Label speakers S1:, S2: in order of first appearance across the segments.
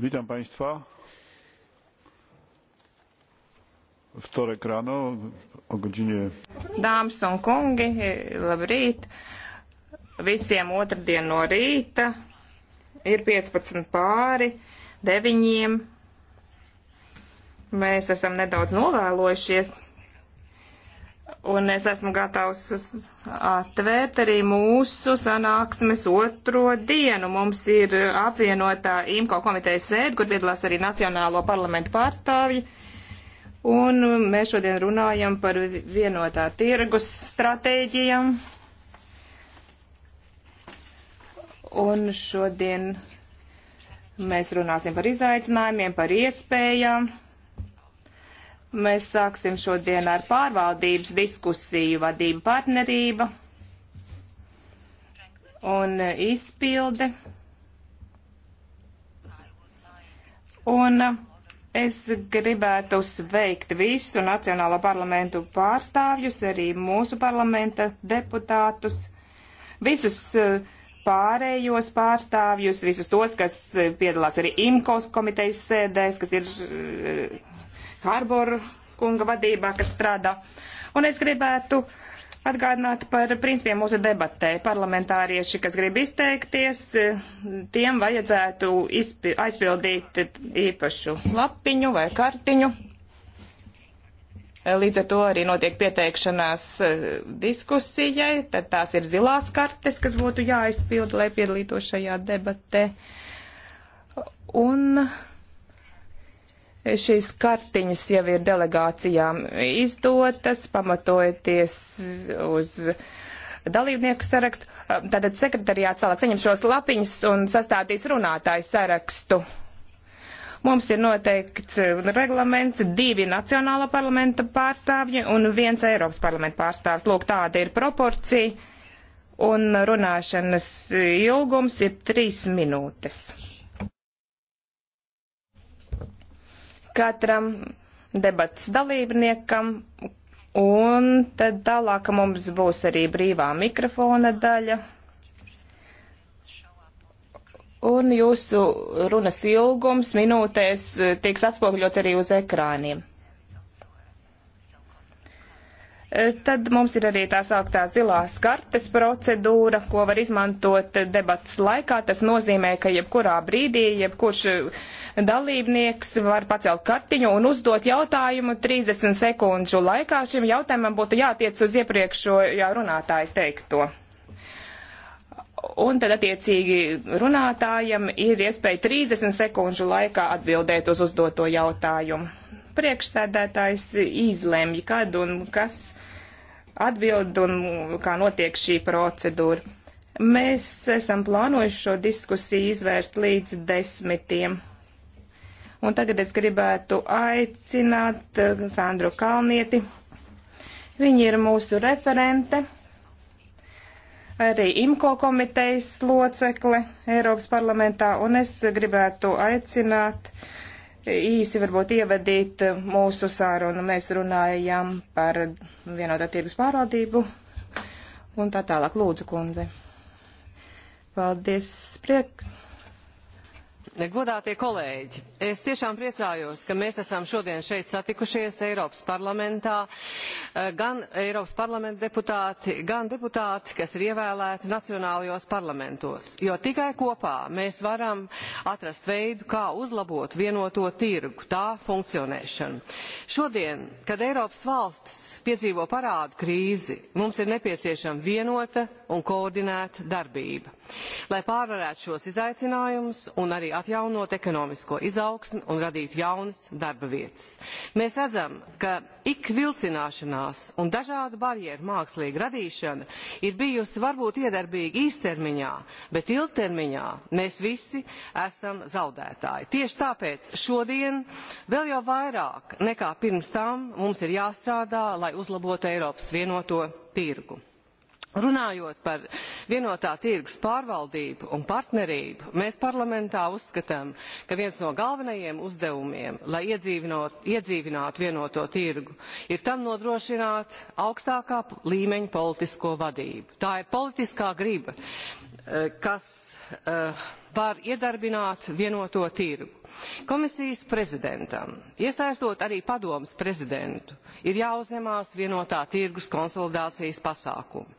S1: witam państwa wtorek rano o godzinie
S2: Dāmas un kungi, labrīt! Visiem otrdien no rīta ir 15 pāri, 9. Mēs esam nedaudz novēlojušies. Un es esmu gatavs atvērt arī mūsu sanāksmes otro dienu. Mums ir apvienotā IMCO komitejas sēde, kur piedalās arī Nacionālo parlamentu pārstāvji. Un mēs šodien runājam par vienotā tirgus stratēģijam. Un šodien mēs runāsim par izaicinājumiem, par iespējām Mēs sāksim šodien ar pārvaldības diskusiju vadību partnerība un izpilde. Un es gribētu sveikt visu Nacionālo parlamentu pārstāvjus, arī mūsu parlamenta deputātus, visus eh, pārējos pārstāvjus, visus tos, kas eh, piedalās arī IMKOS komitejas sēdēs, kas ir eh, Harboru kunga vadībā, kas strādā. Un es gribētu atgādināt par principiem mūsu debatē. Parlamentārieši, kas grib izteikties, tiem vajadzētu aizpildīt īpašu lapiņu vai kartiņu. Līdz ar to arī notiek pieteikšanās e, diskusijai, tad tās ir zilās kartes, kas būtu jāaizpilda, lai piedalītos šajā debatē. Un uh, Šīs kartiņas jau ir delegācijām izdotas, pamatojoties uz dalībnieku sarakstu. Tātad sekretariāts tālāk saņem šos lapiņas un sastādīs runātāju sarakstu. Mums ir noteikts reglaments divi nacionāla parlamenta pārstāvji un viens Eiropas parlamenta pārstāvs. Lūk, tāda ir proporcija un runāšanas ilgums ir trīs minūtes. katram debats dalībniekam, un tad tālāk mums būs arī brīvā mikrofona daļa. Un jūsu runas ilgums minūtēs tiks atspoguļots arī uz ekrāniem. Tad mums ir arī tā sauktā zilās kartes procedūra, ko var izmantot debats laikā. Tas nozīmē, ka jebkurā brīdī, jebkurš eh, dalībnieks var pacelt kartiņu un uzdot jautājumu 30 sekundžu laikā. Šim jautājumam būtu jātiec uz iepriekšējā runātāja teikto. Un tad attiecīgi runātājam ir iespēja 30 sekundžu laikā atbildēt uz uzdoto jautājumu priekšsēdētājs izlemj, kad un kas atbild un kā notiek šī procedūra. Mēs esam plānojuši šo diskusiju izvērst līdz desmitiem. Un tagad es gribētu aicināt eh, Sandru Kalnieti. Viņa ir mūsu referente, arī IMCO komitejas locekle Eiropas parlamentā, un es gribētu aicināt uh, īsi varbūt ievadīt mūsu sārunu. Mēs runājam par vienotā tirgus pārvaldību un tā tālāk. Lūdzu, kundze. Paldies, prieks.
S1: Godātie kolēģi, es tiešām priecājos, ka mēs esam šodien šeit satikušies Eiropas parlamentā, eh, gan Eiropas parlamenta deputāti, gan deputāti, kas ir ievēlēti nacionālajos parlamentos, jo tikai kopā mēs varam atrast veidu, kā uzlabot vienoto tirgu, tā funkcionēšanu. Šodien, kad Eiropas valsts piedzīvo parādu krīzi, mums ir nepieciešama vienota un koordinēta darbība lai pārvarētu šos izaicinājumus un arī atjaunot ekonomisko izaugsmi un radītu jaunas darba vietas. Mēs redzam, ka ik vilcināšanās un dažādu barjeru mākslīga radīšana ir bijusi varbūt iedarbīga īstermiņā, bet ilgtermiņā mēs visi esam zaudētāji. Tieši tāpēc šodien vēl jau vairāk nekā pirms tam mums ir jāstrādā, lai uzlabotu Eiropas vienoto tirgu. Runājot par vienotā tirgus pārvaldību un partnerību, mēs parlamentā uzskatām, ka viens no galvenajiem uzdevumiem, lai iedzīvinātu vienoto tirgu, ir tam nodrošināt augstākā līmeņa politisko vadību. Tā ir politiskā griba, eh, kas eh, var iedarbināt vienoto tirgu Komisijas prezidentam, iesaistot arī padomas prezidentu, ir jāuzņemās vienotā tirgus konsolidācijas pasākumi.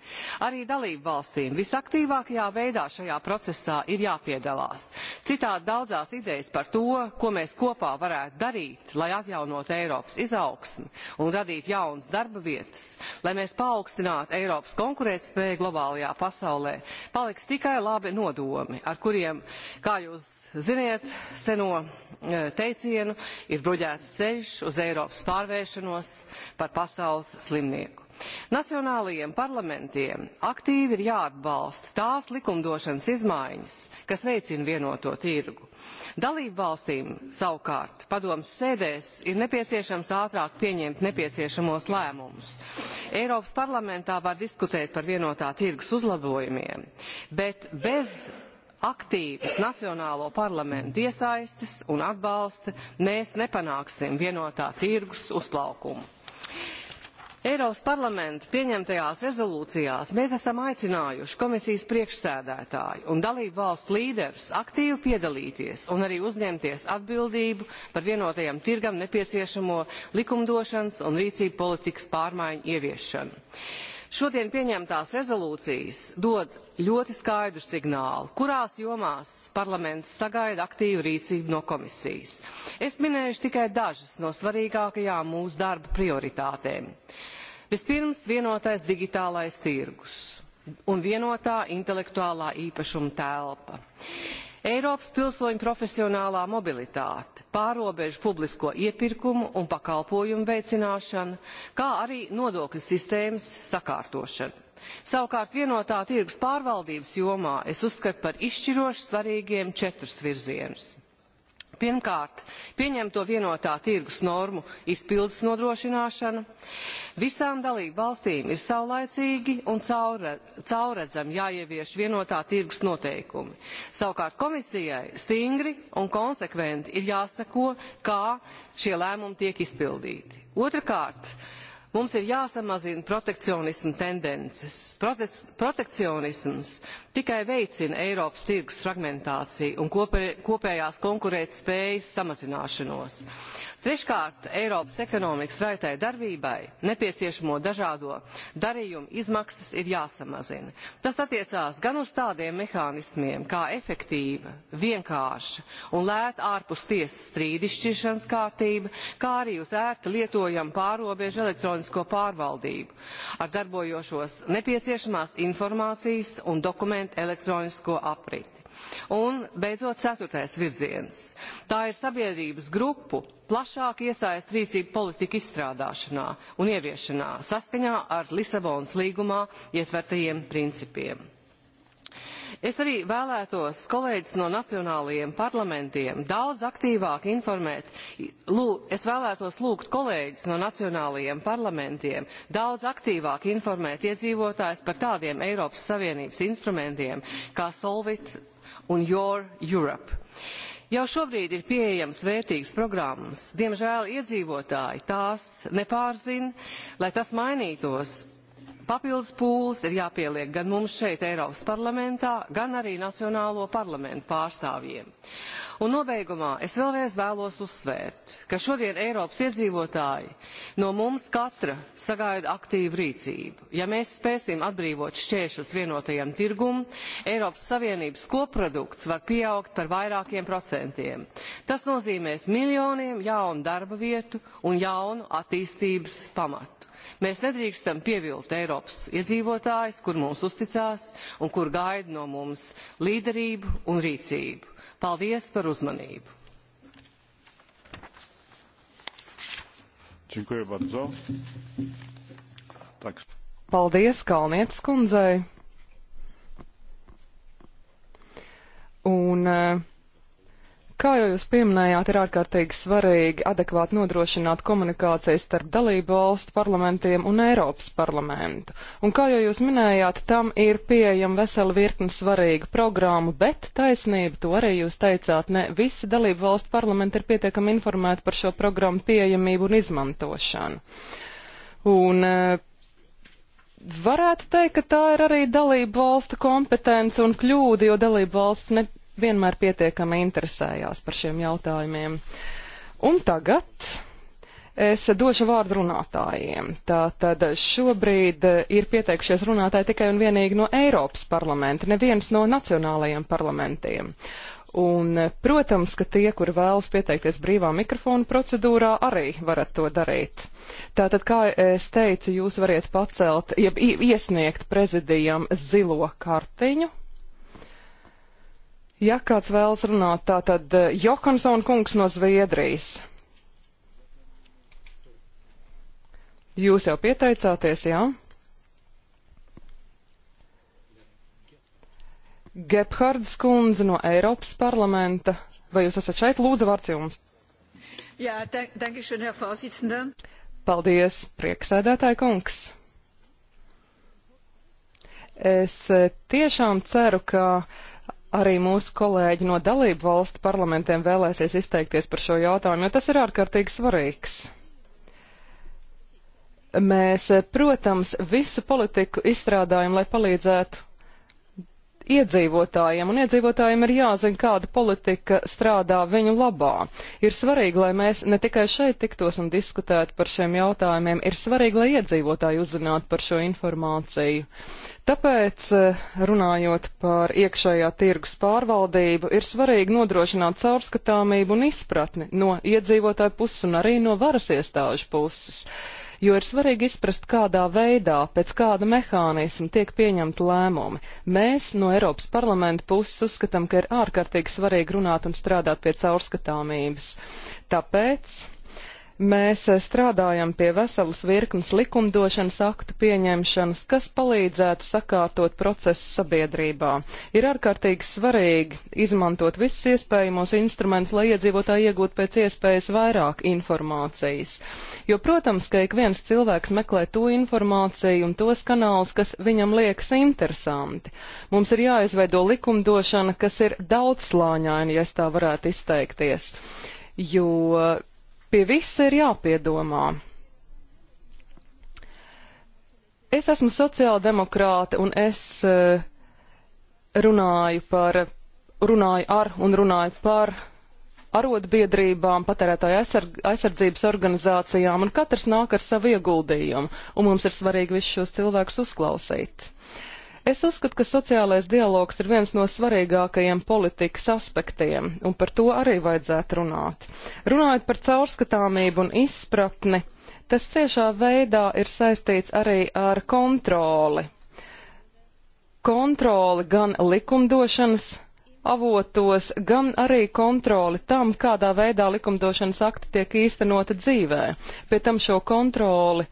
S1: Arī dalību valstīm visaktīvākajā veidā šajā procesā ir jāpiedalās. Citādi daudzās idejas par to, ko mēs kopā varētu darīt, lai atjaunot Eiropas izaugsmi un radītu jaunas darba vietas, lai mēs paaugstinātu Eiropas konkurētspēju globālajā pasaulē, paliks tikai labi nodomi, ar kuriem, kā jūs ziniet, seno šo e, teicienu ir bruģēts ceļš uz Eiropas pārvēršanos par pasaules slimnieku. Nacionālajiem parlamentiem aktīvi ir jāatbalsta tās likumdošanas izmaiņas, kas veicina vienoto tirgu. Dalību valstīm savukārt padomas sēdēs ir nepieciešams ātrāk pieņemt nepieciešamos lēmumus. Eiropas parlamentā var diskutēt par vienotā tirgus uzlabojumiem, bet bez aktīvas nacionālo parlamentu iesaistes un atbalsta mēs nepanāksim vienotā tirgus uzplaukumu. Eiropas parlamenta pieņemtajās rezolūcijās mēs esam aicinājuši komisijas priekšsēdētāju un dalību valstu līderus aktīvi piedalīties un arī uzņemties atbildību par vienotajam tirgam nepieciešamo likumdošanas un rīcību politikas pārmaiņu ieviešanu. Šodien pieņemtās rezolūcijas dod ļoti skaidru signālu, kurās jomās parlaments sagaida aktīvu rīcību no komisijas. Es minēšu tikai dažas no svarīgākajām mūsu darba prioritātēm. Vispirms vienotais digitālais tirgus un vienotā intelektuālā īpašuma telpa. Eiropas pilsoņu profesionālā mobilitāte, pārobežu publisko iepirkumu un pakalpojumu veicināšana, kā arī nodokļu sistēmas sakārtošana. Savukārt vienotā tirgus pārvaldības jomā es uzskatu par izšķiroši svarīgiem četrus virzienus. Pirmkārt, pieņemto vienotā tirgus normu izpildes nodrošināšana. Visām dalību valstīm ir saulaicīgi un caure, cauredzami jāievieš vienotā tirgus noteikumi. Savukārt komisijai stingri un konsekventi ir jāsako, kā šie lēmumi tiek izpildīti. Otrakārt, Mums ir jāsamazina protekcionismu tendences. Protek protekcionisms tikai veicina Eiropas tirgus fragmentāciju un kopē, kopējās konkurētspējas samazināšanos. Treškārt, Eiropas ekonomikas raitai darbībai nepieciešamo dažādo darījumu izmaksas ir jāsamazina. Tas attiecās gan uz tādiem mehānismiem kā efektīva, vienkārša un lēta ārpus tiesas strīdišķiršanas kārtība, kā arī uz ērti lietojamu pārobežu elektronisko pārvaldību ar darbojošos nepieciešamās informācijas un dokumentu elektronisko apriti. Un, beidzot, ceturtais virziens. Tā ir sabiedrības grupu plašāk iesaist rīcību politiku izstrādāšanā un ieviešanā saskaņā ar Lisabonas līgumā ietvertajiem principiem. Es arī vēlētos kolēģis no nacionālajiem parlamentiem daudz aktīvāk informēt. Lū, es vēlētos lūgt kolēģis no nacionālajiem parlamentiem daudz aktīvāk informēt iedzīvotājs par tādiem Eiropas Savienības instrumentiem kā Solvit un Your Europe. Jau šobrīd ir pieejamas vērtīgas programmas. Diemžēl iedzīvotāji tās nepārzina. Lai tas mainītos, papildus pūles ir jāpieliek gan mums šeit Eiropas parlamentā, gan arī Nacionālo parlamentu pārstāvjiem. Un nobeigumā es vēlreiz vēlos uzsvērt, ka šodien Eiropas iedzīvotāji no mums katra sagaida aktīvu rīcību. Ja mēs spēsim atbrīvot šķēršus vienotajam tirgum, Eiropas Savienības koprodukts var pieaugt par vairākiem procentiem. Tas nozīmēs miljoniem jaunu darba vietu un jaunu attīstības pamatu. Mēs nedrīkstam pievilt Eiropas iedzīvotājus, kur mums uzticās un kur gaida no mums līderību un rīcību. Paldies par uzmanību! Dziękuję bardzo. Tak.
S3: Paldies Kalnietes kundzei. Un uh, Kā jau jūs pieminējāt, ir ārkārtīgi svarīgi adekvāti nodrošināt komunikācijas starp dalību valstu parlamentiem un Eiropas parlamentu. Un kā jau jūs minējāt, tam ir pieejama vesela virkne svarīgu programmu, bet taisnība, to arī jūs teicāt, ne visi dalību valstu parlamenti ir pietiekami informēti par šo programmu pieejamību un izmantošanu. Un, eh, varētu teikt, ka tā ir arī dalību valstu kompetence un kļūda, jo dalību valsts ne, vienmēr pietiekami interesējās par šiem jautājumiem. Un tagad es došu vārdu runātājiem. Tātad šobrīd ir pieteikušies runātāji tikai un vienīgi no Eiropas parlamenta, neviens no nacionālajiem parlamentiem. Un, protams, ka tie, kuri vēlas pieteikties brīvā mikrofona procedūrā, arī varat to darīt. Tātad, kā es teicu, jūs variet pacelt, jeb iesniegt prezidijam zilo kartiņu, Ja kāds vēlas runāt, tā tad eh, Johansson kungs no Zviedrijas. Jūs jau pieteicāties, jā? Gebhards kundze no Eiropas parlamenta. Vai jūs esat šeit? Lūdzu, vārds jums.
S1: Jā, dankišan, Herr Vorsitzende.
S3: Paldies, prieksēdētāji kungs. Es eh, tiešām ceru, ka uh, arī mūsu kolēģi no dalību valstu parlamentiem vēlēsies izteikties par šo jautājumu, jo tas ir ārkārtīgi svarīgs. Mēs, eh, protams, visu politiku izstrādājam, lai palīdzētu iedzīvotājiem, un iedzīvotājiem ir jāzina, kāda politika strādā viņu labā. Ir svarīgi, lai mēs ne tikai šeit tiktos un diskutētu par šiem jautājumiem, ir svarīgi, lai iedzīvotāji uzzinātu par šo informāciju. Tāpēc, eh, runājot par iekšējā tirgus pārvaldību, ir svarīgi nodrošināt caurskatāmību un izpratni no iedzīvotāju puses un arī no varas iestāžu puses jo ir svarīgi izprast, kādā veidā, pēc kāda mehānisma tiek pieņemta lēmumi. Mēs no Eiropas parlamenta puses uzskatām, ka ir ārkārtīgi svarīgi runāt un strādāt pie caurskatāmības. Tāpēc Mēs eh, strādājam pie veselas virknes likumdošanas aktu pieņemšanas, kas palīdzētu sakārtot procesu sabiedrībā. Ir ārkārtīgi svarīgi izmantot visus iespējamos instrumentus, lai iedzīvotāji iegūtu pēc iespējas vairāk informācijas. Jo, protams, ka ik viens cilvēks meklē to informāciju un tos kanālus, kas viņam liekas interesanti. Mums ir jāizveido likumdošana, kas ir daudzslāņaina, ja es tā varētu izteikties jo Pie visa ir jāpiedomā. Es esmu sociāldemokrāte un es eh, runāju par, runāju ar un runāju par arotbiedrībām, patērētāju aizsarg, aizsardzības organizācijām, un katrs nāk ar savu ieguldījumu, un mums ir svarīgi visus šos cilvēkus uzklausīt. Uh, Es uzskatu, ka sociālais dialogs ir viens no svarīgākajiem politikas aspektiem, un par to arī vajadzētu runāt. Runājot par caurskatāmību un izpratni, tas ciešā veidā ir saistīts arī ar kontroli. Kontroli gan likumdošanas avotos, gan arī kontroli tam, kādā veidā likumdošanas akti tiek īstenota dzīvē. Pie tam šo kontroli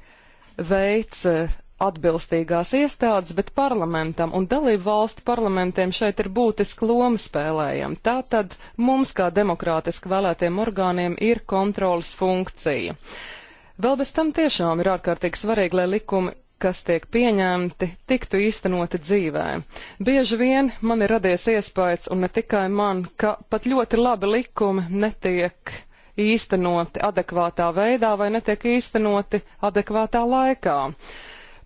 S3: veids eh, atbilstīgās iestādes, bet parlamentam un dalību valstu parlamentiem šeit ir būtiska loma spēlējama. Tātad mums, kā demokrātiski vēlētiem orgāniem, ir kontrolas funkcija. Vēl bez tam tiešām ir ārkārtīgi svarīgi, lai likumi kas tiek pieņemti, tiktu īstenoti dzīvē. Bieži vien man ir radies iespējas, un ne tikai man, ka pat ļoti labi likumi netiek īstenoti adekvātā veidā vai netiek īstenoti adekvātā laikā. Uh,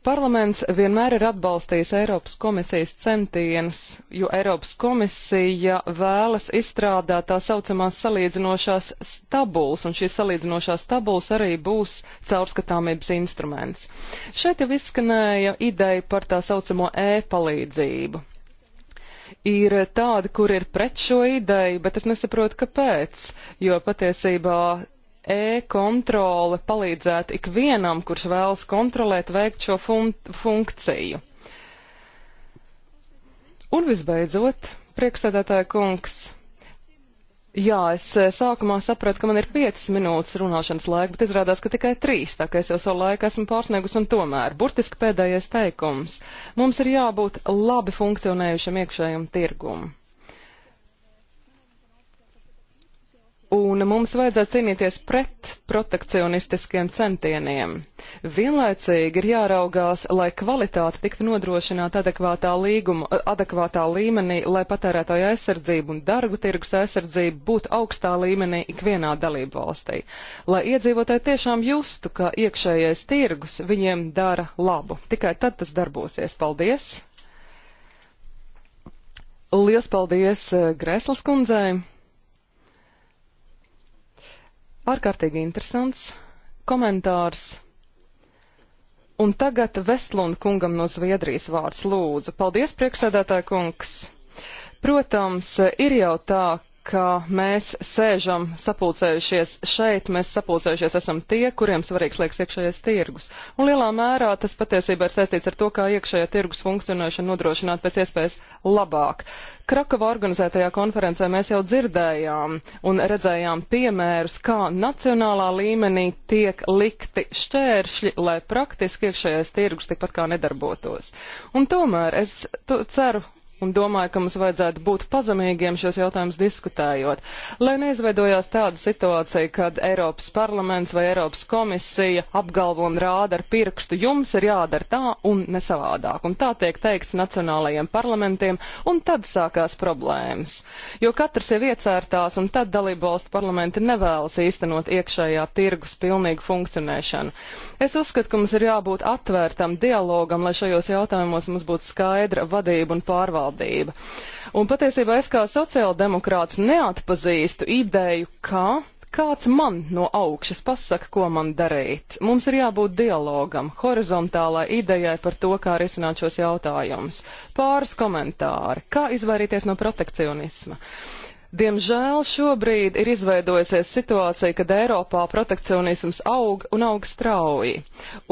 S3: Parlaments vienmēr ir atbalstījis Eiropas komisijas centienus, jo Eiropas komisija vēlas izstrādāt tā saucamās salīdzinošās tabulas, un šīs salīdzinošās tabulas arī būs caurskatāmības instruments. Šeit jau izskanēja ideja par tā saucamo e-palīdzību. Ir tādi, kur ir pret šo ideju, bet es nesaprotu, kāpēc, jo patiesībā e-kontrole palīdzētu ikvienam, kurš vēlas kontrolēt, veikt šo fun funkciju. Un visbeidzot, priekšsēdētāja kungs, jā, es eh, sākumā sapratu, ka man ir 5 minūtes runāšanas laika, bet izrādās, ka tikai 3, tā ka es jau savu laiku esmu pārsniegus un tomēr, burtiski pēdējais teikums, mums ir jābūt labi funkcionējušam iekšējam tirgumam. un mums vajadzētu cīnīties pret protekcionistiskiem centieniem. Vienlaicīgi ir jāraugās, lai kvalitāte tiktu nodrošināta adekvātā, līguma, adekvātā līmenī, lai patērētāja aizsardzība un dargu tirgus aizsardzība būtu augstā līmenī ikvienā dalību valstī, lai iedzīvotāji tiešām justu, ka iekšējais tirgus viņiem dara labu. Tikai tad tas darbosies. Paldies! Liels paldies eh, Grēslas kundzei! Ārkārtīgi interesants komentārs. Un tagad Vestlund kungam no Zviedrijas vārds lūdzu. Paldies, priekšsēdētāja kungs! Protams, ir jau tā, ka mēs sēžam sapulcējušies šeit, mēs sapulcējušies esam tie, kuriem svarīgs liekas iekšējais tirgus. Un lielā mērā tas patiesībā ir saistīts ar to, kā iekšējā tirgus funkcionēšana nodrošināt pēc iespējas labāk. Krakava organizētajā konferencē mēs jau dzirdējām un redzējām piemērus, kā nacionālā līmenī tiek likti šķēršļi, lai praktiski iekšējais tirgus tikpat kā nedarbotos. Un tomēr es ceru un domāju, ka mums vajadzētu būt pazemīgiem šos jautājumus diskutējot, lai neizveidojās tāda situācija, kad Eiropas parlaments vai Eiropas komisija apgalvo un rāda ar pirkstu, jums ir jādara tā un ne savādāk, un tā tiek teikts nacionālajiem parlamentiem, un tad sākās problēmas, jo katrs ir iecērtās, un tad dalību valstu parlamenti nevēlas īstenot iekšējā tirgus pilnīgu funkcionēšanu. Es uzskatu, ka mums ir jābūt atvērtam dialogam, lai šajos jautājumos mums būtu skaidra vadība un pārvaldība valdība. Un patiesībā es kā sociāldemokrāts neatpazīstu ideju, ka kāds man no augšas pasaka, ko man darīt. Mums ir jābūt dialogam, horizontālai idejai par to, kā risināt šos jautājumus. Pāris komentāri. Kā izvairīties no protekcionisma? Uh, Diemžēl šobrīd ir izveidojusies situācija, kad Eiropā protekcionisms aug un aug strauji.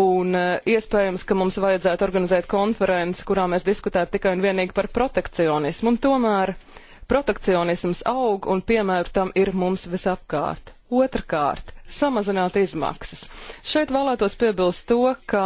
S3: Un eh, iespējams, ka mums vajadzētu organizēt konferenci, kurā mēs diskutētu tikai un vienīgi par protekcionismu. Un tomēr protekcionisms aug un piemēru tam ir mums visapkārt. Otrakārt, samazināt izmaksas. Šeit vēlētos piebilst to, ka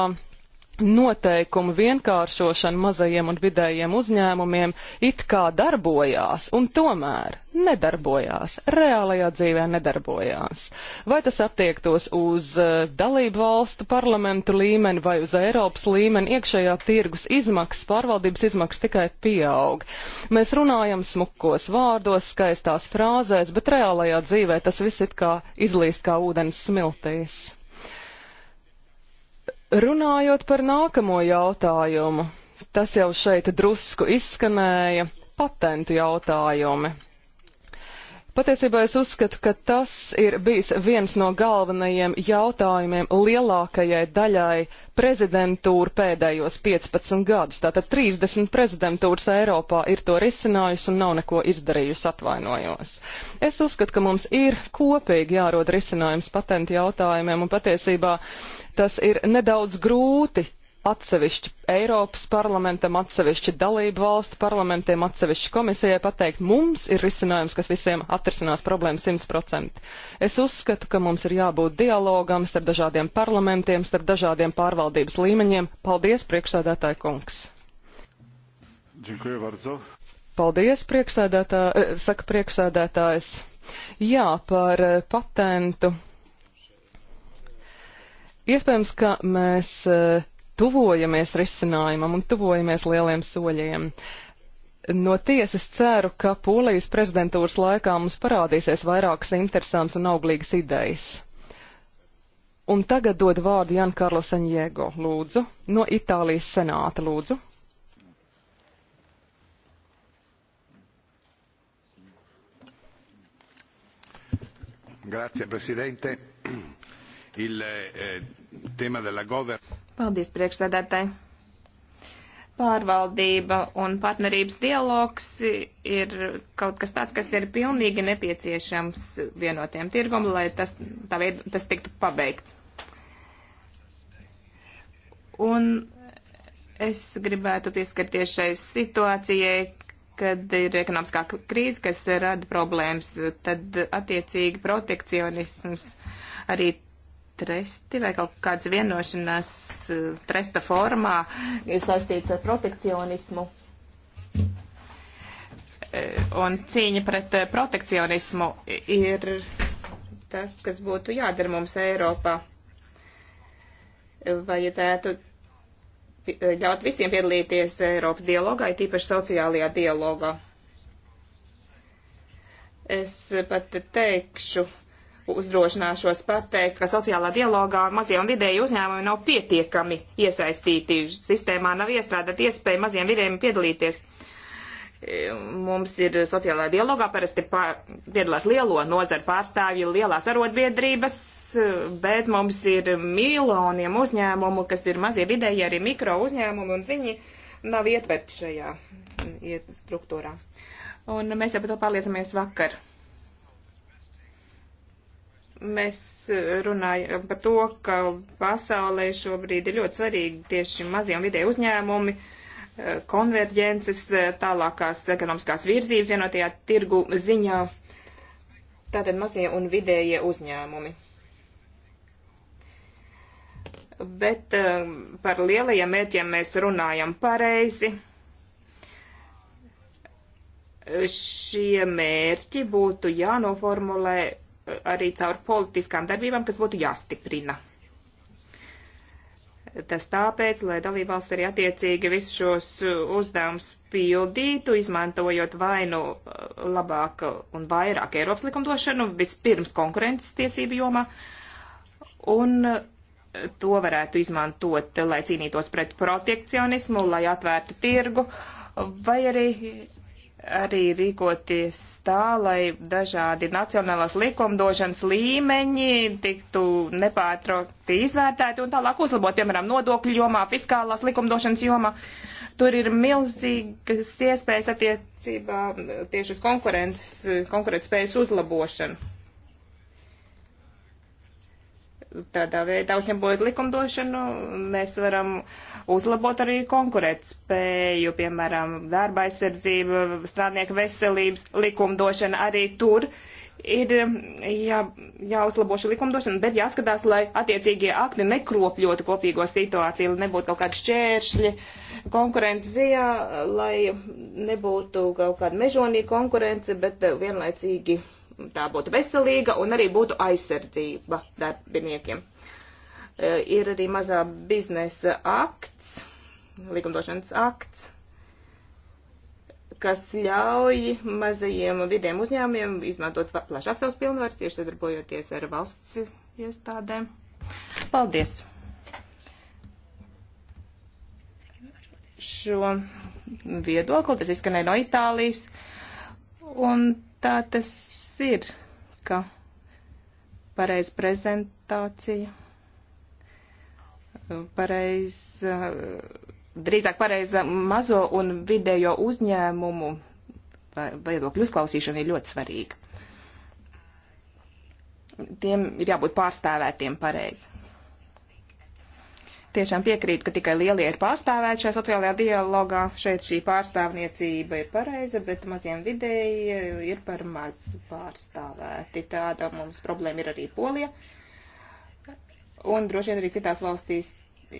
S3: noteikumu vienkāršošana mazajiem un vidējiem uzņēmumiem it kā darbojās, un tomēr nedarbojās, reālajā dzīvē nedarbojās. Vai tas attiektos uz eh, dalību valstu parlamentu līmeni vai uz Eiropas līmeni, iekšējā tirgus izmaksas, pārvaldības izmaksas tikai pieaug. Mēs runājam smukos vārdos, skaistās frāzēs, bet reālajā dzīvē tas viss it kā izlīst kā ūdens smiltīs. Runājot par nākamo jautājumu, tas jau šeit drusku izskanēja - patentu jautājumi. Patiesībā es uzskatu, ka tas ir bijis viens no galvenajiem jautājumiem lielākajai daļai prezidentūru pēdējos 15 gadus. Tātad 30 prezidentūras Eiropā ir to risinājusi un nav neko izdarījusi atvainojos. Es uzskatu, ka mums ir kopīgi jārod risinājums patentu jautājumiem un patiesībā tas ir nedaudz grūti atsevišķi Eiropas parlamentam, atsevišķi dalību valstu parlamentiem, atsevišķi komisijai pateikt, mums ir risinājums, kas visiem atrisinās problēmu 100%. Es uzskatu, ka mums ir jābūt dialogam starp dažādiem parlamentiem, starp dažādiem pārvaldības līmeņiem. Paldies, priekšsēdētāji kungs! Paldies, priekšsēdētā, e, saka priekšsēdētājs. Jā, par e, patentu. Iespējams, ka mēs e, tuvojamies risinājumam un tuvojamies lieliem soļiem. No tiesas ceru, ka Polijas prezidentūras laikā mums parādīsies vairākas interesants un auglīgas idejas. Un tagad dod vārdu Jan Karlo Sanjego, lūdzu, no Itālijas senāta, lūdzu.
S4: Grazie, Presidente.
S1: Il eh,
S2: tema della governance. Paldies, priekšsēdētāji! Pārvaldība un partnerības dialogs ir kaut kas tāds, kas ir pilnīgi nepieciešams vienotiem tirgum, lai tas, tā veid, tas tiktu pabeigts. Un es gribētu pieskarties šai situācijai, kad ir ekonomiskā krīze, kas rada problēmas, tad attiecīgi protekcionisms arī tresti vai kaut kāds vienošanās eh, tresta formā ir saistīts ar protekcionismu. Eh, un cīņa pret eh, protekcionismu ir tas, kas būtu jādara mums Eiropā. Vajadzētu ļaut visiem piedalīties Eiropas dialogā, ir tīpaši sociālajā dialogā. Es pat teikšu, uzdrošināšos pateikt, ka sociālā dialogā mazie un vidēji uzņēmumi nav pietiekami iesaistīti. Sistēmā nav iestrādāt iespēju maziem vidējiem piedalīties. Mums ir sociālā dialogā parasti piedalās lielo nozaru pārstāvji, lielās arotbiedrības, bet mums ir miljoniem uzņēmumu, kas ir mazie vidēji arī mikro uzņēmumi, un viņi nav ietverti šajā struktūrā. Un mēs jau par to pārliecamies vakar. Mēs eh, runājam par to, ka pasaulē šobrīd ir ļoti svarīgi tieši mazie un vidēji uzņēmumi, eh, konverģences, eh, tālākās ekonomiskās virzības vienotajā tirgu ziņā. Tātad mazie un vidējie uzņēmumi. Bet par lielajiem mērķiem mēs runājam pareizi šie mērķi būtu jānoformulē arī caur politiskām darbībām, kas būtu jāstiprina. Tas tāpēc, lai dalībvalsts arī attiecīgi visus šos uzdevumus pildītu, izmantojot vainu uh, labāk un vairāk Eiropas likumdošanu, vispirms konkurences tiesību jomā, un uh, to varētu izmantot, lai cīnītos pret protekcionismu, lai atvērtu tirgu, vai arī arī rīkoties tā, lai dažādi nacionālās likumdošanas līmeņi tiktu nepārtraukti izvērtēti un tālāk uzlabot, piemēram, nodokļu jomā, fiskālās likumdošanas jomā. Tur ir milzīgas iespējas attiecībā tieši uz konkurences, konkurētspējas uzlabošanu tādā veidā uzņemot likumdošanu, mēs varam uzlabot arī konkurētspēju, piemēram, darba aizsardzība, strādnieku veselības likumdošana arī tur. Ir mm, jā, jāuzlabo šī likumdošana, bet jāskatās, lai attiecīgie akti nekropļotu kopīgo situāciju, lai nebūtu kaut kādi šķēršļi konkurences zijā, lai nebūtu kaut kāda mežonīga konkurence, bet eh, vienlaicīgi tā būtu veselīga un arī būtu aizsardzība darbiniekiem. E, ir arī mazā biznesa akts, likumdošanas akts, kas ļauj mazajiem un vidiem uzņēmumiem izmantot plašāk savus pilnvaras, tieši sadarbojoties ar valsts iestādēm. Paldies! Šo viedokli tas izskanēja no Itālijas, un tā tas ir, ka pareiz prezentācija, pareiz, drīzāk pareiza mazo un vidējo uzņēmumu viedokļu uzklausīšana ir ļoti svarīga. Tiem ir jābūt pārstāvētiem pareizi tiešām piekrītu, ka tikai lielie ir pārstāvēti šajā sociālajā dialogā. Šeit šī pārstāvniecība ir pareiza, bet maziem vidēji ir par maz pārstāvēti. Tāda mums problēma ir arī Polija. Un droši vien arī citās valstīs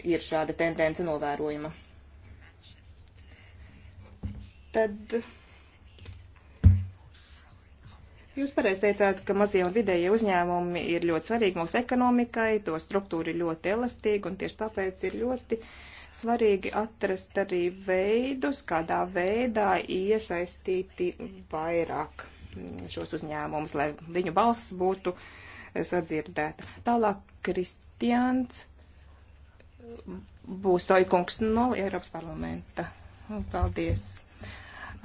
S2: ir šāda tendence novērojama. Tad Jūs pareiz teicāt, ka mazie un vidējie uzņēmumi ir ļoti svarīgi mūsu ekonomikai, to struktūra ir ļoti elastīga un tieši tāpēc ir ļoti svarīgi atrast arī veidus, kādā veidā iesaistīti vairāk šos uzņēmumus, lai viņu balss būtu sadzirdēta. Tālāk Kristiāns Būsoikungs no Eiropas parlamenta. Paldies!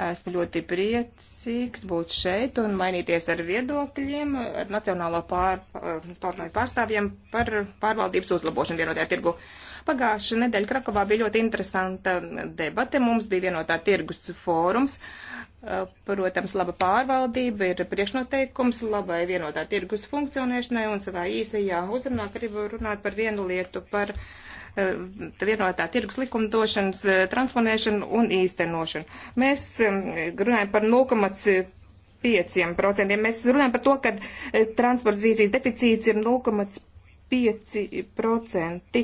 S2: Esmu ļoti priecīgs būt šeit un mainīties ar viedokļiem ar Nacionālo pār, eh, pārvaldību pārstāvjiem par pārvaldības uzlabošanu vienotajā tirgu. Pagājušā nedēļa Krakovā bija ļoti interesanta debate. Mums bija vienotā tirgus fórums. Eh, protams, laba pārvaldība ir priekšnoteikums labai vienotā tirgus funkcionēšanai un savā īsajā uzrunā gribu runāt par vienu lietu, par uh, Eh, vienotā tirgus likumdošanas eh, transponēšanu un īstenošanu. Mēs eh, runājam par 0,5%. Mēs runājam par to, ka transporta zīzijas deficīts ir 0,5%. 5%,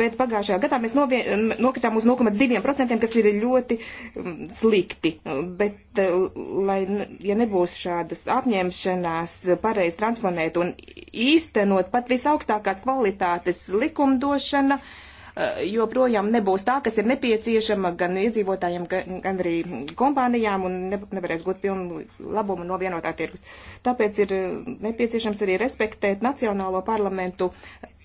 S2: bet pagājušajā gadā mēs novien, nokritām uz 0,2%, kas ir ļoti mm, slikti. Bet, eh, lai, ja nebūs šādas apņemšanās pareizi transponēt un īstenot pat visaugstākās kvalitātes likumdošana, uh, Eh, joprojām nebūs tā, kas ir nepieciešama gan iedzīvotājiem, gan, gan arī kompānijām un nevarēs gūt pilnu labumu no vienotā tirgus. Tāpēc ir eh, nepieciešams arī respektēt nacionālo parlamentu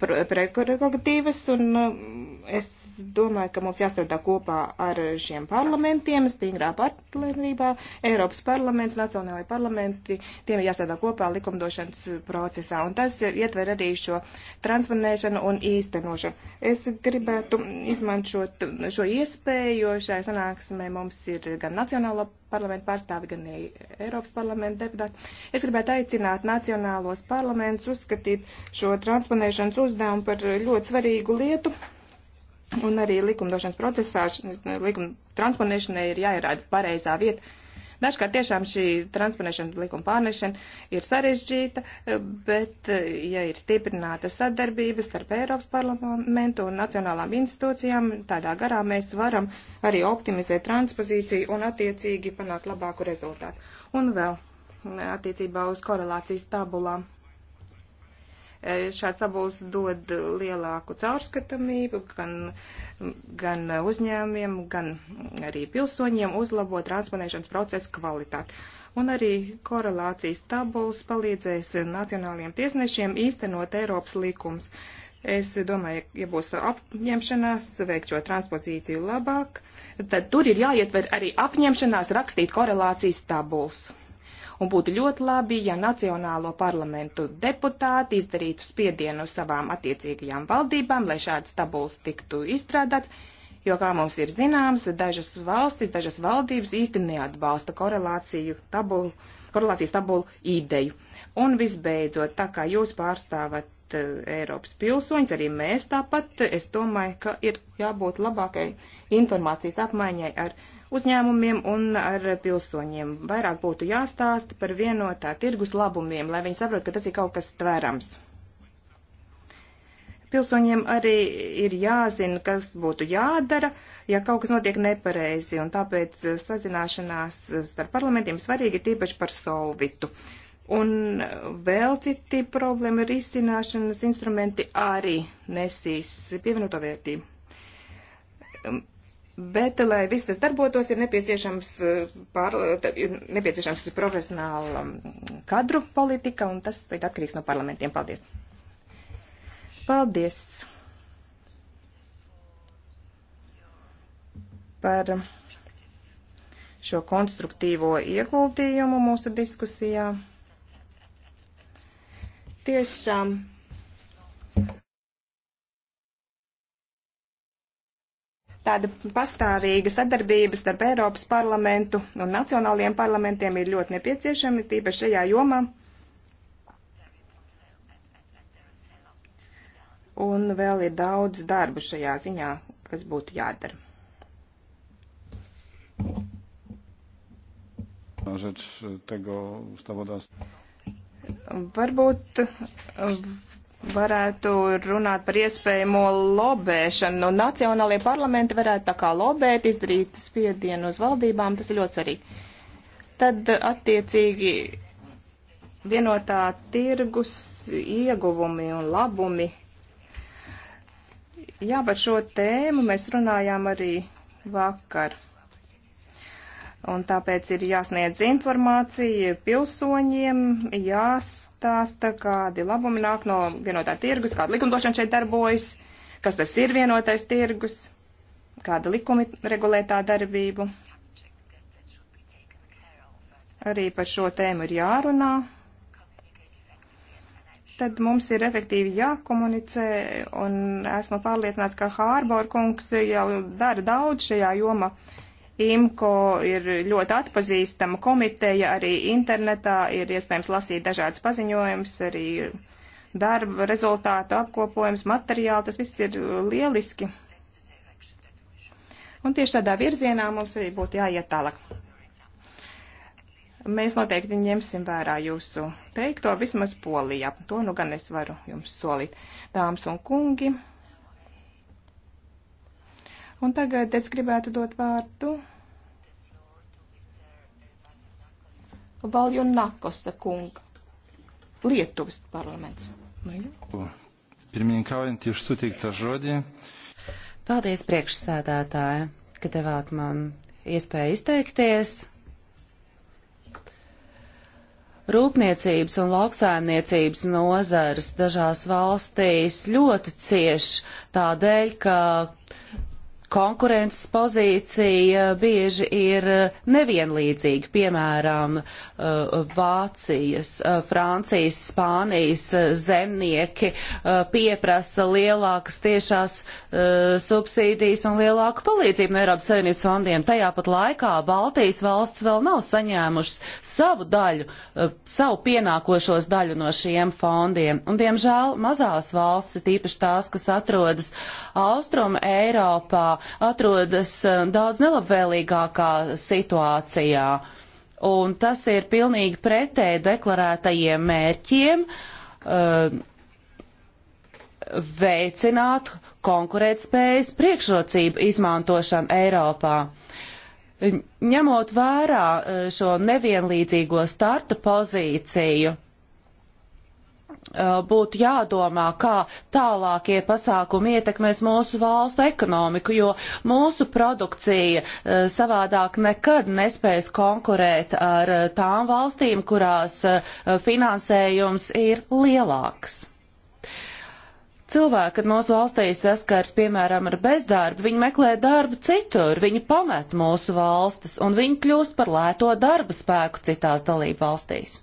S2: prerogatīvas un eh, es domāju, ka mums jāstrādā kopā ar šiem parlamentiem, stingrā partnerībā, Eiropas parlaments, nacionālai parlamenti, tiem ir jāstrādā kopā likumdošanas procesā, un tas ietver arī šo transponēšanu un īstenošanu. Es gribētu izmantot šo iespēju, jo šajā sanāksmē mums ir gan nacionāla parlamenta pārstāvi, gan Eiropas parlamenta deputāti. Es gribētu aicināt nacionālos parlamentus uzskatīt šo transponēšanas uzdevumu par ļoti svarīgu lietu. Un arī likumdošanas procesā, likuma transponēšanai ir jāierāda pareizā vieta. Dažkārt tiešām šī transponēšana, likuma pārnešana ir sarežģīta, eh, bet, eh, ja ir stiprināta sadarbība starp Eiropas parlamentu un nacionālām institūcijām, tādā garā mēs varam arī optimizēt transpozīciju un attiecīgi panākt labāku rezultātu. Un vēl eh, attiecībā uz korelācijas tabulām. E, šāds labums dod lielāku caurskatamību gan, gan uzņēmiem, gan arī pilsoņiem uzlabo transponēšanas procesu kvalitāti. Un arī korelācijas tabulas palīdzēs nacionāliem tiesnešiem īstenot Eiropas likums. Es domāju, ja būs apņemšanās veikt šo transpozīciju labāk, tad tur ir jāietver arī apņemšanās rakstīt korelācijas tabulas un būtu ļoti labi, ja Nacionālo parlamentu deputāti izdarītu spiedienu savām attiecīgajām valdībām, lai šāds tabuls tiktu izstrādāts, jo, kā mums ir zināms, dažas valstis, dažas valdības īsti neatbalsta korelāciju tabulu, korelācijas tabulu ideju. Un visbeidzot, tā kā jūs pārstāvat eh, Eiropas pilsoņus, arī mēs tāpat. Es domāju, ka ir jābūt labākai informācijas apmaiņai ar uzņēmumiem un ar pilsoņiem. Vairāk būtu jāstāsta par vienotā tirgus labumiem, lai viņi saprot, ka tas ir kaut kas tvērams. Pilsoņiem arī ir jāzina, kas būtu jādara, ja kaut kas notiek nepareizi, un tāpēc sazināšanās starp parlamentiem svarīgi tīpaši par solvitu. Un vēl citi problēma risināšanas instrumenti arī nesīs pievienoto vērtību Bet, lai viss tas darbotos, ir nepieciešams, eh, pār, ir nepieciešams profesionāla mm, kadru politika, un tas ir atkarīgs no parlamentiem. Paldies! Paldies par šo konstruktīvo ieguldījumu mūsu diskusijā. Tiešām. Um, Tāda pastāvīga sadarbība starp Eiropas parlamentu un nacionālajiem parlamentiem ir ļoti nepieciešama, tīpaši šajā jomā. Un vēl ir daudz darbu šajā ziņā, kas būtu jādara. Varbūt varētu runāt par iespējamo lobēšanu. Nu, Nacionālajie parlamenti varētu tā kā lobēt, izdarīt spiedienu uz valdībām, tas ir ļoti svarīgi. Tad attiecīgi vienotā tirgus ieguvumi un labumi. Jā, par šo tēmu mēs runājām arī vakar. Un tāpēc ir jāsniedz informācija pilsoņiem, jāstāsta, kādi labumi nāk no vienotā tirgus, kāda likumdošana šeit darbojas, kas tas ir vienotais tirgus, kāda likumi regulē tā darbību. Arī par šo tēmu ir jārunā tad mums ir efektīvi jākomunicē, un esmu pārliecināts, ka Hārbor kungs jau dara daudz šajā jomā. IMCO ir ļoti atpazīstama komiteja, arī internetā ir iespējams lasīt dažādas paziņojumus, arī darba rezultātu apkopojums, materiāli, tas viss ir lieliski. Un tieši tādā virzienā mums arī būtu jāiet tālāk. Mēs noteikti ņemsim vērā jūsu teikto, vismaz polijā. To nu gan es varu jums solīt. Dāmas un kungi. Un tagad es gribētu dot vārdu Valjunnakosa kunga, Lietuvas parlaments. Nu, Pirmininkaujant, jūs suteiktas žodī.
S4: Paldies priekšsēdētāja, ka devāt man iespēju izteikties. Rūpniecības un lauksaimniecības nozares dažās valstīs ļoti cieš tādēļ, ka konkurences pozīcija bieži ir eh, nevienlīdzīga, piemēram, eh, Vācijas, eh, Francijas, Spānijas zemnieki pieprasa lielākas tiešās subsīdijas un lielāku palīdzību no Eiropas Savienības fondiem. Tajā pat laikā Baltijas valsts vēl nav saņēmušas savu daļu, savu pienākošos daļu no šiem fondiem. Un, diemžēl, mazās valsts, tīpaši tās, kas atrodas Austruma Eiropā, atrodas um, daudz nelabvēlīgākā situācijā. Un tas ir pilnīgi pretēji deklarētajiem mērķiem uh, veicināt konkurētspējas priekšrocību izmantošanu Eiropā. Ņemot vērā uh, šo nevienlīdzīgo starta pozīciju, Uh, būtu jādomā, kā tālākie pasākumi ietekmēs mūsu valstu ekonomiku, jo mūsu produkcija uh, savādāk nekad nespēs konkurēt ar uh, tām valstīm, kurās finansējums ir lielāks. Cilvēki, kad mūsu valstī saskars, piemēram, ar bezdarbu, viņi meklē darbu citur, viņi pamet mūsu valstis un viņi kļūst par lēto darba spēku citās dalību valstīs.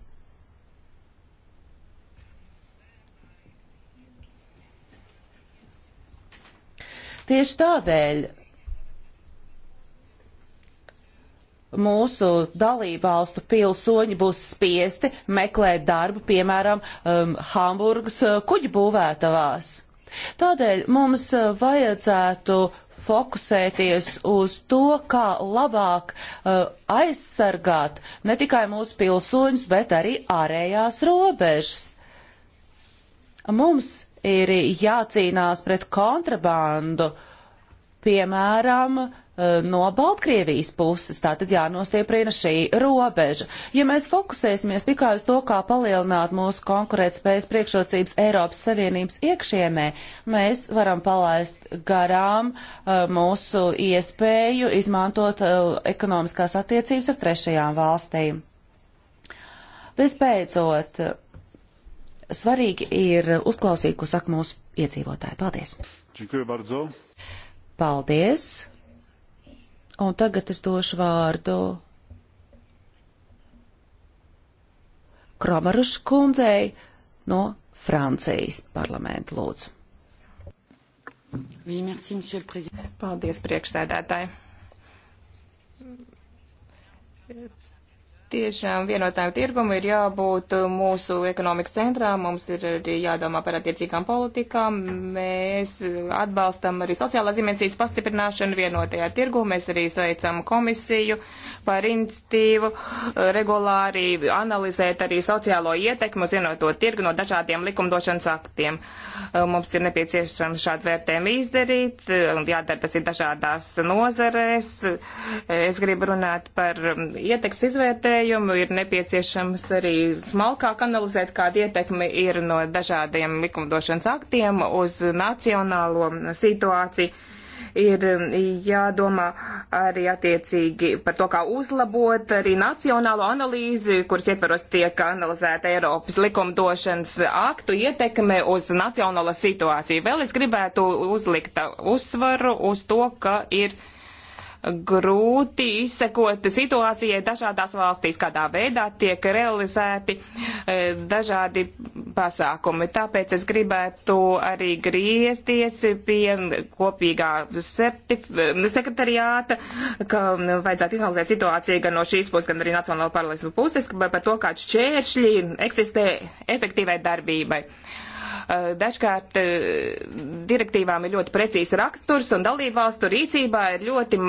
S4: Tieši tādēļ mūsu dalībvalstu pilsoņi būs spiesti meklēt darbu, piemēram, um, Hamburgas uh, kuģu būvētavās. Tādēļ mums uh, vajadzētu fokusēties uz to, kā labāk uh, aizsargāt ne tikai mūsu pilsoņus, bet arī ārējās robežas. Mums ir jācīnās pret kontrabandu, piemēram, eh, no Baltkrievijas puses, tātad jānostieprina šī robeža. Ja mēs fokusēsimies tikai uz to, kā palielināt mūsu konkurētspējas priekšrocības Eiropas Savienības iekšiemē, mēs varam palaist garām eh, mūsu iespēju izmantot eh, ekonomiskās attiecības ar trešajām valstīm. Vispēcot, Svarīgi ir uzklausīt, ko saka mūsu iedzīvotāji. Paldies! Paldies! Un tagad es došu vārdu Kromarušu kundzei no Francijas parlamenta lūdzu.
S2: Oui, merci, Paldies, priekšsēdētāji tiešām vienotājiem tirgumu ir jābūt mūsu ekonomikas centrā, mums ir arī jādomā par attiecīgām politikām, mēs atbalstam arī sociālās dimensijas pastiprināšanu vienotajā tirgu, mēs arī sveicam komisiju par institīvu, regulāri analizēt arī sociālo ietekmu uz vienoto tirgu no dažādiem likumdošanas aktiem. Mums ir nepieciešams šādu vērtējumu izdarīt, un jādara tas ir dažādās nozarēs. Es gribu runāt par ietekmes izvērtējumu regulējumu, ir nepieciešams arī smalkāk analizēt, kāda ietekme ir no dažādiem likumdošanas aktiem uz nacionālo situāciju. Ir um, jādomā arī attiecīgi par to, kā uzlabot arī nacionālo analīzi, kuras ietvaros tiek analizēta Eiropas likumdošanas aktu ietekme uz nacionālo situāciju. Vēl es gribētu uzlikt uzsvaru uz to, ka ir grūti izsekot situācijai dažādās valstīs, kādā veidā tiek realizēti e, dažādi pasākumi. Tāpēc es gribētu arī griezties pie kopīgā sekretariāta, ka vajadzētu izanalizēt situāciju gan no šīs puses, gan arī Nacionāla paralēlismu puses, par to, kāds šķēršļi eksistē efektīvai darbībai. Uh, Eh, dažkārt eh, direktīvām ir ļoti precīzs raksturs un dalībvalstu rīcībā ir ļoti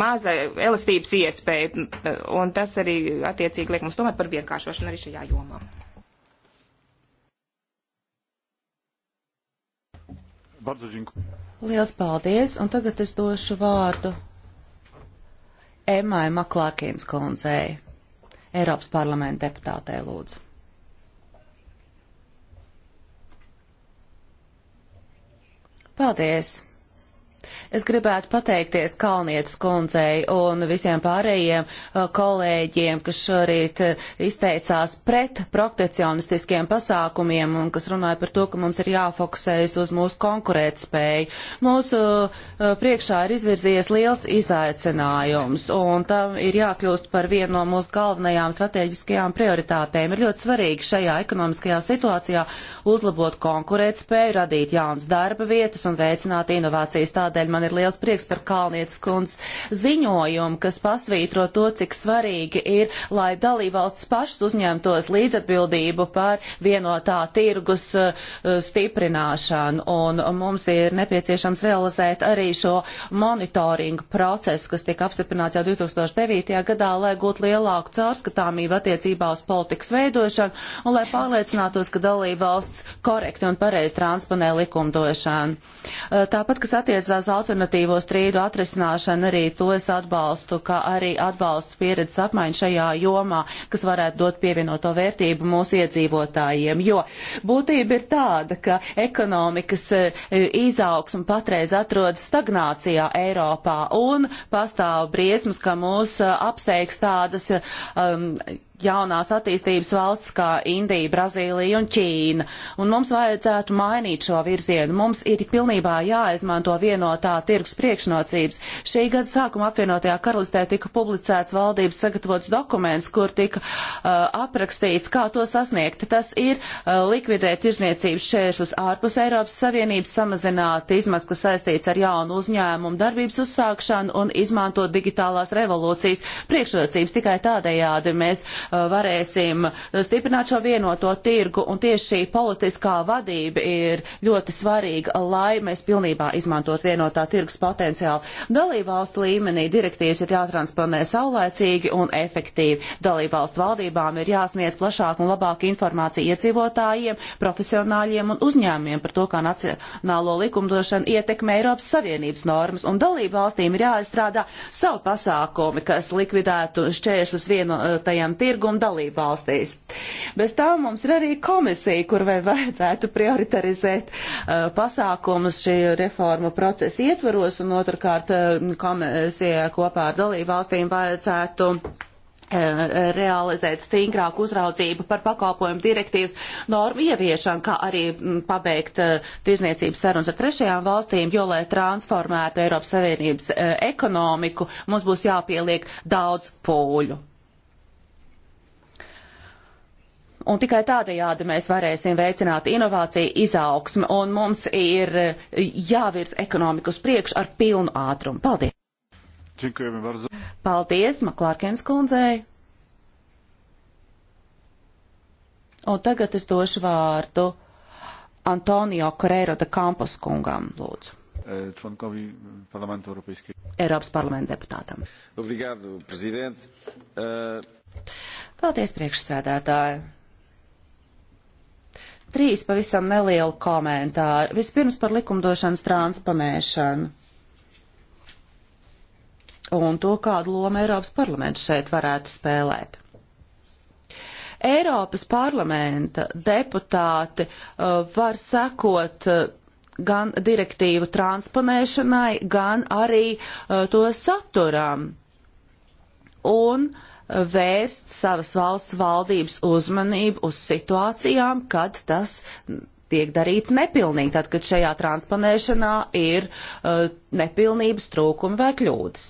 S2: maza elastības iespēja. Eh, un tas arī attiecīgi liek mums domāt par vienkāršošanu arī šajā jomā.
S4: Liels paldies, un tagad es došu vārdu Emmai Maklārkīnas kundzei, Eiropas parlamenta deputātei lūdzu. Paldies! Es gribētu pateikties Kalnietes kundzei un visiem pārējiem uh, kolēģiem, kas šorīt uh, izteicās pret protekcionistiskiem pasākumiem un kas runāja par to, ka mums ir jāfokusējas uz mūsu konkurētspēju. Mūsu uh, priekšā ir izvirzies liels izaicinājums un tam ir jākļūst par vienu no mūsu galvenajām strateģiskajām prioritātēm. Ir ļoti svarīgi šajā ekonomiskajā situācijā uzlabot konkurētspēju, radīt jaunas darba vietas un veicināt inovācijas. Tā tādēļ man ir liels prieks par Kalnietes kundzes ziņojumu, kas pasvītro to, cik svarīgi ir, lai dalībvalsts pašas uzņemtos līdzatbildību par vienotā tirgus eh, stiprināšanu. Un mums ir nepieciešams realizēt arī šo monitoringu procesu, kas tika apstiprināts jau 2009. gadā, lai gūtu lielāku caurskatāmību attiecībā uz politikas veidošanu un lai pārliecinātos, ka dalība valsts korekti un pareizi transponē likumdošanu. Eh, tāpat, kas attiecās attiecās alternatīvo strīdu atrisināšanu, arī to es atbalstu, kā arī atbalstu pieredzes apmaiņu šajā jomā, kas varētu dot pievienoto vērtību mūsu iedzīvotājiem. Jo būtība ir tāda, ka ekonomikas e, izaugsme patreiz atrodas stagnācijā Eiropā un pastāv briesmas, ka mūs e, apsteigs tādas e, um, jaunās attīstības valsts kā Indija, Brazīlija un Ķīna, un mums vajadzētu mainīt šo virzienu. Mums ir pilnībā jāizmanto vienotā tirgus priekšnocības. Šī gada sākuma apvienotajā karalistē tika publicēts valdības sagatavots dokuments, kur tika uh, aprakstīts, kā to sasniegt. Tas ir uh, likvidēt tirzniecības šķēršus ārpus Eiropas Savienības, samazināt izmaksas, kas saistīts ar jaunu uzņēmumu darbības uzsākšanu un izmantot digitālās revolūcijas priekšrocības. Tikai tādējādi mēs Uh, varēsim stiprināt šo vienoto tirgu, un tieši šī politiskā vadība ir ļoti svarīga, lai mēs pilnībā izmantot vienotā tirgus potenciālu. Dalībvalstu līmenī direktīvas ir jātransponē saulēcīgi un efektīvi. Dalībvalstu valdībām ir jāsniedz plašāk un labāk informācija iedzīvotājiem, profesionāļiem un uzņēmiem par to, kā nacionālo likumdošanu ietekmē Eiropas Savienības normas, un dalībvalstīm ir jāizstrādā savu pasākumi, kas likvidētu šķēršļus vienotajam tirgumam tirgumu dalību valstīs. Bez tā mums ir arī komisija, kur vai vajadzētu prioritarizēt uh, pasākumus šī reforma procesa ietvaros, un otrkārt uh, komisija kopā ar dalību valstīm vajadzētu uh, realizēt stingrāku uzraudzību par pakalpojumu direktīvas normu ieviešanu, kā arī mm, pabeigt uh, tirzniecības sarunas ar trešajām valstīm, jo, lai transformētu Eiropas Savienības uh, ekonomiku, mums būs jāpieliek daudz pūļu. un tikai tādējādi mēs varēsim veicināt inovāciju izaugsmi, un mums ir jāvirs ekonomiku uz priekšu ar pilnu ātrumu. Paldies! Paldies, Maklārkens kundzei! Un tagad es došu vārdu Antonio Correro de Campos kungam, lūdzu. E, członkowi Parlamentu Europejskiego. Eiropas parlamenta deputātam. Obrigado, prezident. Uh... E, Paldies, priekšsēdētāji. Trīs pavisam nelieli komentāri. Vispirms par likumdošanas transponēšanu un to, kādu lomu Eiropas parlaments šeit varētu spēlēt. Eiropas parlamenta deputāti uh, var sekot uh, gan direktīvu transponēšanai, gan arī uh, to saturam. Un uh, vērst savas valsts valdības uzmanību uz situācijām, kad tas tiek darīts nepilnīgi, tad, kad šajā transponēšanā ir uh, nepilnības trūkumi vai kļūdas.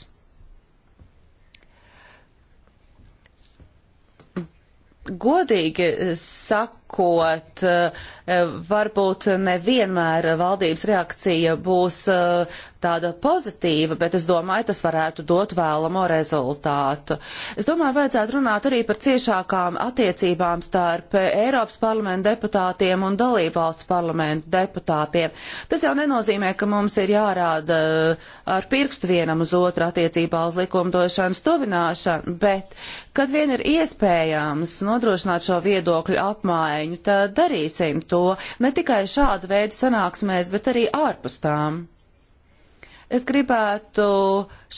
S4: Godīgi uh, sak, sakot, eh, varbūt nevienmēr valdības reakcija būs eh, tāda pozitīva, bet es domāju, tas varētu dot vēlamo rezultātu. Es domāju, vajadzētu runāt arī par ciešākām attiecībām starp Eiropas parlamenta deputātiem un dalībvalstu parlamentu deputātiem. Tas jau nenozīmē, ka mums ir jārāda eh, ar pirkstu vienam uz otru attiecībā uz likumdošanas tuvināšanu, bet, kad vien ir iespējams nodrošināt šo viedokļu apmaiņu, izmaiņu, tad darīsim to ne tikai šādu veidu sanāksmēs, bet arī ārpus tām. Es gribētu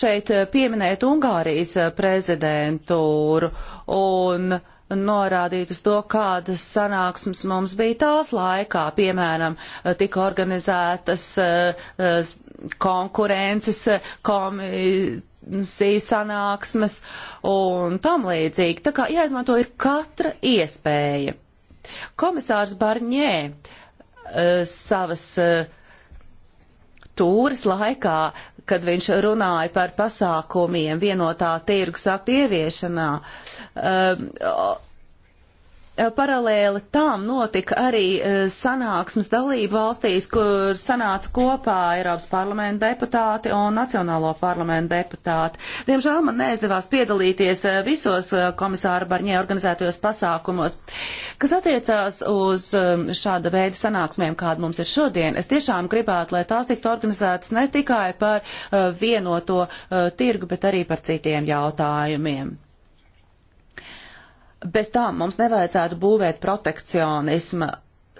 S4: šeit pieminēt Ungārijas prezidentūru un norādīt uz to, kādas sanāksmes mums bija tās laikā. Piemēram, tika organizētas eh, konkurences komi eh, komisiju sanāksmes un tam līdzīgi. Tā kā jāizmanto ir katra iespēja. Komisārs Barņē eh, savas eh, tūras laikā, kad viņš runāja par pasākumiem vienotā tirgus aktu ieviešanā, eh, Eh, paralēli tam notika arī eh, sanāksmes dalība valstīs, kur sanāca kopā Eiropas parlamenta deputāti un Nacionālo parlamentu deputāti. Diemžēl man neizdevās piedalīties eh, visos komisāra Barņē organizētajos pasākumos. Kas attiecās uz ehm, šāda veida sanāksmēm, kāda mums ir šodien, es tiešām gribētu, lai tās tiktu organizētas ne tikai par vienoto tirgu, bet arī par citiem jautājumiem. Bez tām mums nevajadzētu būvēt protekcionisma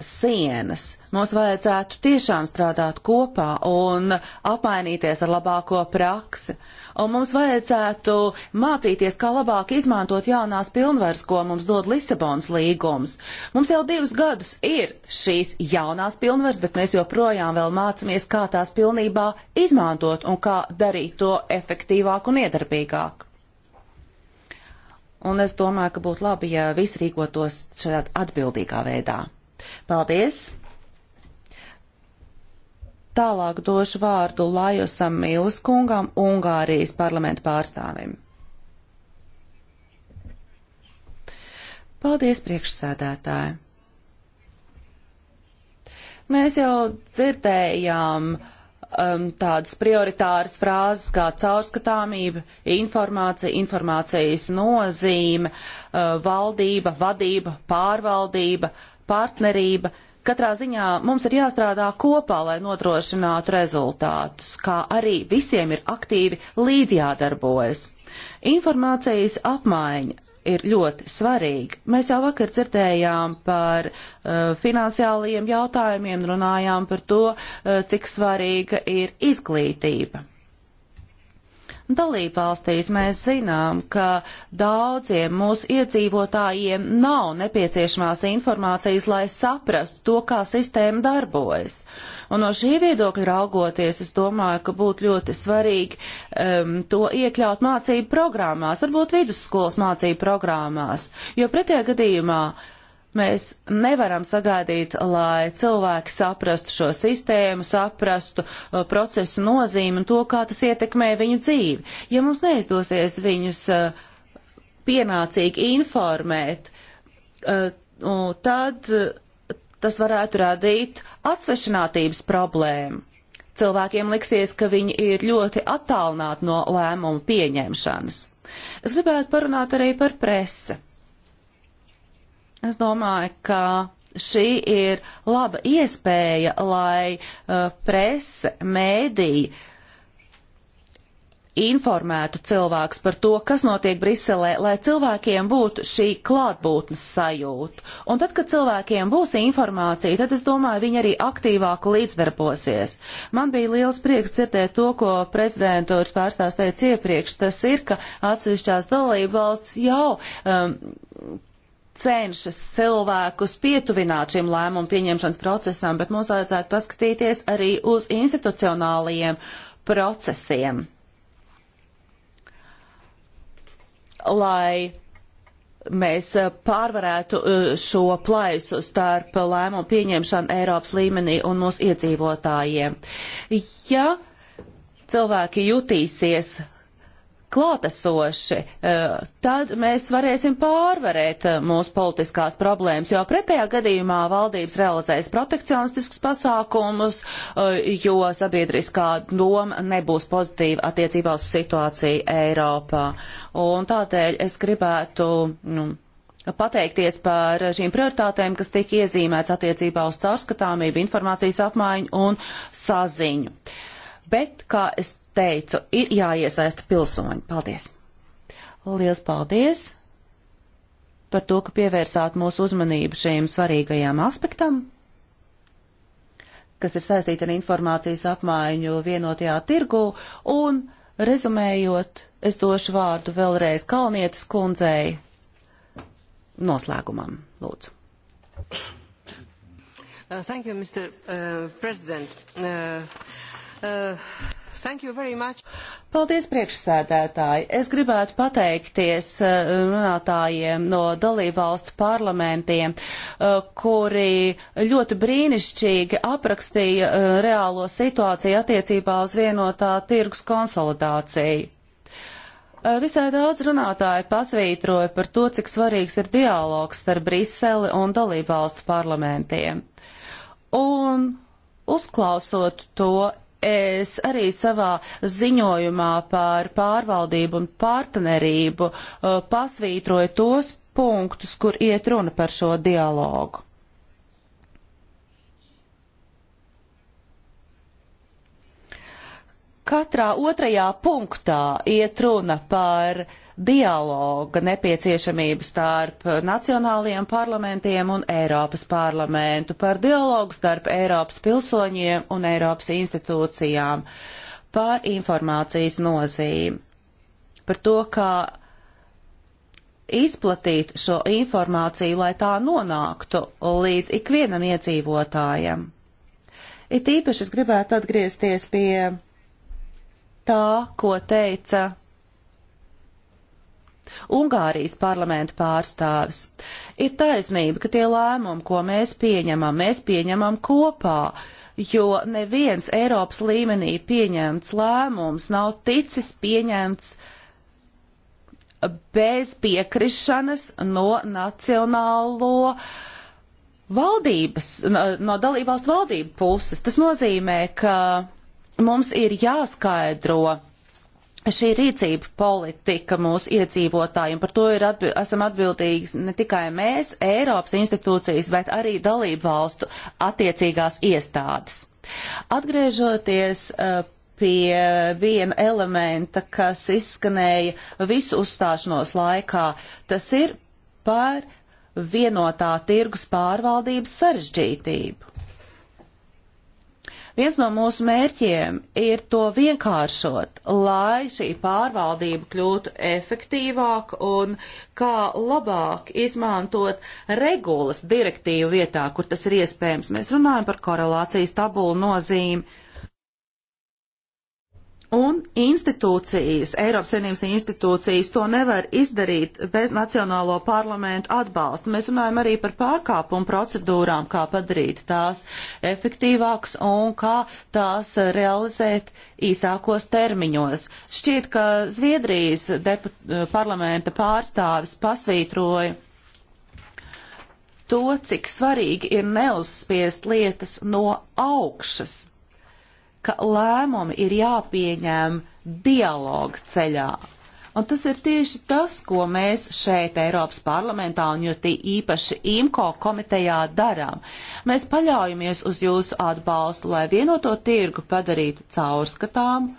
S4: sienas. Mums vajadzētu tiešām strādāt kopā un apmainīties ar labāko praksi. Un mums vajadzētu mācīties, kā labāk izmantot jaunās pilnvaras, ko mums dod Lisabons līgums. Mums jau divus gadus ir šīs jaunās pilnvaras, bet mēs joprojām vēl mācāmies, kā tās pilnībā izmantot un kā darīt to efektīvāk un iedarbīgāk un es domāju, ka būtu labi, ja visi rīkotos šādā atbildīgā veidā. Paldies! Tālāk došu vārdu Lajosam Mīlas kungam, Ungārijas parlamenta pārstāvim. Paldies, priekšsēdētāji! Mēs jau dzirdējām uh, um, tādas prioritāras frāzes kā caurskatāmība, informācija, informācijas nozīme, uh, valdība, vadība, pārvaldība, partnerība. Katrā ziņā mums ir jāstrādā kopā, lai nodrošinātu rezultātus, kā arī visiem ir aktīvi līdzjādarbojas. Informācijas apmaiņa ir ļoti svarīga. Mēs jau vakar dzirdējām par uh, finansiālajiem jautājumiem, runājām par to, uh, cik svarīga ir izglītība. Dalībvalstīs mēs zinām, ka daudziem mūsu iedzīvotājiem nav nepieciešamās informācijas, lai saprastu to, kā sistēma darbojas. Un no šī viedokļa raugoties, es domāju, ka būtu ļoti svarīgi um, to iekļaut mācību programmās, varbūt vidusskolas mācību programmās, jo pretējā gadījumā uh, Mēs nevaram sagaidīt, lai cilvēki saprastu šo sistēmu, saprastu uh, procesu nozīmi un to, kā tas ietekmē viņu dzīvi. Ja mums neizdosies viņus uh, pienācīgi informēt, uh, tad uh, tas varētu radīt atsvešinātības problēmu. Cilvēkiem liksies, ka viņi ir ļoti attālināti no lēmumu pieņemšanas. Es gribētu parunāt arī par presi Es domāju, ka šī ir laba iespēja, lai uh, prese, mēdīja informētu cilvēks par to, kas notiek Briselē, lai cilvēkiem būtu šī klātbūtnes sajūta. Un tad, kad cilvēkiem būs informācija, tad es domāju, viņi arī aktīvāk līdzdarbosies. Man bija liels prieks dzirdēt to, ko prezidentūras pārstāvs teica iepriekš, tas ir, ka atsevišķās dalība valsts jau um, cenšas cilvēkus pietuvināt šim lēmumu pieņemšanas procesam, bet mums vajadzētu paskatīties arī uz institucionālajiem procesiem, lai mēs pārvarētu eh, šo plaisu starp lēmumu pieņemšanu Eiropas līmenī un mūsu iedzīvotājiem. Ja cilvēki jutīsies klātesoši, eh, tad mēs varēsim pārvarēt eh, mūsu politiskās problēmas, jo pretējā gadījumā valdības realizēs protekcionistiskus pasākumus, eh, jo sabiedriskā doma nebūs pozitīva attiecībā uz situāciju Eiropā. Un tādēļ es gribētu. Nu, pateikties par šīm prioritātēm, kas tiek iezīmēts attiecībā uz caurskatāmību, informācijas apmaiņu un saziņu. Bet, kā es teicu, ir jāiesaista pilsoņi. Paldies! Lielas paldies par to, ka pievērsāt mūsu uzmanību šiem svarīgajām aspektam, kas ir saistīti ar informācijas apmaiņu vienotajā tirgu, un, rezumējot, es došu vārdu vēlreiz Kalnietas kundzei noslēgumam, lūdzu.
S1: Uh, thank you, Mr. Uh, President. Uh, uh,
S4: Paldies, priekšsēdētāji! Es gribētu pateikties eh, runātājiem no dalībvalstu parlamentiem, eh, kuri ļoti brīnišķīgi aprakstīja eh, reālo situāciju attiecībā uz vienotā tirgus konsolidāciju. Visai daudz runātāji pasvītroja par to, cik svarīgs ir dialogs starp Briseli un dalībvalstu parlamentiem. Un uzklausot to, Es arī savā ziņojumā par pārvaldību un partnerību uh, pasvītroju tos punktus, kur iet runa par šo dialogu. Katrā otrajā punktā iet runa par uh, dialoga nepieciešamību starp nacionālajiem parlamentiem un Eiropas parlamentu, par dialogu starp Eiropas pilsoņiem un Eiropas institūcijām, par informācijas nozīmi, par to, kā izplatīt šo informāciju, lai tā nonāktu līdz ikvienam iedzīvotājam. It īpaši es gribētu atgriezties pie tā, ko teica Ungārijas parlamenta pārstāvis. Ir taisnība, ka tie lēmumi, ko mēs pieņemam, mēs pieņemam kopā jo neviens Eiropas līmenī pieņemts lēmums nav ticis pieņemts bez piekrišanas no nacionālo valdības, no dalībvalstu valdību puses. Tas nozīmē, ka mums ir jāskaidro šī rīcība politika mūsu iedzīvotājiem, par to ir atbi esam atbildīgs ne tikai mēs, Eiropas institūcijas, bet arī dalību valstu attiecīgās iestādes. Atgriežoties uh, pie viena elementa, kas izskanēja visu uzstāšanos laikā, tas ir par vienotā tirgus pārvaldības sarežģītību. Viens no mūsu mērķiem ir to vienkāršot, lai šī pārvaldība kļūtu efektīvāka un kā labāk izmantot regulas direktīvu vietā, kur tas ir iespējams. Mēs runājam par korelācijas tabulu nozīmi Un institūcijas, Eiropas Savienības institūcijas to nevar izdarīt bez Nacionālo parlamentu atbalsta. Mēs runājam arī par pārkāpumu procedūrām, kā padarīt tās efektīvākas un kā tās realizēt īsākos termiņos. Šķiet, ka Zviedrijas parlamenta pārstāvis pasvītroja to, cik svarīgi ir neuzspiest lietas no augšas ka lēmumi ir jāpieņem dialogu ceļā. Un tas ir tieši tas, ko mēs šeit Eiropas parlamentā un jo tī īpaši IMCO komitejā darām. Mēs paļaujamies uz jūsu atbalstu, lai vienoto tirgu padarītu caurskatām,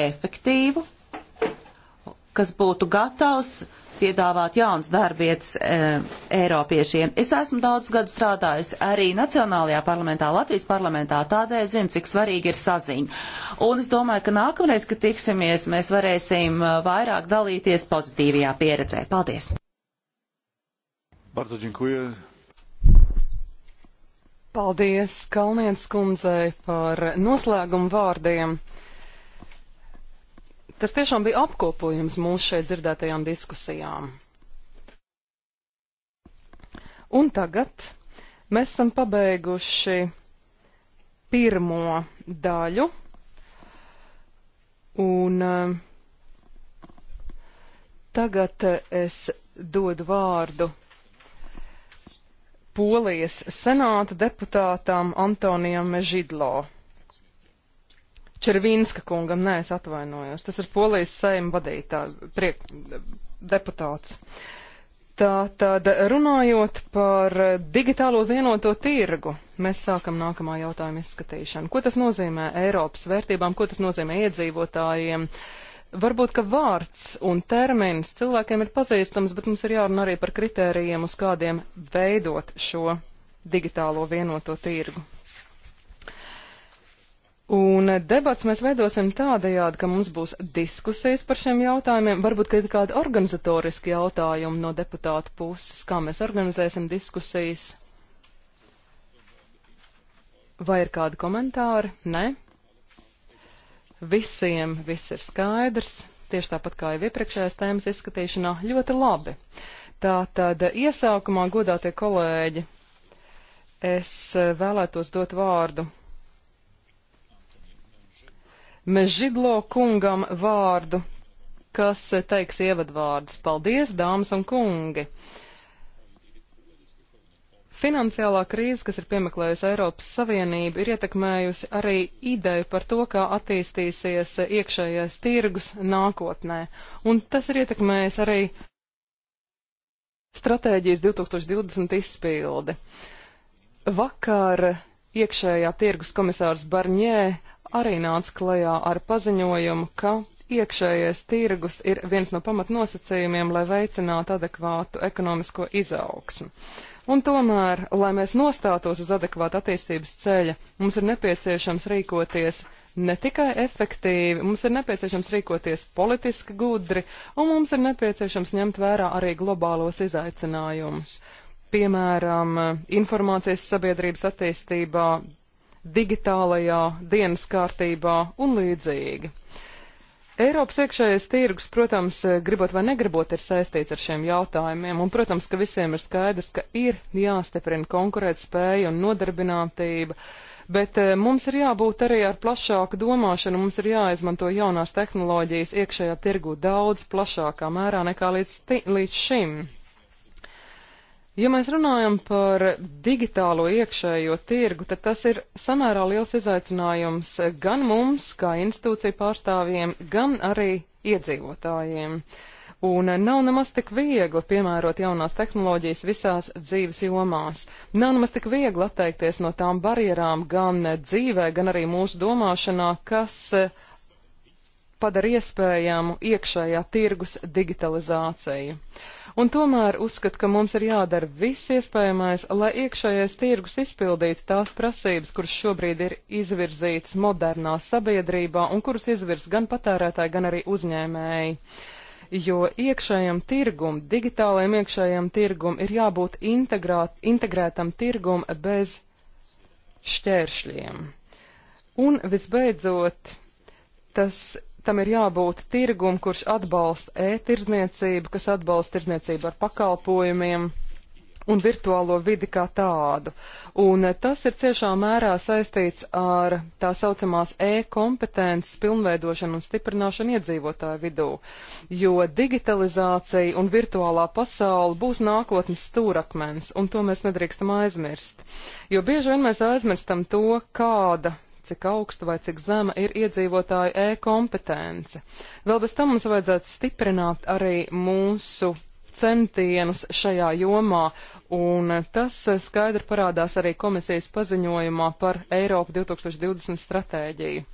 S4: efektīvu, kas būtu gatavs uh, piedāvāt jaunas darbvietas e, Eiropiešiem. Es esmu daudz gadu strādājis arī Nacionālajā parlamentā, Latvijas parlamentā, tādēļ zinu, cik svarīgi ir saziņa. Un es domāju, ka nākamreiz, kad tiksimies, mēs varēsim e, vairāk dalīties pozitīvajā pieredzē.
S3: Paldies!
S1: Bardzo dziękuję.
S3: Paldies Kalnienes kundzei par noslēgumu vārdiem. Tas tiešām bija apkopojums mūsu šeit dzirdētajām diskusijām. Un tagad mēs esam pabeiguši pirmo daļu. Un eh, tagad eh, es dodu vārdu Polijas senāta deputātām Antonijam Židlo. Červīnska kungam, nē, es atvainojos. Tas ir polijas saima vadītā priek, deputāts. Tā tad runājot par digitālo vienoto tirgu, mēs sākam nākamā jautājuma izskatīšanu. Ko tas nozīmē Eiropas vērtībām, ko tas nozīmē iedzīvotājiem? Varbūt, ka vārds un termins cilvēkiem ir pazīstams, bet mums ir jārunā arī par kritērijiem, uz kādiem veidot šo digitālo vienoto tirgu. Un debats mēs veidosim tādējādi, ka mums būs diskusijas par šiem jautājumiem, varbūt, ka ir kādi organizatoriski jautājumi no deputātu puses, kā mēs organizēsim diskusijas. Vai ir kādi komentāri? Nē. Visiem viss ir skaidrs, tieši tāpat kā jau iepriekšējās tēmas izskatīšanā, ļoti labi. Tātad iesākumā godātie kolēģi, es vēlētos dot vārdu Mežidlo kungam vārdu, kas teiks ievadvārdus. Paldies, dāmas un kungi! Finansiālā krīze, kas ir piemeklējusi Eiropas Savienību, ir ietekmējusi arī ideju par to, kā attīstīsies iekšējais tirgus nākotnē. Un tas ir ietekmējis arī stratēģijas 2020 izpildi. Vakar iekšējā tirgus komisārs Barņē arī nāca klajā ar paziņojumu, ka iekšējais tirgus ir viens no pamatnosacījumiem, lai veicinātu adekvātu ekonomisko izaugsmu. Un tomēr, lai mēs nostātos uz adekvātu attīstības ceļa, mums ir nepieciešams rīkoties ne tikai efektīvi, mums ir nepieciešams rīkoties politiski gudri, un mums ir nepieciešams ņemt vērā arī globālos izaicinājumus. Piemēram, informācijas sabiedrības attīstībā digitālajā dienas kārtībā un līdzīgi. Eiropas iekšējais tirgus, protams, gribot vai negribot, ir saistīts ar šiem jautājumiem, un, protams, ka visiem ir skaidrs, ka ir jāstiprina konkurētspēja un nodarbinātība, bet eh, mums ir jābūt arī ar plašāku domāšanu, mums ir jāizmanto jaunās tehnoloģijas iekšējā tirgu daudz plašākā mērā nekā līdz, līdz šim. Ja mēs runājam par digitālo iekšējo tirgu, tad tas ir samērā liels izaicinājums gan mums, kā institūciju pārstāvjiem, gan arī iedzīvotājiem. Un nav nemaz tik viegli piemērot jaunās tehnoloģijas visās dzīves jomās. Nav nemaz tik viegli atteikties no tām barjerām gan dzīvē, gan arī mūsu domāšanā, kas padara iespējamu iekšējā tirgus digitalizāciju. Uh, un tomēr uzskatu, ka mums ir jādara viss iespējamais, lai iekšējais tirgus izpildītu tās prasības, kuras šobrīd ir izvirzītas modernā sabiedrībā un kuras izvirs gan patērētāji, gan arī uzņēmēji jo iekšējam tirgum, digitālajam iekšējam tirgum ir jābūt integrāt, integrētam tirgum bez šķēršļiem. Un visbeidzot, tas tam ir jābūt tirgum, kurš atbalsta e-tirdzniecību, kas atbalsta tirdzniecību ar pakalpojumiem un virtuālo vidi kā tādu. Un eh, tas ir ciešā mērā saistīts ar tā saucamās e-kompetences pilnveidošanu un stiprināšanu iedzīvotāju vidū, jo digitalizācija un virtuālā pasaule būs nākotnes stūrakmens, un to mēs nedrīkstam aizmirst. Jo bieži vien mēs aizmirstam to, kāda cik augsta vai cik zema ir iedzīvotāju e-kompetence. Vēl bez tam mums vajadzētu stiprināt arī mūsu centienus šajā jomā, un tas skaidri parādās arī komisijas paziņojumā par Eiropu 2020 stratēģiju.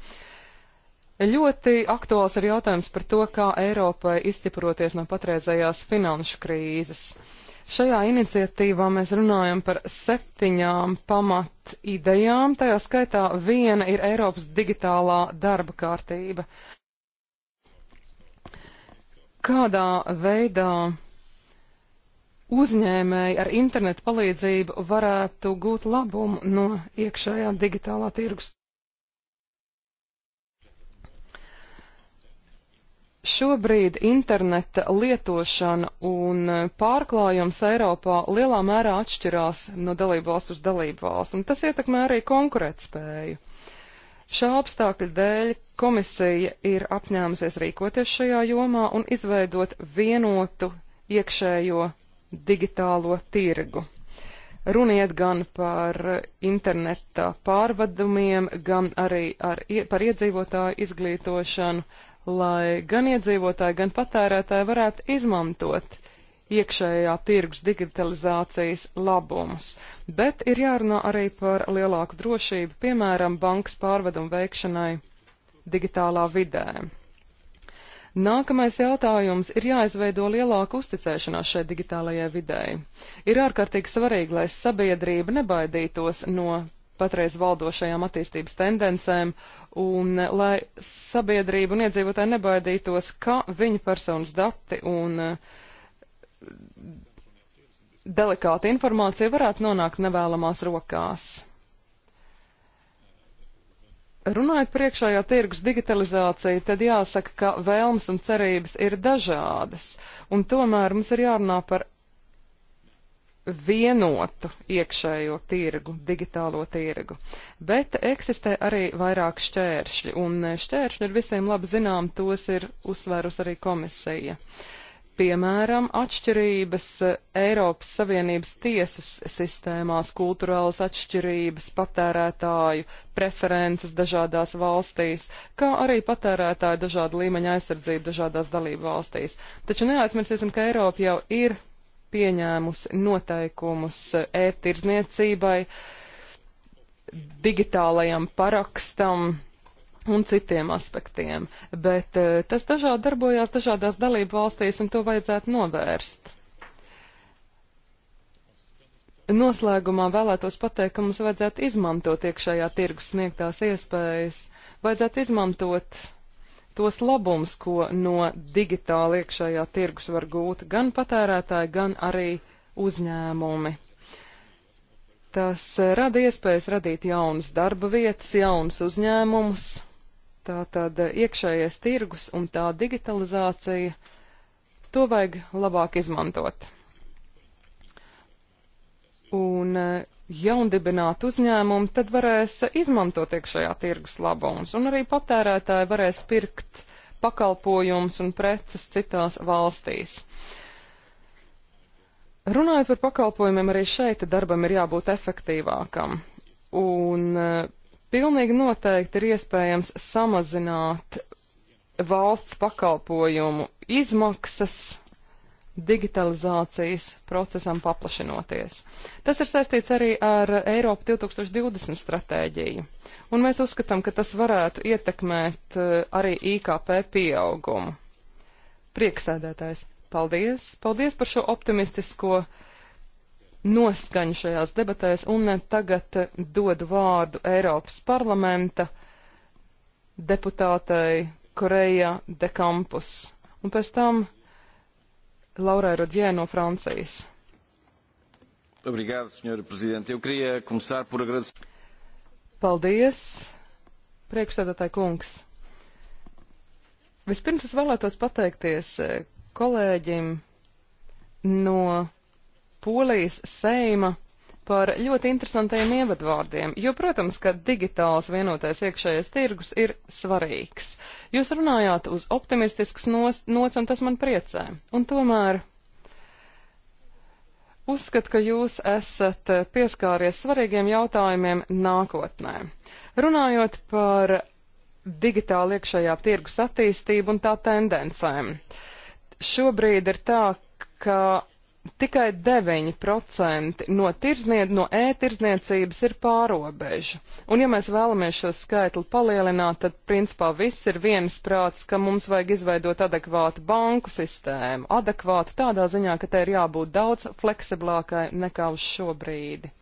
S3: Ļoti aktuāls ir jautājums par to, kā Eiropai izķiproties no patreizējās finanšu krīzes. Uh, Šajā iniciatīvā mēs runājam par septiņām pamat idejām, tajā skaitā viena ir Eiropas digitālā darba kārtība. Kādā veidā uzņēmēji ar internetu palīdzību varētu gūt labumu no iekšējā digitālā tirgus? Šobrīd interneta lietošana un pārklājums Eiropā lielā mērā atšķirās no dalību valsts uz dalību valsts, un tas ietekmē arī konkurētspēju. Šā apstākļa dēļ komisija ir apņēmusies rīkoties šajā jomā un izveidot vienotu iekšējo digitālo tirgu. Runiet gan par interneta pārvadumiem, gan arī ar, par iedzīvotāju izglītošanu, lai gan iedzīvotāji, gan patērētāji varētu izmantot iekšējā tirgus digitalizācijas labumus. Bet ir jārunā arī par lielāku drošību, piemēram, bankas pārvedumu veikšanai digitālā vidē. Nākamais jautājums ir jāizveido lielāka uzticēšanās šai digitālajai videi. Ir ārkārtīgi svarīgi, lai sabiedrība nebaidītos no patreiz valdošajām attīstības tendencēm, un eh, lai sabiedrība un iedzīvotāji nebaidītos, ka viņu personas dati un eh, delikāta informācija varētu nonākt nevēlamās rokās. Runājot priekšējā tirgus digitalizāciju, tad jāsaka, ka vēlmes un cerības ir dažādas, un tomēr mums ir jārunā par vienotu iekšējo tirgu, digitālo tirgu. Bet eksistē arī vairāk šķēršļi, un šķēršļi ir visiem labi zinām, tos ir uzsvērus arī komisija. Piemēram, atšķirības Eiropas Savienības tiesas sistēmās, kulturālas atšķirības, patērētāju preferences dažādās valstīs, kā arī patērētāju dažādu līmeņu aizsardzību dažādās dalību valstīs. Taču neaizmirsīsim, ka Eiropa jau ir pieņēmusi noteikumus e-tirdzniecībai, digitālajam parakstam un citiem aspektiem, bet eh, tas dažādi darbojās dažādās dalību valstīs un to vajadzētu novērst. Noslēgumā vēlētos pateikt, ka mums vajadzētu izmantot iekšējā tirgus sniegtās iespējas, vajadzētu izmantot tos labums, ko no digitāla iekšējā tirgus var gūt gan patērētāji, gan arī uzņēmumi. Tas eh, rada iespējas radīt jaunas darba vietas, jaunas uzņēmumus. Tātad eh, iekšējais tirgus un tā digitalizācija, to vajag labāk izmantot. Un eh, jaundibināti uzņēmumi, tad varēs izmantot iekšējā tirgus labumus, un arī patērētāji varēs pirkt pakalpojumus un preces citās valstīs. Runājot par pakalpojumiem, arī šeit darbam ir jābūt efektīvākam, un e, pilnīgi noteikti ir iespējams samazināt valsts pakalpojumu izmaksas digitalizācijas procesam paplašinoties. Tas ir saistīts arī ar Eiropu 2020 stratēģiju, un mēs uzskatām, ka tas varētu ietekmēt eh, arī IKP pieaugumu. Prieksēdētājs, paldies! Paldies par šo optimistisko noskaņu šajās debatēs, un tagad eh, dodu vārdu Eiropas parlamenta deputātei Koreja de Campus. Un pēc tam Laurai Rodjē no Francijas.
S1: Obrigado, senhora Presidente. Eu queria começar por agradecer.
S3: Paldies, priekšstādātāji kungs. Vispirms es vēlētos pateikties eh, kolēģim no Polijas Seima par ļoti interesantajiem ievadvārdiem, jo, protams, ka digitāls vienotais iekšējais tirgus ir svarīgs. Jūs runājāt uz optimistisks nots, un tas man priecē. Un tomēr uzskatu, ka jūs esat pieskāries svarīgiem jautājumiem nākotnē. Runājot par digitālu iekšējā tirgus attīstību un tā tendencēm. Šobrīd ir tā, ka tikai 9% no, tirznied, no e-tirzniecības ir pārobežu. Un ja mēs vēlamies šo skaitli palielināt, tad principā viss ir viens prāts, ka mums vajag izveidot adekvātu banku sistēmu. Adekvātu tādā ziņā, ka tai ir jābūt daudz fleksiblākai nekā uz šo brīdi.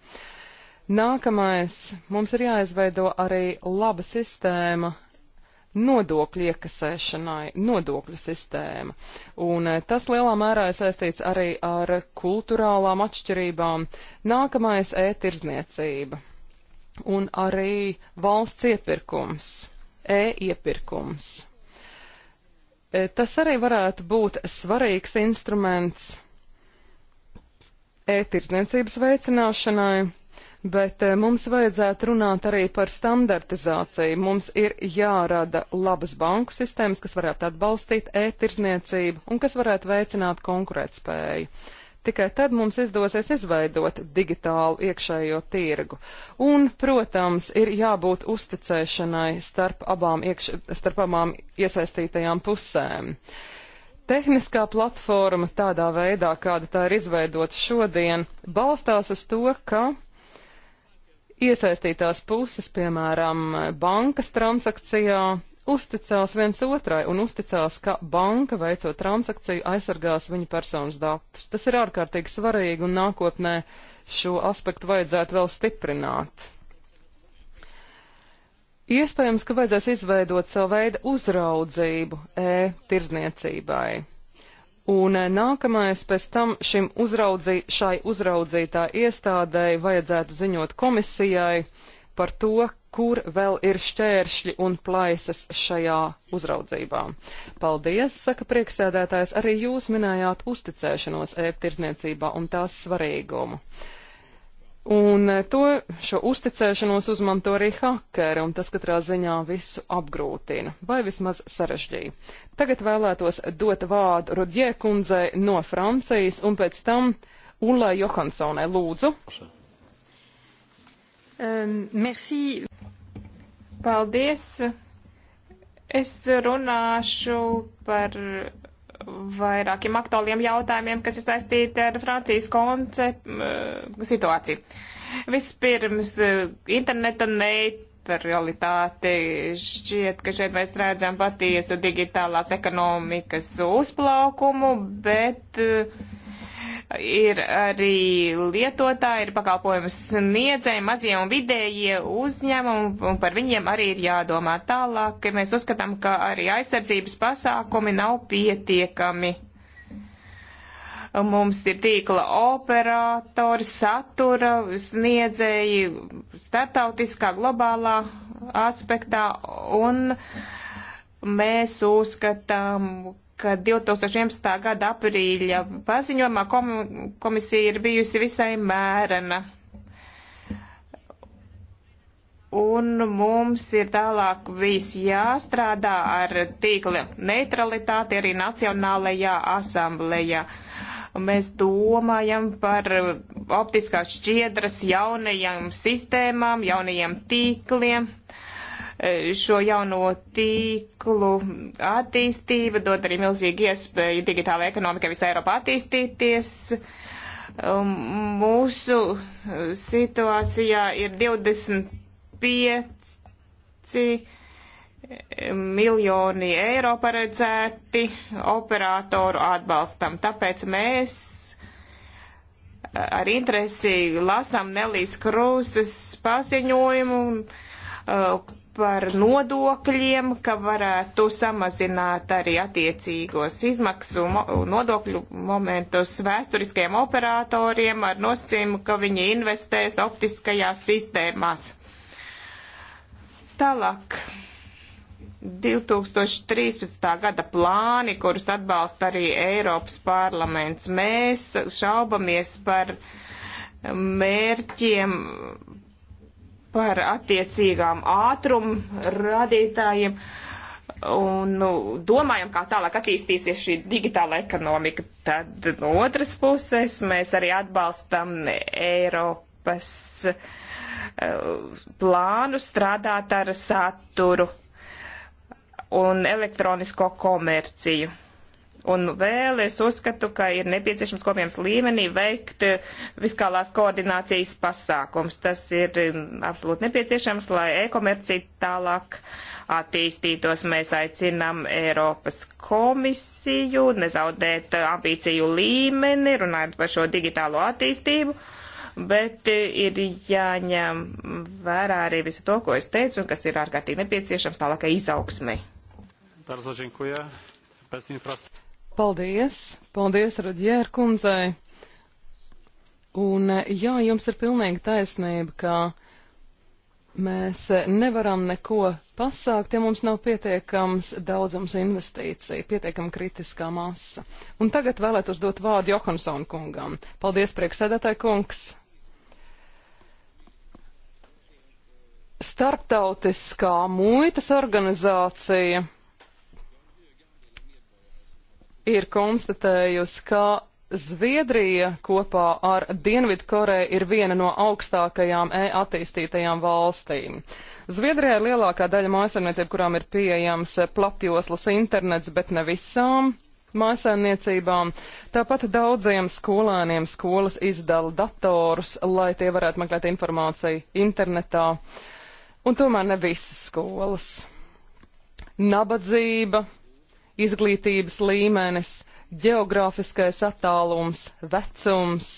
S3: Nākamais mums ir jāizveido arī laba sistēma nodokļu iekasēšanai, nodokļu sistēma. Un eh, tas lielā mērā ir saistīts arī ar kultūrālām atšķirībām. Nākamais - e-tirdzniecība un arī valsts iepirkums, e-iepirkums. Eh, tas arī varētu būt svarīgs instruments e-tirdzniecības veicināšanai bet eh, mums vajadzētu runāt arī par standartizāciju. Mums ir jārada labas banku sistēmas, kas varētu atbalstīt e-tirzniecību un kas varētu veicināt konkurētspēju. Tikai tad mums izdosies izveidot digitālu iekšējo tirgu. Un, protams, ir jābūt uzticēšanai starp abām, iekš... starp abām iesaistītajām pusēm. Tehniskā platforma tādā veidā, kāda tā ir izveidota šodien, balstās uz to, ka iesaistītās puses, piemēram, bankas transakcijā, uzticās viens otrai un uzticās, ka banka veicot transakciju aizsargās viņa personas datus. Tas ir ārkārtīgi svarīgi un nākotnē šo aspektu vajadzētu vēl stiprināt. Iespējams, ka vajadzēs izveidot savu veidu uzraudzību e-tirzniecībai. Un eh, nākamais pēc tam šim uzraudzī, šai uzraudzītā iestādēji vajadzētu ziņot komisijai par to, kur vēl ir šķēršļi un plaisas šajā uzraudzībā. Paldies, saka prieksēdētājs, arī jūs minējāt uzticēšanos ēptirdzniecībā un tās svarīgumu. Un eh, to, šo uzticēšanos uzmanto arī hakeri, un tas katrā ziņā visu apgrūtina, vai vismaz sarežģīja. Tagad vēlētos dot vārdu Rodjē kundzei no Francijas, un pēc tam Ullai Johansonai lūdzu. Um, merci. Paldies. Es
S2: runāšu par vairākiem aktuāliem jautājumiem, kas ir saistīti ar Francijas konce situāciju. Vispirms, e, interneta neutralitāte šķiet, ka šeit mēs redzam patiesu digitālās ekonomikas uzplaukumu, bet uh, ir arī lietotāji, ir pakalpojumu sniedzēji, mazie un vidējie uzņēmumi, un par viņiem arī ir jādomā tālāk. Mēs uzskatām, ka arī aizsardzības pasākumi nav pietiekami mums ir tīkla operatori, satura sniedzēji startautiskā, globālā aspektā, un mēs uzskatām, ka 2011. gada aprīļa paziņojumā komisija ir bijusi visai mērena. Un mums ir tālāk viss jāstrādā ar tīkla neutralitāti arī Nacionālajā asamblējā. Mēs domājam par optiskās šķiedras jaunajām sistēmām, jaunajiem tīkliem. Uh, šo jauno tīklu attīstība dod arī milzīgi iespēju digitālajai ekonomikai visā Eiropā attīstīties. Um, mūsu situācijā ir 25 um, miljoni eiro paredzēti operatoru atbalstam. Tāpēc mēs uh, ar interesi lasām Nelijas Krūzes paziņojumu uh, par nodokļiem, ka varētu samazināt arī attiecīgos izmaksu mo nodokļu momentus vēsturiskajiem operatoriem ar nosacījumu, ka viņi investēs optiskajās sistēmās. Tālāk. 2013. gada plāni, kurus atbalsta arī Eiropas parlaments. Mēs šaubamies par mērķiem par attiecīgām ātrumu radītājiem un nu, domājam, kā tālāk attīstīsies šī digitāla ekonomika. Tad no otras puses mēs arī atbalstam Eiropas uh, plānu strādāt ar saturu un elektronisko komerciju. Un vēl es uzskatu, ka ir nepieciešams kopienas līmenī veikt eh, fiskālās koordinācijas pasākums. Tas ir um, absolūti nepieciešams, lai e-komercija tālāk attīstītos. Mēs aicinām Eiropas komisiju nezaudēt eh, ambīciju līmeni, runājot par šo digitālo attīstību, bet eh, ir jāņem vērā arī visu to, ko es teicu, un kas ir ārkārtīgi nepieciešams tālākai izaugsmai.
S3: Bardzo dziękuję. Bez infrastruktury Paldies! Paldies Rodjēra kundzei! Un eh, jā, jums ir pilnīgi taisnība, ka mēs eh, nevaram neko pasākt, ja mums nav pietiekams daudzums investīciju, pietiekama kritiskā masa. Un tagad vēlētos dot vārdu Johansson kungam. Paldies, prieksēdētāji kungs! Starptautiskā muitas organizācija ir konstatējusi, ka Zviedrija kopā ar Dienvidkoreju ir viena no augstākajām e-attīstītajām valstīm. Zviedrijā ir lielākā daļa mājasemniecību, kurām ir pieejams platjoslas internets, bet ne visām mājasemniecībām. Tāpat daudziem skolēniem skolas izdala datorus, lai tie varētu meklēt informāciju internetā. Un tomēr ne visas skolas. Nabadzība, izglītības līmenis, geogrāfiskais attālums, vecums,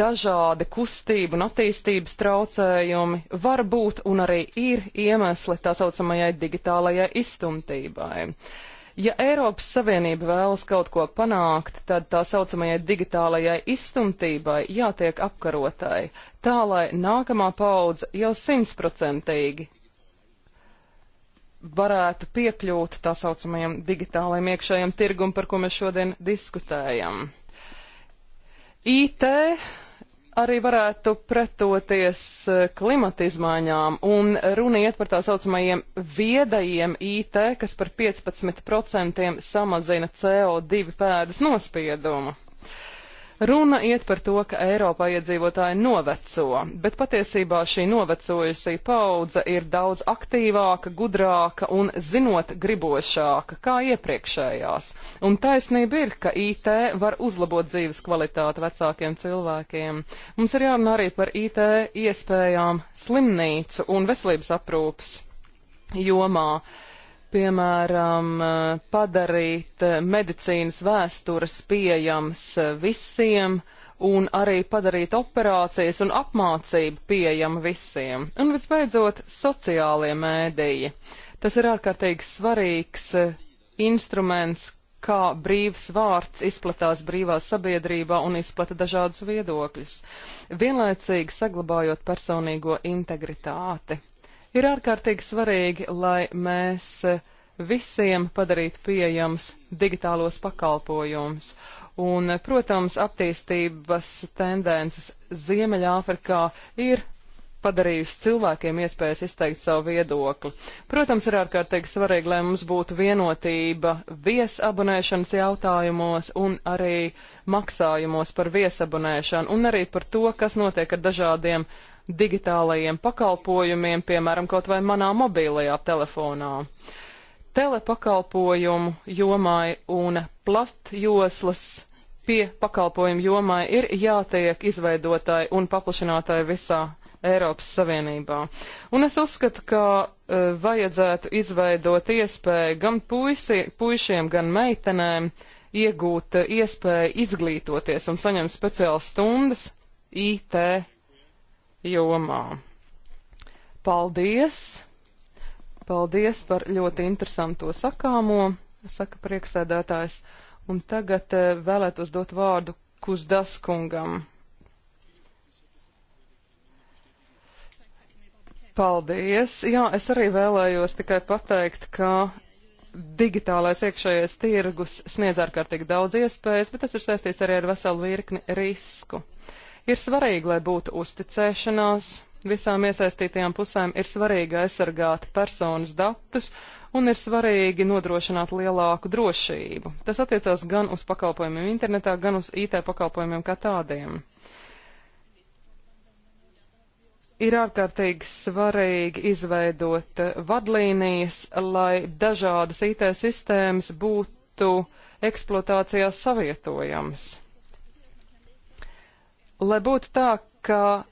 S3: dažādi kustību un attīstības traucējumi var būt un arī ir iemesli tā saucamajai digitālajai izstumtībai. Ja Eiropas Savienība vēlas kaut ko panākt, tad tā saucamajai digitālajai izstumtībai jātiek apkarotai, tā lai nākamā paudze jau simtprocentīgi varētu piekļūt tā saucamajam digitālajam iekšējam tirgum, par ko mēs šodien diskutējam. IT arī varētu pretoties eh, klimata izmaiņām un runiet par tā saucamajiem viedajiem IT, kas par 15% samazina CO2 pēdas nospiedumu. Runa iet par to, ka Eiropā iedzīvotāji noveco, bet patiesībā šī novecojusī paudze ir daudz aktīvāka, gudrāka un zinot gribošāka kā iepriekšējās. Un taisnība ir, ka IT var uzlabot dzīves kvalitāti vecākiem cilvēkiem. Mums ir jārunā arī par IT iespējām slimnīcu un veselības aprūpas jomā. Uh, piemēram, eh, padarīt eh, medicīnas vēstures pieejams eh, visiem un arī padarīt operācijas un apmācību pieejama visiem. Un visbeidzot, sociālie mēdīji. Tas ir ārkārtīgi svarīgs instruments, kā brīvs vārds izplatās brīvā sabiedrībā un izplata dažādus viedokļus, vienlaicīgi saglabājot personīgo integritāti. Ir ārkārtīgi svarīgi, lai mēs visiem padarītu pieejams digitālos pakalpojumus. Un, protams, attīstības tendences Ziemeļāfrikā ir padarījusi cilvēkiem iespējas izteikt savu viedokli. Protams, ir ārkārtīgi svarīgi, lai mums būtu vienotība viesabonēšanas jautājumos un arī maksājumos par viesabonēšanu un arī par to, kas notiek ar dažādiem digitālajiem pakalpojumiem, piemēram, kaut vai manā mobīlajā telefonā. Telepakalpojumu jomai un plastjoslas pie pakalpojumu jomai ir jātiek izveidotai un paplašinātai visā Eiropas Savienībā. Un es uzskatu, ka uh, vajadzētu izveidot iespēju gan puisi, puišiem, gan meitenēm iegūt uh, iespēju izglītoties un saņemt speciālas stundas IT jomā. Paldies! Paldies par ļoti interesanto sakāmo, saka prieksēdētājs. Un tagad eh, vēlētos dot vārdu Kuzdas kungam. Paldies! Jā, es arī vēlējos tikai pateikt, ka digitālais iekšējais tirgus sniedz ārkārtīgi daudz iespējas, bet tas ir saistīts arī ar veselu virkni risku. Uh, Ir svarīgi, lai būtu uzticēšanās. Visām iesaistītajām pusēm ir svarīgi aizsargāt personas datus un ir svarīgi nodrošināt lielāku drošību. Tas attiecās gan uz pakalpojumiem internetā, gan uz IT pakalpojumiem kā tādiem. Ir ārkārtīgi svarīgi izveidot vadlīnijas, lai dažādas IT sistēmas būtu eksploatācijā savietojamas lai būtu tā, ka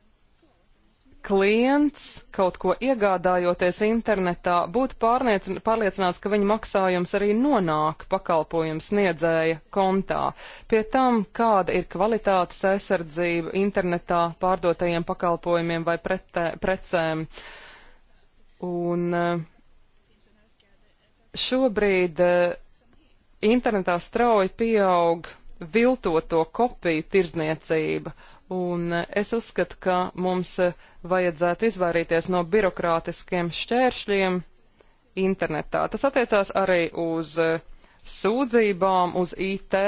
S3: klients kaut ko iegādājoties internetā būtu pārliecināts, ka viņa maksājums arī nonāk pakalpojums sniedzēja kontā. Pie tam, kāda ir kvalitātes aizsardzība internetā pārdotajiem pakalpojumiem vai pretē, precēm. Un eh, šobrīd eh, internetā strauji pieaug viltoto kopiju tirdzniecība un e, es uzskatu, ka mums e, vajadzētu izvairīties no birokrātiskiem šķēršļiem internetā. Tas attiecās arī uz e, sūdzībām, uz IT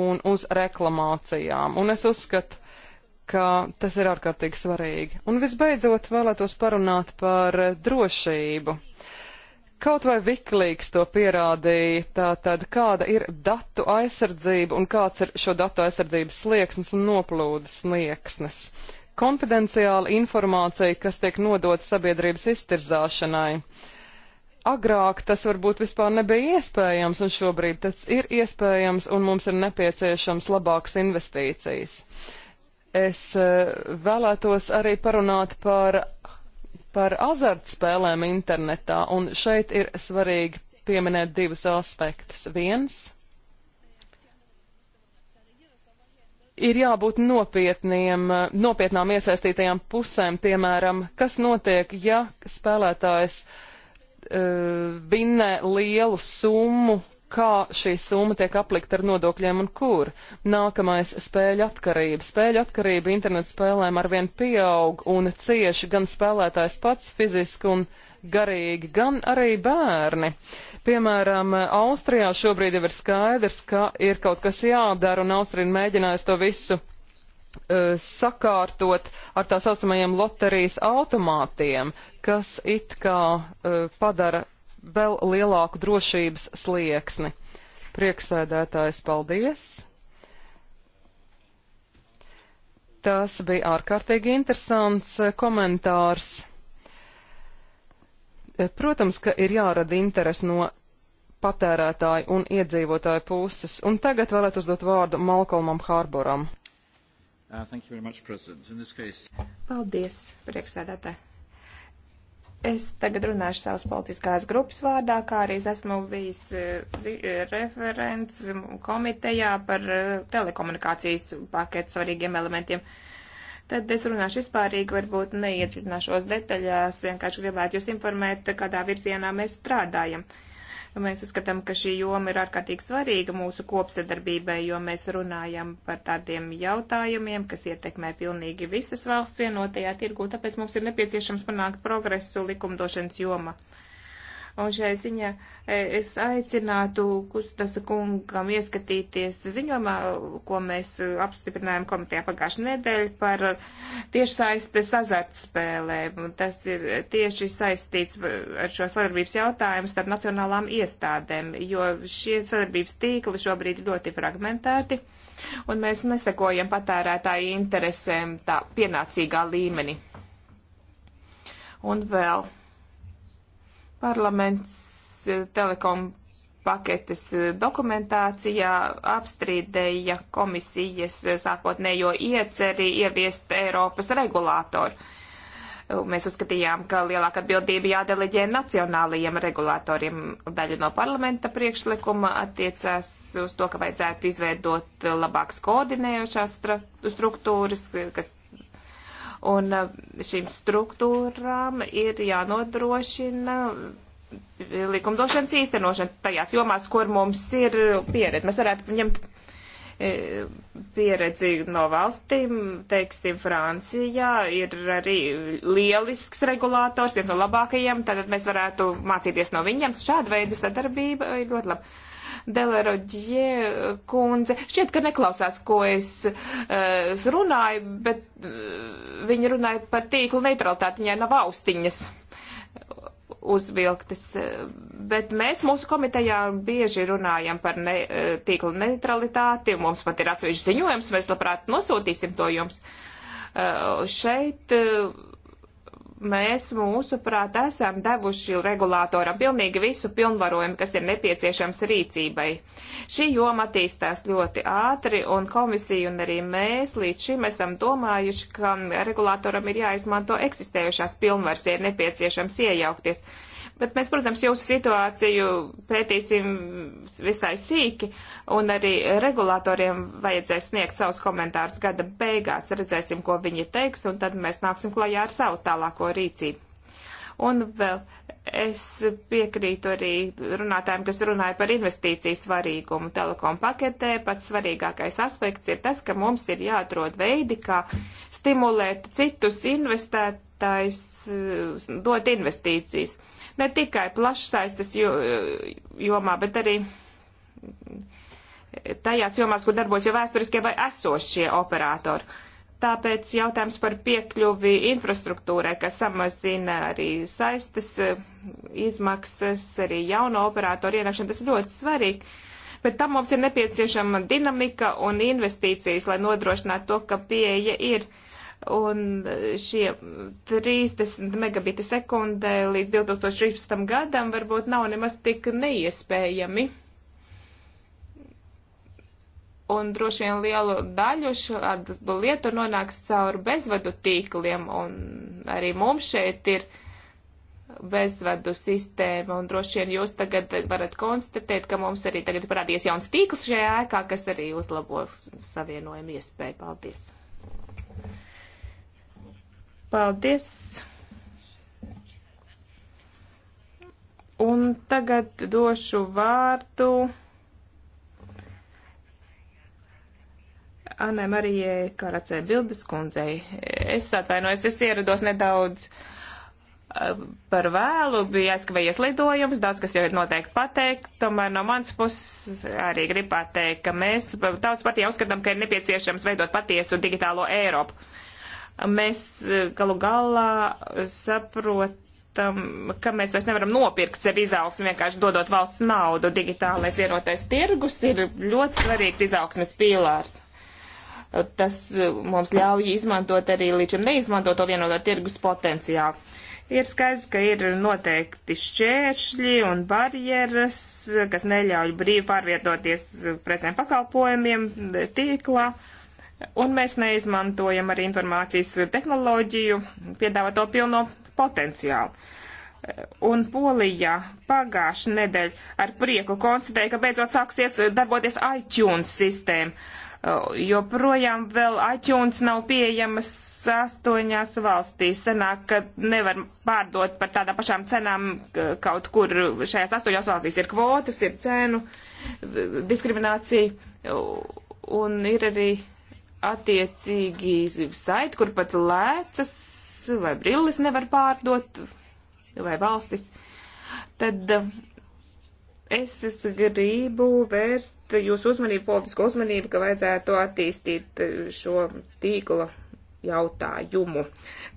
S3: un uz reklamācijām, un es uzskatu, ka tas ir ārkārtīgi svarīgi. Un visbeidzot vēlētos parunāt par drošību. Uh, Kaut vai Wikileaks to pierādīja, tātad kāda ir datu aizsardzība un kāds ir šo datu aizsardzības slieksnis un noplūdes slieksnis. Konfidenciāla informācija, kas tiek nodota sabiedrības iztirzāšanai. Agrāk tas varbūt vispār nebija iespējams, un šobrīd tas ir iespējams, un mums ir nepieciešams labākas investīcijas. Es eh, vēlētos arī parunāt par par azartspēlēm internetā, un šeit ir svarīgi pieminēt divus aspektus. Viens ir jābūt nopietniem, nopietnām iesaistītajām pusēm, piemēram, kas notiek, ja spēlētājs uh, vinnē lielu summu kā šī summa tiek aplikta ar nodokļiem un kur. Nākamais - spēļu atkarība. Spēļu atkarība internetu spēlēm arvien pieaug un cieši gan spēlētājs pats fiziski un garīgi, gan arī bērni. Piemēram, Austrijā šobrīd jau ir skaidrs, ka ir kaut kas jādara, un Austrija mēģinājusi to visu uh, sakārtot ar tā saucamajiem loterijas automātiem, kas it kā uh, padara vēl lielāku drošības slieksni. Prieksēdētājs, paldies! Tas bija ārkārtīgi interesants eh, komentārs. Eh, protams, ka ir jārada interesi no patērētāju un iedzīvotāju puses. Un tagad vēlētu uzdot vārdu Malkolmam Hārboram.
S2: Uh, much, case... Paldies, priekšsēdētāji. Es tagad runāšu savas politiskās grupas vārdā, kā arī es esmu bijis eh, eh, referents komitejā par eh, telekomunikācijas paketu svarīgiem elementiem. Tad es runāšu vispārīgi, varbūt neiedziļināšos detaļās, vienkārši gribētu jūs informēt, kādā virzienā mēs strādājam. Uh, Mēs uzskatām, ka šī joma ir ārkārtīgi svarīga mūsu kopsadarbībai, jo mēs runājam par tādiem jautājumiem, kas ietekmē pilnīgi visas valsts vienotajā tirgū, tāpēc mums ir nepieciešams panākt progresu likumdošanas joma. Un šai ziņā e, es aicinātu Kustas kungam ieskatīties ziņojumā, ko mēs e, apstiprinājām komitejā pagājušajā nedēļa par e, tiešsaistes azartspēlēm. Tas ir tieši saistīts ar šo sadarbības jautājumu starp nacionālām iestādēm, jo šie sadarbības tīkli šobrīd ir ļoti fragmentēti. Un mēs nesakojam patērētāju interesēm tā pienācīgā līmenī. Un vēl Parlaments eh, telekom paketes eh, dokumentācijā apstrīdēja komisijas eh, sākotnējo ieceri ieviest Eiropas regulātoru. Mēs uzskatījām, ka lielāka atbildība jādeleģē nacionālajiem regulatoriem. Daļa no parlamenta priekšlikuma attiecās uz to, ka vajadzētu izveidot labākas koordinējošās struktūras, kas Un eh, šīm struktūrām ir jānodrošina likumdošanas īstenošana tajās jomās, kur mums ir pieredze. Mēs varētu ņemt eh, pieredzi no valstīm, teiksim, Francijā ir arī lielisks regulators, viens no labākajiem, tad mēs varētu mācīties no viņiem. Šāda veida sadarbība ir ļoti laba. Deleroģie eh, kundze šķiet, ka neklausās, ko es uh, runāju, bet uh, viņa runāja par tīklu neutralitāti, viņai nav austiņas uzvilktas, bet mēs mūsu komitejā bieži runājam par ne, tīkla neutralitāti, mums pat ir atsevišķi ziņojums, mēs labprāt nosūtīsim to jums. Uh, šeit uh, mēs, mūsuprāt, esam devuši regulātoram pilnīgi visu pilnvarojumu, kas ir nepieciešams rīcībai. Šī joma attīstās ļoti ātri, un komisija un arī mēs līdz šim esam domājuši, ka regulātoram ir jāizmanto eksistējušās pilnvars, ja ir nepieciešams iejaukties. Bet mēs, protams, jūsu situāciju pētīsim visai sīki, un arī regulātoriem vajadzēs sniegt savus komentārus gada beigās. Redzēsim, ko viņi teiks, un tad mēs nāksim klajā ar savu tālāko rīcību. Un vēl es piekrītu arī runātājiem, kas runāja par investīciju svarīgumu telekom paketē. Pats svarīgākais aspekts ir tas, ka mums ir jāatrod veidi, kā stimulēt citus investētājus, dot investīcijas ne tikai plašsaistes jomā, bet arī tajās jomās, kur darbos jau vēsturiskie vai esošie operatori. Tāpēc jautājums par piekļuvi infrastruktūrai, kas samazina arī saistes izmaksas, arī jauno operātoru ienākšanu, tas ir ļoti svarīgi. Bet tam mums ir nepieciešama dinamika un investīcijas, lai nodrošinātu to, ka pieeja ir. Uh, Un šie 30 megabiti sekundē līdz 2016. gadam varbūt nav nemaz tik neiespējami. Un droši vien lielu daļu šādu lietu nonāks caur bezvadu tīkliem, un arī mums šeit ir bezvadu sistēma, un droši vien jūs tagad varat konstatēt, ka mums arī tagad parādījies jauns tīkls šajā ēkā, kas arī uzlabo savienojumu iespēju. Paldies! Paldies! Un tagad došu vārdu Anē Marijai Karacē Bildes kundzei. Es atvainojos, es ierados nedaudz eh, par vēlu, bija aizskavējies lidojums, daudz kas jau ir noteikti pateikt, tomēr no mans puses arī grib pateikt, ka mēs tautas partijā uzskatām, ka ir nepieciešams veidot patiesu digitālo Eiropu. Uh, mēs e, galu galā e, saprotam, ka mēs vairs nevaram nopirkt sev izaugsmi vienkārši dodot valsts naudu. Digitālais vienotais tirgus ir ļoti svarīgs izaugsmes pīlārs. Tas e, mums ļauj izmantot arī līdz šim neizmantoto vienoto tirgus potenciālu. Ir skaidrs, ka ir noteikti šķēršļi un barjeras, kas neļauj brīvi pārvietoties precēm pakalpojumiem tīklā. Uh, Un mēs neizmantojam arī informācijas tehnoloģiju piedāvāto pilno potenciālu. Un Polijā pagājušā nedēļa ar prieku konstatēja, ka beidzot sāksies darboties iTunes sistēma. Jo projām vēl iTunes nav pieejamas astoņās valstīs. Senāk, ka nevar pārdot par tādām pašām cenām kaut kur šajās astoņās valstīs. Ir kvotas, ir cenu diskriminācija un ir arī attiecīgi saiti, kur pat lēcas vai brilles nevar pārdot, vai valstis, tad es, eh, es gribu vērst jūsu uzmanību, politisko uzmanību, ka vajadzētu attīstīt eh, šo tīkla jautājumu.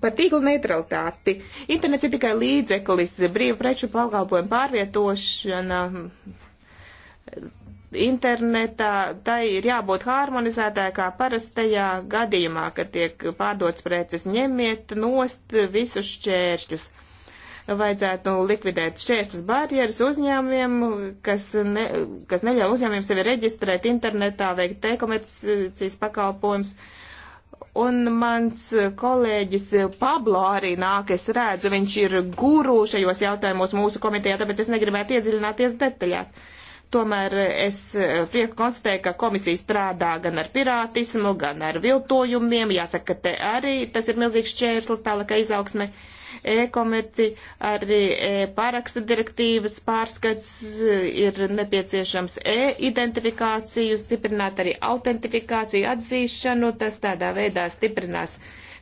S2: Par tīkla neutralitāti. Internets ir tikai līdzeklis, brīvu preču pakalpojumu pārvietošana internetā, tai ir jābūt harmonizētā kā parastajā gadījumā, kad tiek pārdots preces. Ņemiet nost visus šķēršļus. Vajadzētu likvidēt šķēršļus barjeras uzņēmumiem, kas, ne, kas neļauj uzņēmumiem sevi reģistrēt internetā, veikt e-komercijas pakalpojums. Un mans kolēģis Pablo arī nāk, es redzu, viņš ir guru šajos jautājumos mūsu komitejā, tāpēc es negribētu iedziļināties detaļās Tomēr es eh, prieku konstatēju, ka komisija strādā gan ar pirātismu, gan ar viltojumiem. Jāsaka, ka te arī tas ir milzīgs šķērslis tālākai izaugsme. E-komerci arī e pāraksta direktīvas pārskats eh, ir nepieciešams e-identifikāciju, stiprināt arī autentifikāciju, atzīšanu. Tas tādā veidā stiprinās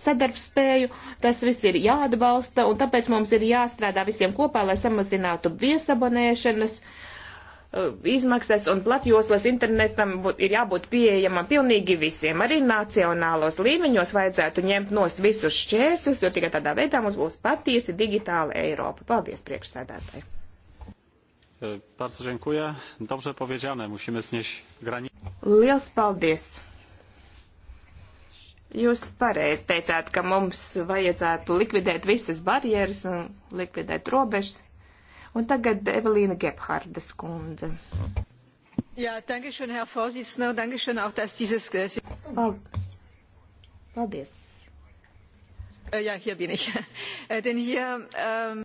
S2: sadarbspēju. Tas viss ir jāatbalsta, un tāpēc mums ir jāstrādā visiem kopā, lai samazinātu viesabonēšanas uh, Uh, izmaksas un platjoslas internetam ir jābūt pieejamam pilnīgi visiem. Arī nacionālos līmeņos vajadzētu ņemt nos visus šķērsus, jo tikai tādā veidā mums būs patiesi digitāla Eiropa. Paldies priekšsēdētāji.
S3: Eh, bardzo dziękuję. Dobrze powiedziane, musimy znieść granice.
S2: Liels paldies! Jūs pareizi teicāt, ka mums vajadzētu likvidēt visas barjeras un likvidēt robežas. Un tagad Evelīna Gebhardas kundze.
S1: Jā, dankeschön, Herr Vorsitzender, dankeschön auch, dass dieses... Äh, Paldies. Äh, Jā, hier bin ich. Äh, denn
S3: hier... Um...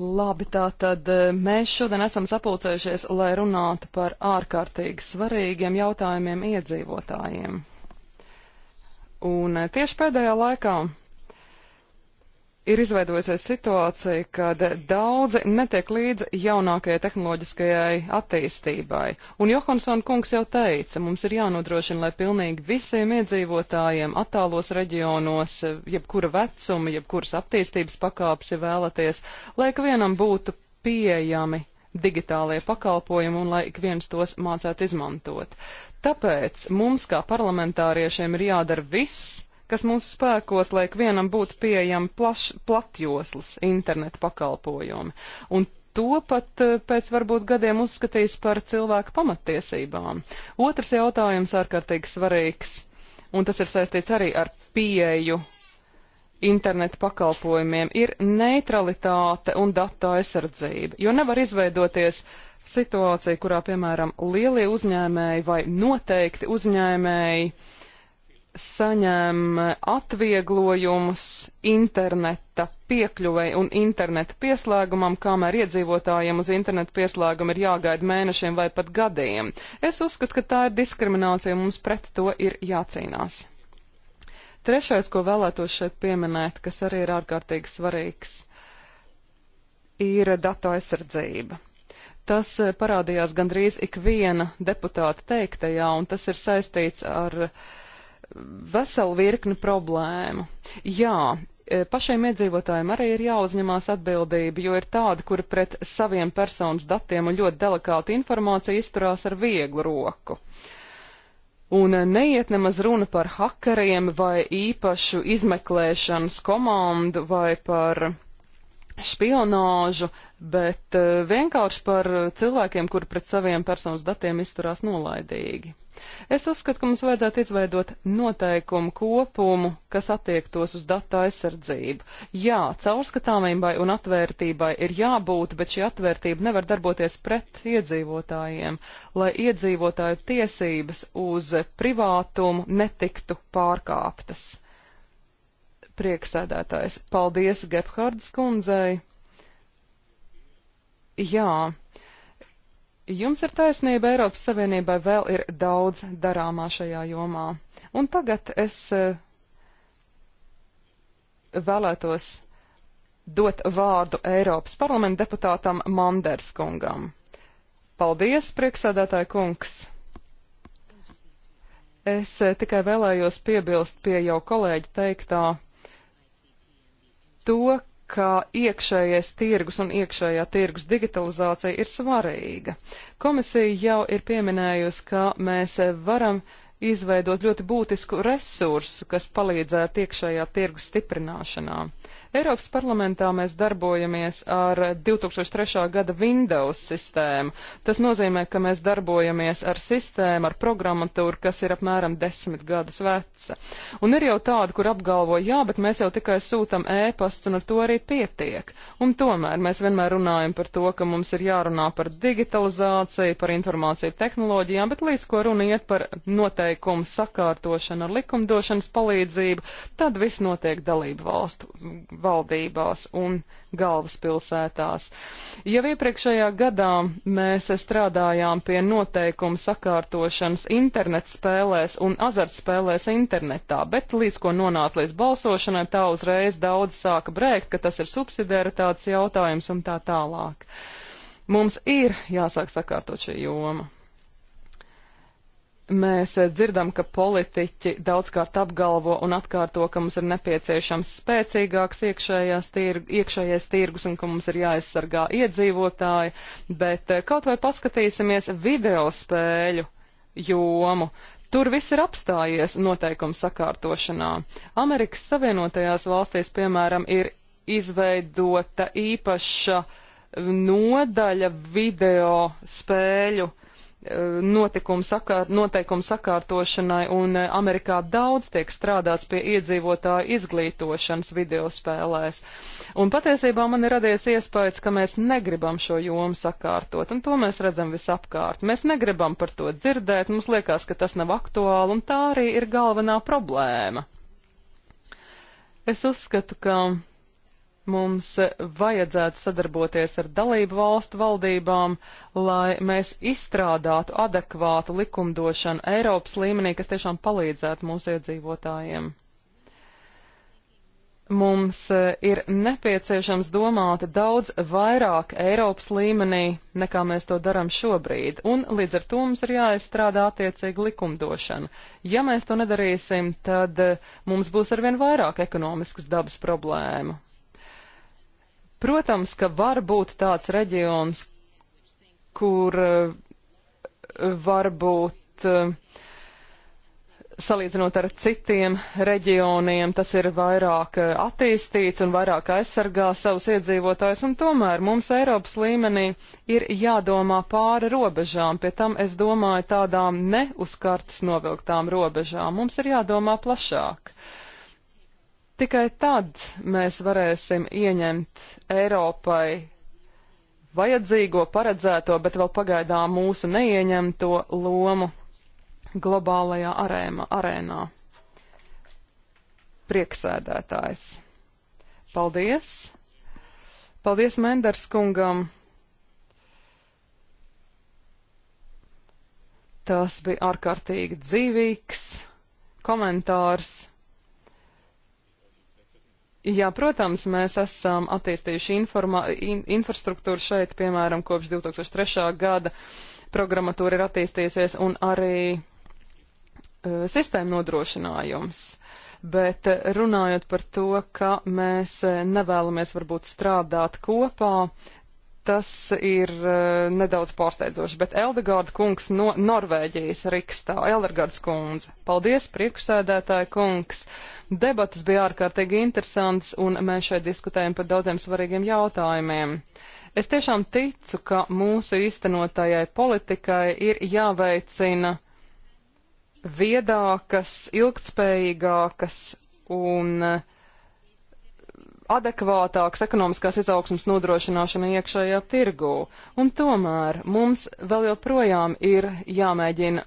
S3: Labi, tātad mēs šodien esam sapulcējušies, lai runātu par ārkārtīgi svarīgiem jautājumiem iedzīvotājiem. Un tieši pēdējā laikā ir izveidojusies situācija, kad daudzi netiek līdzi jaunākajai tehnoloģiskajai attīstībai. Un Johansson kungs jau teica, mums ir jānodrošina, lai pilnīgi visiem iedzīvotājiem attālos reģionos, jebkura vecuma, jebkuras attīstības pakāpes, ja vēlaties, lai ikvienam būtu pieejami digitālie pakalpojumi un lai ik viens tos mācētu izmantot. Tāpēc mums, kā parlamentāriešiem, ir jādara viss, kas mūsu spēkos, lai ikvienam būtu pieejama plaš, platjoslas interneta pakalpojumi. Un to pat eh, pēc varbūt gadiem uzskatīs par cilvēku pamattiesībām. Otrs jautājums ārkārtīgi svarīgs, un tas ir saistīts arī ar pieeju internetu pakalpojumiem, ir neutralitāte un datu aizsardzība, jo nevar izveidoties situācija, kurā, piemēram, lielie uzņēmēji vai noteikti uzņēmēji uh, saņem atvieglojumus interneta piekļuvei un interneta pieslēgumam, kamēr iedzīvotājiem uz interneta pieslēgumu ir jāgaida mēnešiem vai pat gadiem. Es uzskatu, ka tā ir diskriminācija, mums pret to ir jācīnās. Trešais, ko vēlētos šeit pieminēt, kas arī ir ārkārtīgi svarīgs, ir datu aizsardzība. Tas parādījās gandrīz ikviena deputāta teiktajā, un tas ir saistīts ar uh, veselu virkni problēmu. Jā, e, pašiem iedzīvotājiem arī ir jāuzņemās atbildība, jo ir tādi, kuri pret saviem personas datiem un ļoti delikātu informāciju izturās ar vieglu roku. Un e, neiet nemaz runa par hakariem vai īpašu izmeklēšanas komandu vai par uh, špionāžu, bet eh, vienkārši par cilvēkiem, kuri pret saviem personas datiem izturās nolaidīgi. Es uzskatu, ka mums vajadzētu izveidot noteikumu kopumu, kas attiektos uz datu aizsardzību. Jā, caurskatāmībai un atvērtībai ir jābūt, bet šī atvērtība nevar darboties pret iedzīvotājiem, lai iedzīvotāju tiesības uz privātumu netiktu pārkāptas. Prieksēdētājs, paldies Gebhardas kundzei. Jā, jums ir taisnība, Eiropas Savienībai vēl ir daudz darāmā šajā jomā. Un tagad es eh, vēlētos dot vārdu Eiropas parlamenta deputātam Manderskungam. Paldies, prieksēdētāji kungs! Es eh, tikai vēlējos piebilst pie jau kolēģi teiktā, to, ka iekšējais tirgus un iekšējā tirgus digitalizācija ir svarīga. Komisija jau ir pieminējusi, ka mēs varam izveidot ļoti būtisku resursu, kas palīdzētu iekšējā tirgus stiprināšanā. Uh, Eiropas parlamentā mēs darbojamies ar 2003. gada Windows sistēmu. Tas nozīmē, ka mēs darbojamies ar sistēmu, ar programmatūru, kas ir apmēram desmit gadus veca. Un ir jau tāda, kur apgalvo, jā, bet mēs jau tikai sūtam ēpasts e un ar to arī pietiek. Un tomēr mēs vienmēr runājam par to, ka mums ir jārunā par digitalizāciju, par informāciju tehnoloģijām, bet līdz ko runa iet par noteikumu sakārtošanu ar likumdošanas palīdzību, tad viss notiek dalību valstu valdībās un galvaspilsētās. Jau iepriekšējā gadā mēs strādājām pie noteikumu sakārtošanas internet spēlēs un azartspēlēs internetā, bet līdz ko nonāca līdz balsošanai, tā uzreiz daudz sāka brēkt, ka tas ir subsidiaritātes jautājums un tā tālāk. Mums ir jāsāk sakārtot šī joma. Mēs eh, dzirdam, ka politiķi daudzkārt apgalvo un atkārto, ka mums ir nepieciešams spēcīgāks tirg, iekšējais tirgus un ka mums ir jāaizsargā iedzīvotāji, bet eh, kaut vai paskatīsimies video spēļu jomu. Tur viss ir apstājies noteikumu sakārtošanā. Amerikas Savienotajās valstīs, piemēram, ir izveidota īpaša eh, nodaļa video spēļu notikumu sakār, noteikumu sakārtošanai, un eh, Amerikā daudz tiek strādāts pie iedzīvotāju izglītošanas video spēlēs. Un patiesībā man ir radies iespējas, ka mēs negribam šo jomu sakārtot, un to mēs redzam visapkārt. Mēs negribam par to dzirdēt, mums liekas, ka tas nav aktuāli, un tā arī ir galvenā problēma. Es uzskatu, ka mums vajadzētu sadarboties ar dalību valstu valdībām, lai mēs izstrādātu adekvātu likumdošanu Eiropas līmenī, kas tiešām palīdzētu mūsu iedzīvotājiem. Mums e, ir nepieciešams domāt daudz vairāk Eiropas līmenī, nekā mēs to darām šobrīd, un līdz ar to mums ir jāizstrādā attiecīga likumdošana. Ja mēs to nedarīsim, tad e, mums būs arvien vairāk ekonomiskas dabas problēmu. Protams, ka var būt tāds reģions, kur eh, varbūt eh, salīdzinot ar citiem reģioniem, tas ir vairāk eh, attīstīts un vairāk aizsargā savus iedzīvotājus, un tomēr mums Eiropas līmenī ir jādomā pāri robežām, pie tam es domāju tādām ne uz kartas novilktām robežām, mums ir jādomā plašāk. Uh, Tikai tad mēs varēsim ieņemt Eiropai vajadzīgo, paredzēto, bet vēl pagaidām mūsu neieņemto lomu globālajā arēma, arēnā. Prieksēdētājs. Paldies! Paldies Menders kungam! Tas bija ārkārtīgi dzīvīgs komentārs. Jā, protams, mēs esam attīstījuši informa, in, infrastruktūru šeit, piemēram, kopš 2003. gada programmatūra ir attīstījusies un arī uh, sistēma nodrošinājums. Bet runājot par to, ka mēs e, nevēlamies varbūt strādāt kopā, tas ir e, nedaudz pārsteidzoši, bet Eldegārda kungs no Norvēģijas rikstā, Eldegārds kundze, paldies priekšsēdētāja kungs. Debatas bija ārkārtīgi interesants un mēs šeit diskutējam par daudziem svarīgiem jautājumiem. Es tiešām ticu, ka mūsu īstenotājai politikai ir jāveicina viedākas, ilgtspējīgākas un uh, adekvātākas ekonomiskās izaugsmas nodrošināšana iekšējā tirgū. Un tomēr mums vēl joprojām ir jāmēģina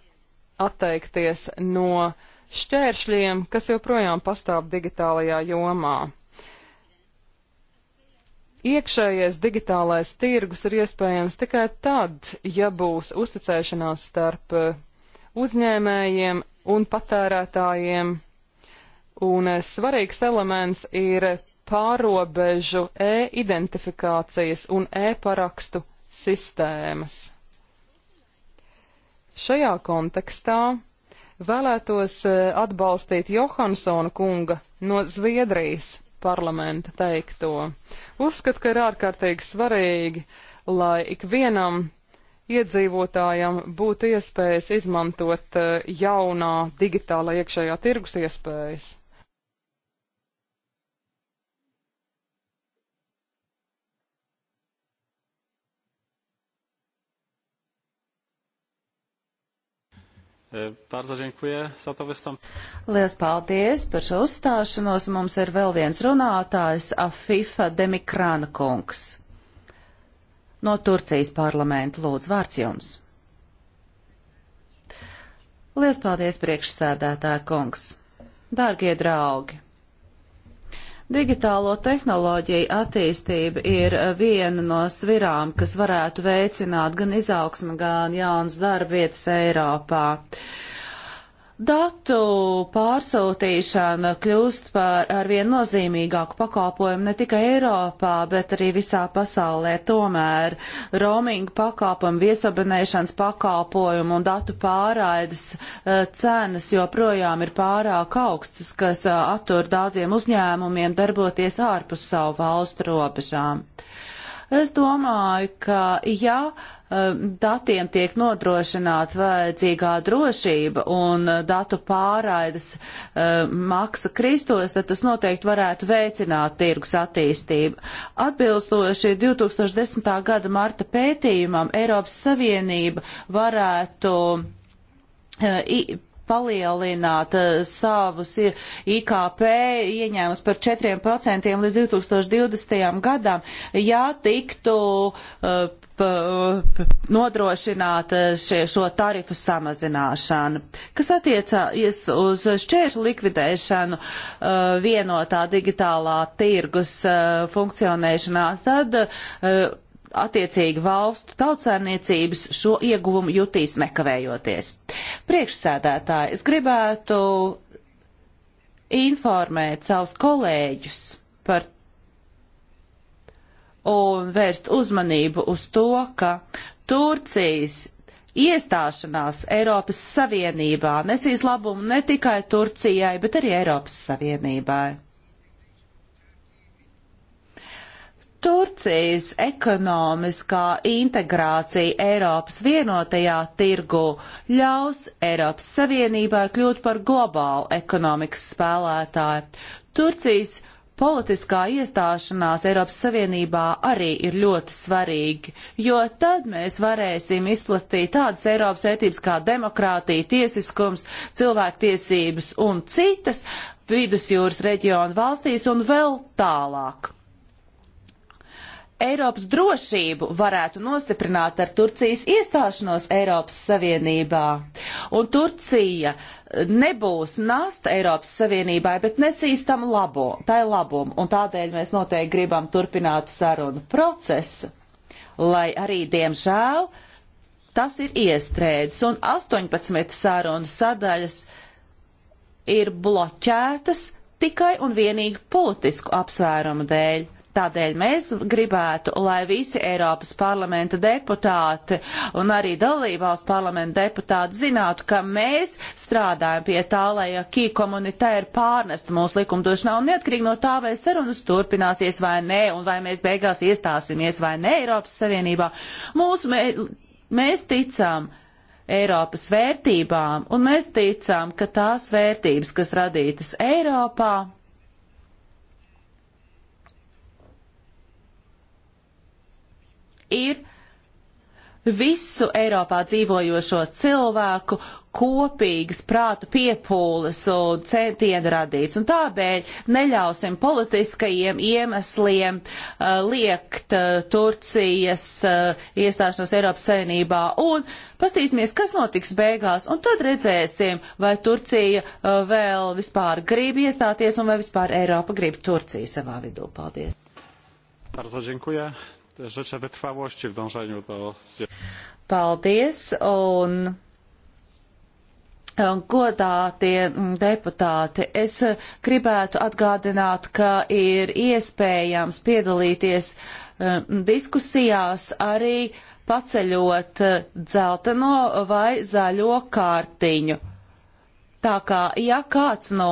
S3: atteikties no šķēršļiem, kas joprojām pastāv digitālajā jomā. Iekšējais digitālais tirgus ir iespējams tikai tad, ja būs uzticēšanās starp eh, uzņēmējiem un patērētājiem, un eh, svarīgs elements ir pārobežu e-identifikācijas un e-parakstu sistēmas. Šajā kontekstā vēlētos e, atbalstīt Johansona kunga no Zviedrijas parlamenta teikto. Uzskatu, ka ir ārkārtīgi svarīgi, lai ikvienam iedzīvotājam būtu iespējas izmantot e, jaunā digitāla iekšējā tirgus iespējas. E, bardzo dziękuję za to wystąpienie.
S4: Lielas paldies par šo uzstāšanos. Mums ir vēl viens runātājs Afifa Demikrāna kungs. No Turcijas parlamenta lūdzu vārds jums. Lielas paldies priekšsēdētāja kungs. Dārgie draugi! Digitālo tehnoloģiju attīstība ir eh, viena no svirām, kas varētu veicināt gan izaugsmu, gan jaunas darbvietas Eiropā. Uh, Datu pārsūtīšana kļūst par arvien nozīmīgāku pakalpojumu ne tikai Eiropā, bet arī visā pasaulē. Tomēr roaming pakalpojumu, viesabinēšanas pakalpojumu un datu pārraides eh, cenas joprojām ir pārāk augstas, kas eh, attur daudziem uzņēmumiem darboties ārpus savu valstu robežām. Uh, Es domāju, ka ja eh, datiem tiek nodrošināta vajadzīgā drošība un eh, datu pārraides uh, maksa kristos, tad tas noteikti varētu veicināt tirgus attīstību. Atbilstoši 2010. gada marta pētījumam, Eiropas Savienība varētu uh, palielināt uh, savus IKP ieņēmus par 4% līdz 2020. gadam, ja tiktu uh, nodrošināt eh, šie, šo tarifu samazināšanu. Kas attiecas uz šķēršu likvidēšanu uh, vienotā digitālā tirgus funkcionēšanā, tad attiecīgi valstu tautsēmniecības šo ieguvumu jutīs nekavējoties. Priekšsēdētāji, es gribētu informēt savus kolēģus par un vērst uzmanību uz to, ka Turcijas iestāšanās Eiropas Savienībā nesīs labumu ne tikai Turcijai, bet arī Eiropas Savienībai. Turcijas ekonomiskā integrācija Eiropas vienotajā tirgu ļaus Eiropas Savienībai kļūt par globālu ekonomikas spēlētāju. Turcijas politiskā iestāšanās Eiropas Savienībā arī ir ļoti svarīgi, jo tad mēs varēsim izplatīt tādas Eiropas ētības kā demokrātija, tiesiskums, cilvēktiesības un citas vidusjūras reģionu valstīs un vēl tālāk. Eiropas drošību varētu nostiprināt ar Turcijas iestāšanos Eiropas Savienībā. Un Turcija nebūs nasta Eiropas Savienībai, bet nesīs tam labo, tai labumu. Un tādēļ mēs noteikti gribam turpināt sarunu procesu, lai arī, diemžēl, tas ir iestrēdzis un 18 sarunu sadaļas ir bloķētas tikai un vienīgi politisku apsvērumu dēļ. Tādēļ mēs gribētu, lai visi Eiropas parlamenta deputāti un arī dalībvalstu parlamenta deputāti zinātu, ka mēs strādājam pie tā, lai akī komunitē ir pārnesta mūsu likumdošanā un neatkarīgi no tā, vai sarunas turpināsies vai nē un vai mēs beigās iestāsimies vai nē Eiropas Savienībā. Mūsu mē, mēs ticam. Eiropas vērtībām, un mēs ticām, ka tās vērtības, kas radītas Eiropā, ir visu Eiropā dzīvojošo cilvēku kopīgas prātu piepūles un centienu radīts. Un tādēļ neļausim politiskajiem iemesliem uh, liekt uh, Turcijas uh, iestāšanos Eiropas Savienībā un pastīsimies, kas notiks beigās, un tad redzēsim, vai Turcija uh, vēl vispār grib iestāties un vai vispār Eiropa grib Turciju savā vidū. Paldies!
S3: Bardzo dziękuję. Życzę wytrwałości w dążeniu do.
S4: Paldies un Godātie deputāti, es gribētu atgādināt, ka ir iespējams piedalīties um, diskusijās arī paceļot uh, dzelteno vai zaļo kārtiņu. Tā kā, ja kāds no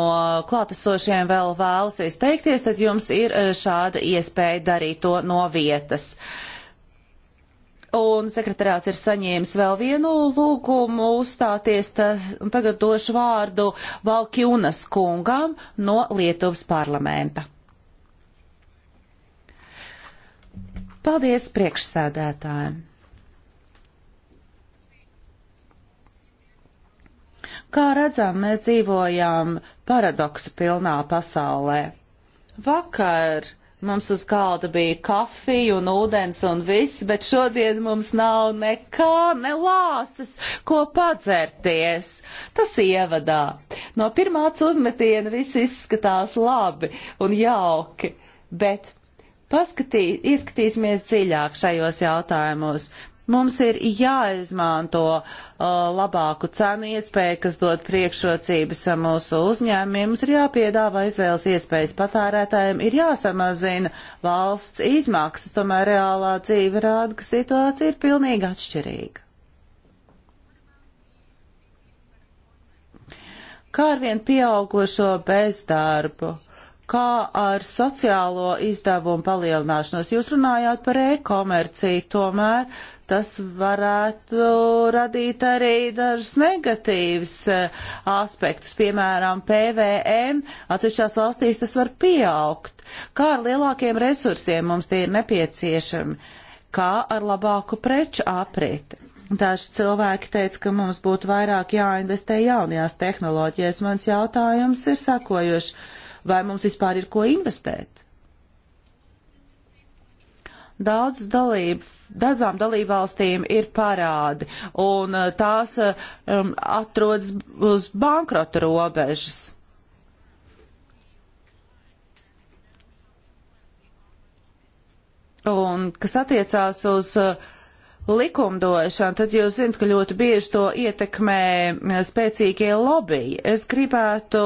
S4: klātesošiem vēl vēlas izteikties, tad jums ir e, šāda iespēja darīt to no vietas. Un sekretariāts ir saņēmis vēl vienu lūgumu uzstāties, tas, un tagad došu vārdu Valkjūnas kungam no Lietuvas parlamenta. Paldies priekšsēdētājiem! Kā redzam, mēs dzīvojam paradoksu pilnā pasaulē. Vakar mums uz galda bija kafija un ūdens un viss, bet šodien mums nav nekā, ne lāses, ko padzerties. Tas ievadā. No pirmāts uzmetiena viss izskatās labi un jauki, bet paskatī, ieskatīsimies dziļāk šajos jautājumos. Mums ir jāizmanto uh, labāku cenu iespēju, kas dod priekšrocības mūsu uzņēmumiem. Mums ir jāpiedāvā izvēles iespējas patērētājiem, ir jāsamazina valsts izmaksas, tomēr reālā dzīve rāda, ka situācija ir pilnīgi atšķirīga. Kā ar vien pieaugošo bezdarbu? kā ar sociālo izdevumu palielināšanos. Jūs runājāt par e-komerciju, tomēr tas varētu radīt arī dažus negatīvus eh, aspektus, piemēram, PVN. Atsevišķās valstīs tas var pieaugt. Kā ar lielākiem resursiem mums tie ir nepieciešami? Kā ar labāku preču apriti? Daži cilvēki teica, ka mums būtu vairāk jāinvestē jaunajās tehnoloģijās. Mans jautājums ir sakojošs. Vai mums vispār ir ko investēt? Daudz dalību, daudzām dalībvalstīm ir parādi, un uh, tās uh, um, atrodas uz bankrota robežas. Un kas attiecās uz uh, likumdošanu, tad jūs zinat, ka ļoti bieži to ietekmē eh, spēcīgie lobby. Es gribētu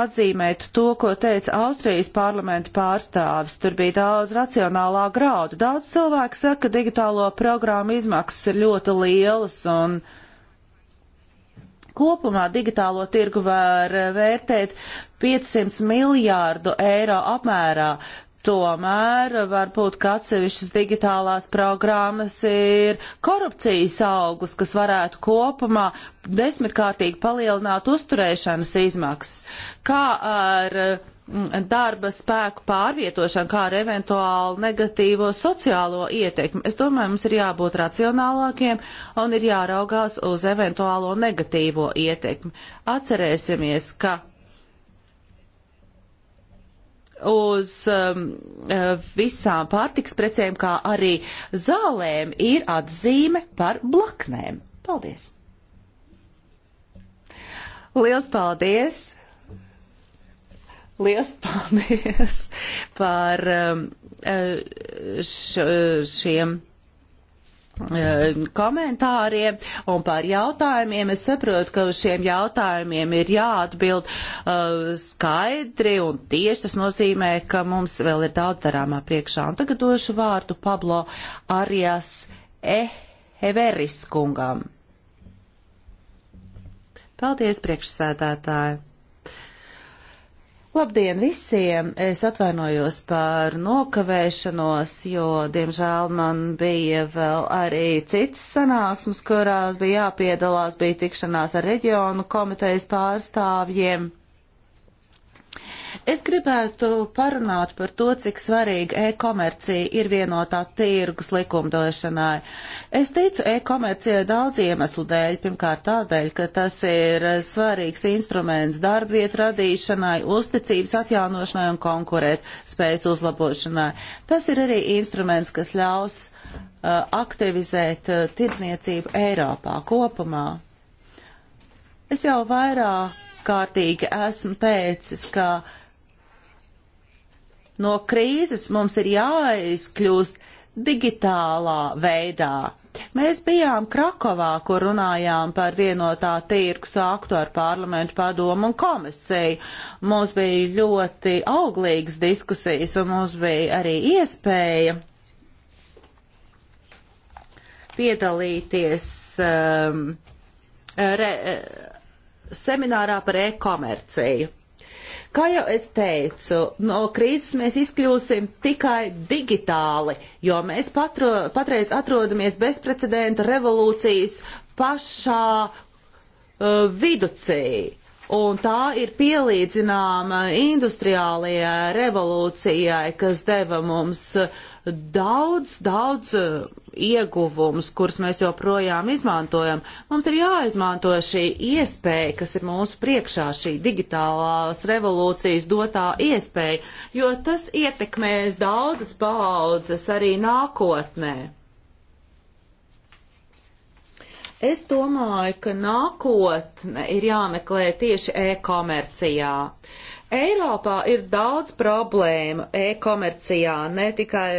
S4: atzīmēt to, ko teica Austrijas parlamenta pārstāvis. Tur bija daudz racionālā graudu. Daudz cilvēku saka, ka digitālo programmu izmaksas ir ļoti lielas un kopumā digitālo tirgu var eh, vērtēt 500 miljārdu eiro apmērā. Tomēr varbūt atsevišķas digitālās programmas ir korupcijas auglis, kas varētu kopumā desmitkārtīgi palielināt uzturēšanas izmaksas. Kā ar mm, darba spēku pārvietošanu, kā ar eventuālu negatīvo sociālo ietekmi. Es domāju, mums ir jābūt racionālākiem un ir jāraugās uz eventuālo negatīvo ietekmi. Atcerēsimies, ka uz um, uh, visām pārtiks precēm, kā arī zālēm, ir atzīme par blaknēm. Paldies! Liels paldies! Liels paldies par um, uh, š, šiem Eh, komentāriem un par jautājumiem. Es saprotu, ka uz šiem jautājumiem ir jāatbild uh, skaidri un tieši tas nozīmē, ka mums vēl ir daudz darāmā priekšā. Un tagad došu vārdu Pablo Arias Eheveris kungam. Paldies, priekšsēdētāji! Labdien visiem! Es atvainojos par nokavēšanos, jo, diemžēl, man bija vēl arī citas sanāksmes, kurās bija jāpiedalās, bija tikšanās ar reģionu komitejas pārstāvjiem. Es gribētu parunāt par to, cik svarīga e-komercija ir vienotā tirgus likumdošanai. Es ticu e-komercijai daudz iemeslu dēļ. Pirmkārt tādēļ, ka tas ir svarīgs instruments darbvietu radīšanai, uzticības atjaunošanai un konkurēt spējas uzlabošanai. Tas ir arī instruments, kas ļaus uh, aktivizēt uh, tirdzniecību Eiropā kopumā. Es jau vairāk kārtīgi esmu teicis, ka uh, no krīzes mums ir jāizkļūst digitālā veidā. Mēs bijām Krakovā, kur runājām par vienotā tirkus aktu ar parlamentu padomu un komisiju. Mums bija ļoti auglīgas diskusijas un mums bija arī iespēja piedalīties um, re, eh, seminārā par e-komerciju. Kā jau es teicu, no krīzes mēs izkļūsim tikai digitāli, jo mēs patro, patreiz atrodamies bezprecedenta revolūcijas pašā uh, viducī. Uh, un tā ir pielīdzināma industriālajai revolūcijai, kas deva mums daudz, daudz uh, ieguvums, kurus mēs joprojām izmantojam. Mums ir jāizmanto šī iespēja, kas ir mūsu priekšā, šī digitālās revolūcijas dotā iespēja, jo tas ietekmēs daudzas paaudzes arī nākotnē. Es domāju, ka nākotne ir jāmeklē tieši e-komercijā. Eiropā ir daudz problēmu e-komercijā, ne tikai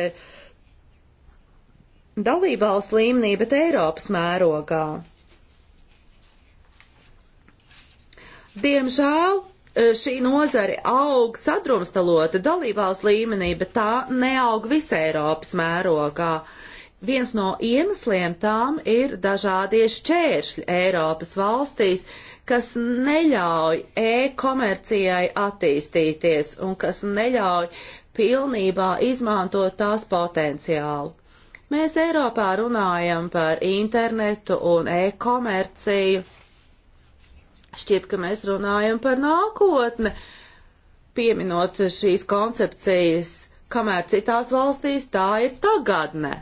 S4: dalībvalstu līmenī, bet Eiropas mērogā. Diemžēl e, šī nozare aug sadrumstalota dalībvalstu līmenī, bet tā neaug visā Eiropas mērogā. Uh, viens no iemesliem tām ir dažādie šķēršļi Eiropas valstīs, kas neļauj e-komercijai attīstīties un kas neļauj pilnībā izmantot tās potenciālu. Mēs Eiropā runājam par internetu un e-komerciju. Šķiet, ka mēs runājam par nākotni, pieminot šīs koncepcijas, kamēr citās valstīs tā ir tagadne.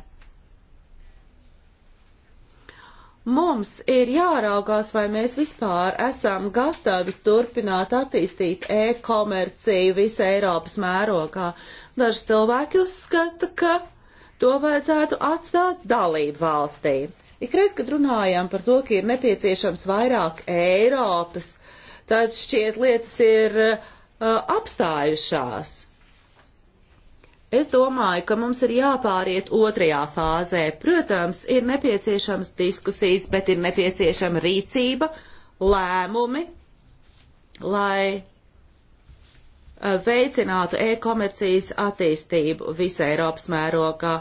S4: Mums ir jāraugās, vai mēs vispār esam gatavi turpināt attīstīt e-komerciju visā Eiropas mērogā. Daži cilvēki uzskata, ka to vajadzētu atstāt dalību valstī. Ikreiz, kad runājam par to, ka ir nepieciešams vairāk Eiropas, tad šķiet lietas ir uh, apstājušās. Es domāju, ka mums ir jāpāriet otrajā fāzē. Protams, ir nepieciešams diskusijas, bet ir nepieciešama rīcība, lēmumi, lai e, veicinātu e-komercijas attīstību visā Eiropas mērogā.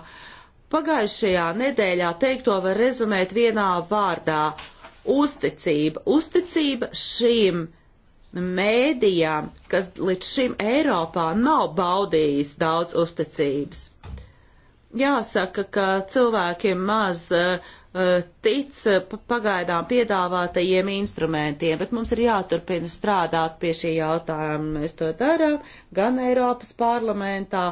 S4: Pagājušajā nedēļā teikto var rezumēt vienā vārdā - uzticība. Uzticība šīm uh, mēdījām, kas līdz šim Eiropā nav baudījis daudz uzticības. Jāsaka, ka cilvēkiem maz uh, tic eh, pagaidām piedāvātajiem instrumentiem, bet mums ir jāturpina strādāt pie šī jautājuma. Mēs to darām gan Eiropas parlamentā,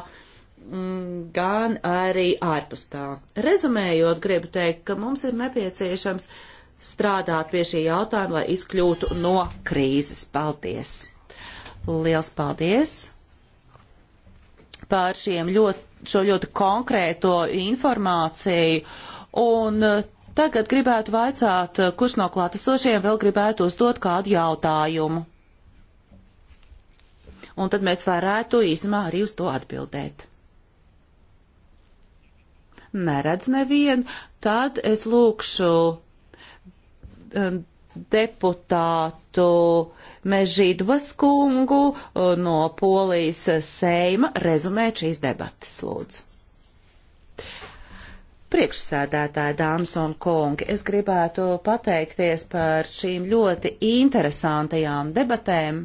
S4: mm, gan arī ārpus tā. Rezumējot, gribu teikt, ka mums ir nepieciešams uh, strādāt pie šī jautājuma, lai izkļūtu no krīzes. Paldies! Liels paldies par šiem ļoti, šo ļoti konkrēto informāciju. Un eh, tagad gribētu vaicāt, eh, kurš no klātesošiem vēl gribētu uzdot kādu jautājumu. Un tad mēs varētu īsumā arī uz to atbildēt neredz nevienu, tad es lūkšu Um, deputātu Mežīdvas kungu uh, no Polijas Seima rezumēt šīs debatas, lūdzu. Priekšsēdētāji, dāmas un kungi, es gribētu pateikties par šīm ļoti interesantajām debatēm,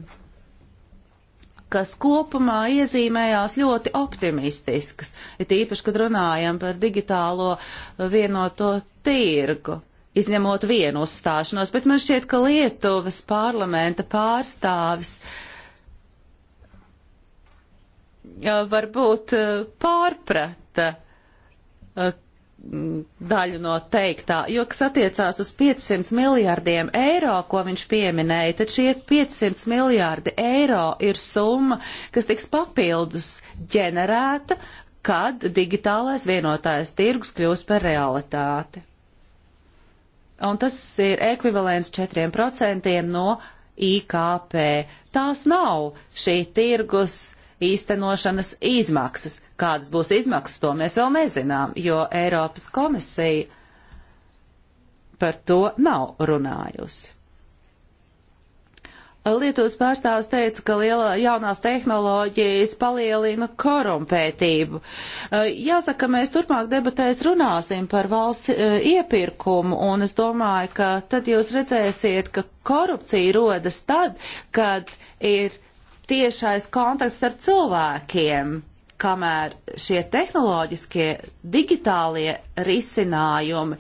S4: kas kopumā iezīmējās ļoti optimistiskas, it īpaši, kad runājam par digitālo vienoto tirgu izņemot vienu uzstāšanos, bet man šķiet, ka Lietuvas parlamenta pārstāvis varbūt eh, pārprata eh, daļu no teiktā, jo kas attiecās uz 500 miljārdiem eiro, ko viņš pieminēja, tad šie 500 miljārdi eiro ir summa, kas tiks papildus ģenerēta, kad digitālais vienotājs tirgus kļūs par realitāti un tas ir ekvivalents 4% no IKP. Tās nav šī tirgus īstenošanas izmaksas. Kādas būs izmaksas, to mēs vēl nezinām, jo Eiropas komisija par to nav runājusi. Lietuvas pārstāvis teica, ka lielā, jaunās tehnoloģijas palielina korumpētību. E, jāsaka, mēs turpmāk debatēs runāsim par valsts e, iepirkumu, un es domāju, ka tad jūs redzēsiet, ka korupcija rodas tad, kad ir tiešais kontakts starp cilvēkiem kamēr šie tehnoloģiskie digitālie risinājumi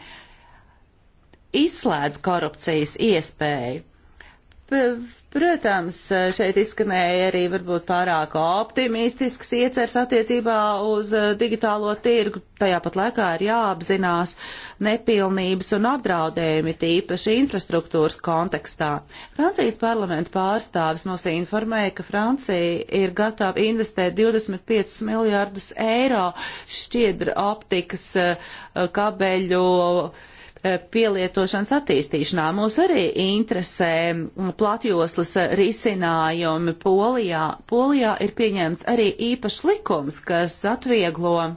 S4: izslēdz korupcijas iespēju. Protams, šeit izskanēja arī varbūt pārāk optimistisks iecers attiecībā uz uh, digitālo tirgu. Tajā pat laikā ir jāapzinās nepilnības un apdraudējumi tīpaši infrastruktūras kontekstā. Francijas parlamenta pārstāvis mūs informēja, ka Francija ir gatava investēt 25 miljārdus eiro šķiedra optikas uh, kabeļu Eh, pielietošanas attīstīšanā. Mūs arī interesē mm, platjoslas risinājumi Polijā. Polijā ir pieņemts arī īpašs likums, kas atvieglo eh,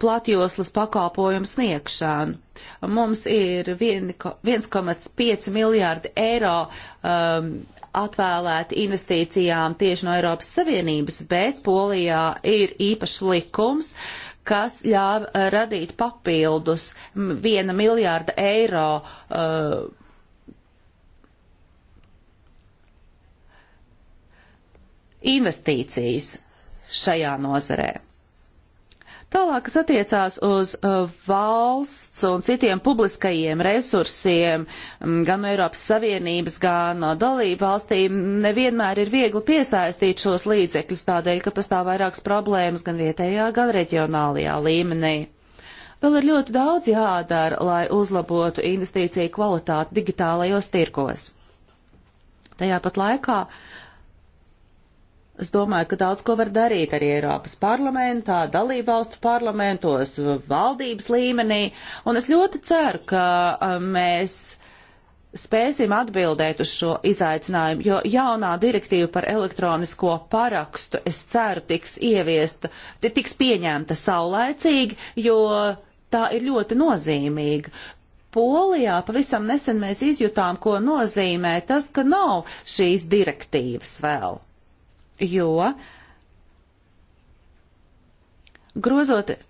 S4: platjoslas pakalpojumu sniegšanu. Mums ir 1,5 miljārdi eiro um, atvēlēti investīcijām tieši no Eiropas Savienības, bet Polijā ir īpašs likums, uh, kas ļāva eh, radīt papildus viena miljārda eiro uh, investīcijas šajā nozarē. Tālāk, kas attiecās uz uh, valsts un citiem publiskajiem resursiem, mm, gan no Eiropas Savienības, gan no dalību valstīm, nevienmēr ir viegli piesaistīt šos līdzekļus tādēļ, ka pastāv vairākas problēmas gan vietējā, gan reģionālajā līmenī. Vēl ir ļoti daudz jādara, lai uzlabotu investīciju kvalitāti digitālajos tirgos. Tajā pat laikā uh, Es domāju, ka daudz ko var darīt arī Eiropas parlamentā, dalībvalstu parlamentos, valdības līmenī, un es ļoti ceru, ka mēs spēsim atbildēt uz šo izaicinājumu, jo jaunā direktīva par elektronisko parakstu, es ceru, tiks ieviesta, tiks pieņemta saulēcīgi, jo tā ir ļoti nozīmīga. Polijā pavisam nesen mēs izjutām, ko nozīmē tas, ka nav šīs direktīvas vēl jo grozot uh,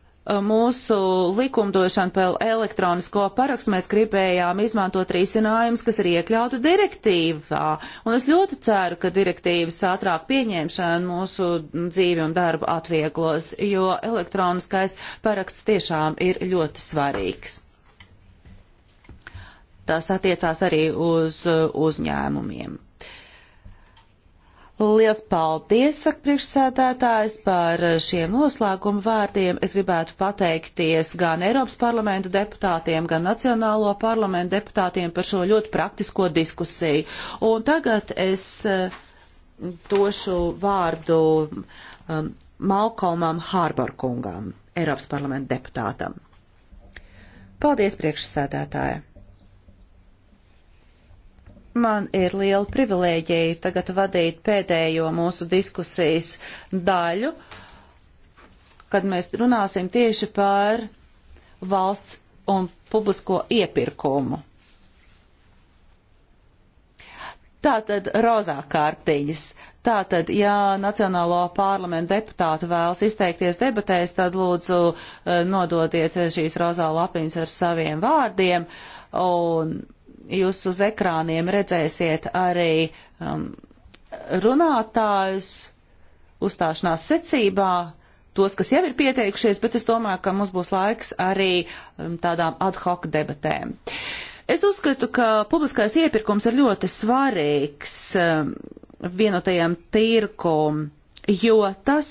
S4: mūsu likumdošanu par elektronisko parakstu mēs gribējām izmantot risinājumus, kas ir iekļautu direktīvā. Un es ļoti ceru, ka direktīvas ātrāk pieņemšana mūsu dzīvi un darbu atvieglos, jo elektroniskais paraksts tiešām ir ļoti svarīgs. Tas attiecās arī uz uh, uzņēmumiem. Liels paldies, saka priekšsēdētājs, par eh, šiem noslēguma vārdiem. Es gribētu pateikties gan Eiropas parlamentu deputātiem, gan Nacionālo parlamentu deputātiem par šo ļoti praktisko diskusiju. Un tagad es eh, došu vārdu um, Malkolmam Hārbarkungam, Eiropas parlamenta deputātam. Paldies, priekšsēdētāja! Man ir liela privilēģija tagad vadīt pēdējo mūsu diskusijas daļu, kad mēs runāsim tieši par valsts un publisko iepirkumu. Tātad rozā kārtiņas. Tātad, ja Nacionālo parlamentu deputātu vēlas izteikties debatēs, tad lūdzu eh, nododiet šīs rozā lapiņas ar saviem vārdiem. Un jūs uz ekrāniem redzēsiet arī um, runātājus uzstāšanās secībā, tos, kas jau ir pieteikušies, bet es domāju, ka mums būs laiks arī um, tādām ad hoc debatēm. Es uzskatu, ka publiskais iepirkums ir ļoti svarīgs um, vienotajam tirkumam jo tas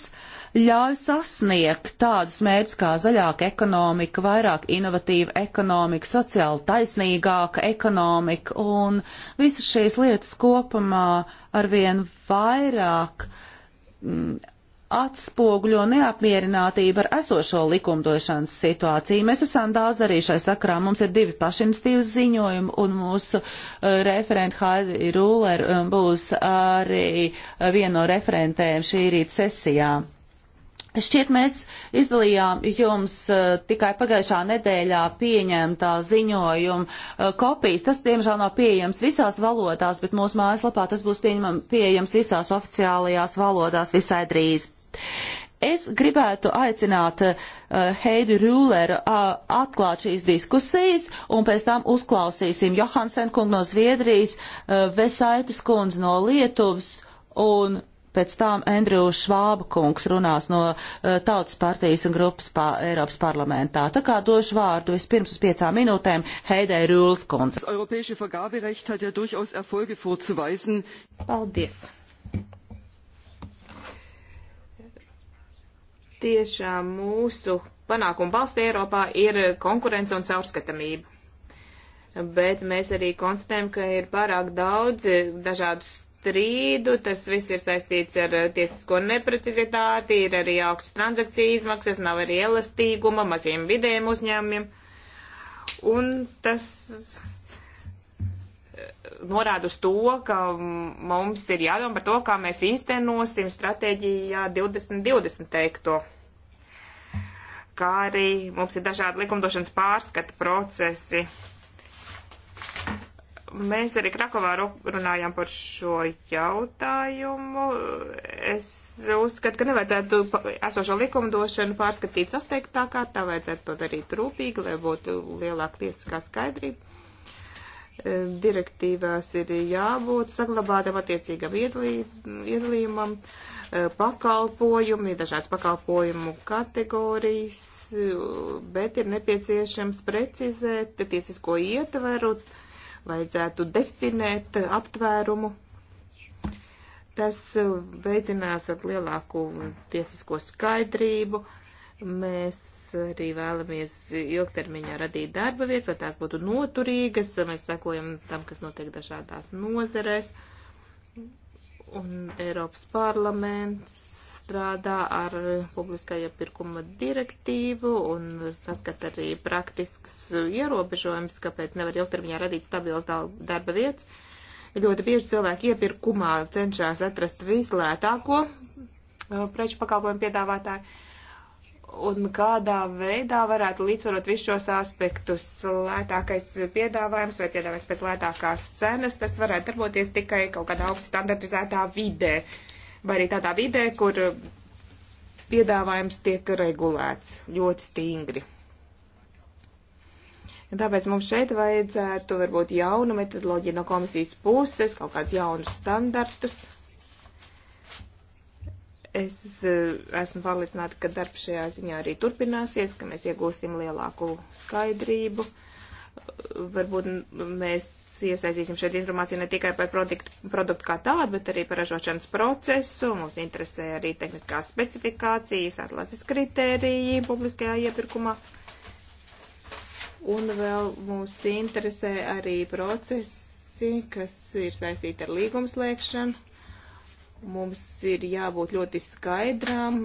S4: ļauj sasniegt tādus mērķus kā zaļāka ekonomika, vairāk inovatīva ekonomika, sociāli taisnīgāka ekonomika un visas šīs lietas kopumā arvien vairāk mm, atspoguļo neapmierinātību ar esošo likumdošanas situāciju. Mēs esam daudz darījušai sakrā. Mums ir divi pašinstīvas ziņojumi, un mūsu uh, eh, referenta Haidi Rūler um, eh, būs arī eh, viena no referentēm šī rīta sesijā. Šķiet, mēs izdalījām jums uh, tikai pagājušā nedēļā pieņemtā ziņojuma uh, kopijas. Tas, diemžēl, nav pieejams visās valodās, bet mūsu mājaslapā tas būs pieņemam, pieejams visās oficiālajās valodās visai drīz. Es gribētu aicināt uh, Heidi Rūleru uh, atklāt šīs diskusijas, un pēc tam uzklausīsim Johansen kungu no Zviedrijas, uh, Vesaitis kundz no Lietuvas, un pēc tam Andrew Švāba kungs runās no uh, Tautas partijas un grupas pā, Eiropas parlamentā. Tā kā došu vārdu vispirms uz piecām minūtēm Heidei
S3: Rūles kundze. Paldies!
S2: tiešām mūsu panākumu balsts Eiropā ir konkurence un caurskatamība. Bet mēs arī konstatējam, ka ir pārāk daudz dažādu strīdu, tas viss ir saistīts ar tiesisko neprecizitāti, ir arī augstas transakciju izmaksas, nav arī elastīguma maziem vidējiem uzņēmumiem. Un tas norāda uz to, ka mums ir jādomā par to, kā mēs īstenosim stratēģijā 2020 teikto. Kā arī mums ir dažādi likumdošanas pārskata procesi. Mēs arī Krakovā runājām par šo jautājumu. Es uzskatu, ka nevajadzētu esošo likumdošanu pārskatīt sasteigtā kārtā, vajadzētu to darīt rūpīgi, lai būtu lielāka tiesiskā skaidrība E, direktīvās ir jābūt saglabātam attiecīgam iedalījumam, e, pakalpojumi, dažādas pakalpojumu kategorijas, e, bet ir nepieciešams precizēt tiesisko ietveru, vajadzētu definēt aptvērumu. Tas veicinās ar lielāku tiesisko skaidrību. Uh, Mēs arī vēlamies ilgtermiņā radīt darba vietas, lai tās būtu noturīgas, mēs sekojam tam, kas notiek dažādās nozerēs. Un Eiropas parlaments strādā ar publiskā iepirkuma direktīvu un saskat arī praktisks ierobežojums, kāpēc nevar ilgtermiņā radīt stabilas darba vietas. Ļoti bieži cilvēki iepirkumā cenšas atrast vislētāko uh, preču pakalpojumu piedāvātāju un kādā veidā varētu līdzsvarot visus šos aspektus. Lētākais piedāvājums vai piedāvājums pēc lētākās cenas, tas varētu darboties tikai kaut kādā augstu standartizētā vidē, vai arī tādā vidē, kur piedāvājums tiek regulēts ļoti stingri. Tāpēc mums šeit vajadzētu varbūt jaunu metodoloģiju no komisijas puses, kaut kādus jaunus standartus Es eh, esmu pārliecināta, ka darbs šajā ziņā arī turpināsies, ka mēs iegūsim lielāku skaidrību. Varbūt mēs iesaistīsim šeit informāciju ne tikai par produktu, produktu kā tādu, bet arī par ražošanas procesu. Mums interesē arī tehniskās specifikācijas, atlases kritēriji publiskajā iepirkumā. Un vēl mūs interesē arī procesi, kas ir saistīti ar līgumslēgšanu Mums ir jābūt ļoti skaidrām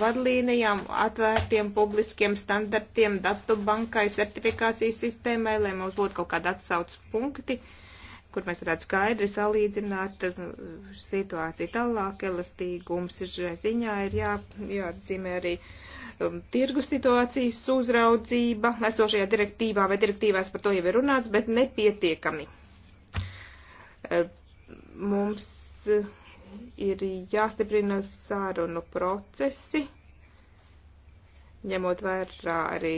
S2: vadlīnijām, atvērtiem publiskiem standartiem, datu bankai, certifikācijas sistēmai, lai mums būtu kaut kādi atsauc punkti, kur mēs varētu skaidri salīdzināt uh, situāciju tālāk. Elastīgums šai ziņā ir jā, jāatzīmē arī um, tirgus situācijas uzraudzība. Esošajā direktīvā vai direktīvās par to jau ir runāts, bet nepietiekami. Uh, mums. Uh, ir jāstiprina sārunu procesi, ņemot vērā arī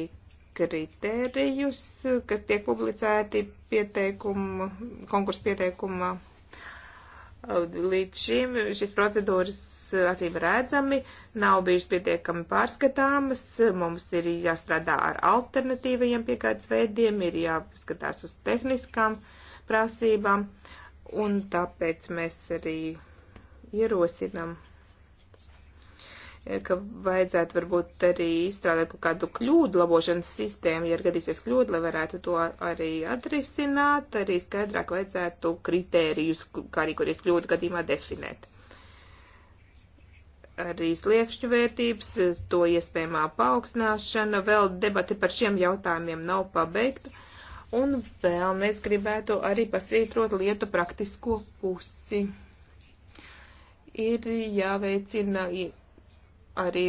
S2: kritērijus, kas tiek publicēti pieteikuma, konkursu pieteikuma uh, līdz šim. Šis procedūras uh, acīm redzami nav bijušas pietiekami pārskatāmas, mums ir jāstrādā ar alternatīvajiem piegādes veidiem, ir jāskatās uz tehniskām prasībām, un tāpēc mēs arī ierosinam, eh, ka vajadzētu varbūt arī izstrādāt kaut kādu kļūdu labošanas sistēmu, ja ir gadīsies kļūda, lai varētu to arī atrisināt, arī skaidrāk vajadzētu kritērijus, kā rīkoties kļūda gadījumā, definēt. Arī sliekšņu vērtības, to iespējamā paaugstināšana, vēl debati par šiem jautājumiem nav pabeigta. Un vēl mēs gribētu arī pasvītrot lietu praktisko pusi ir jāveicina arī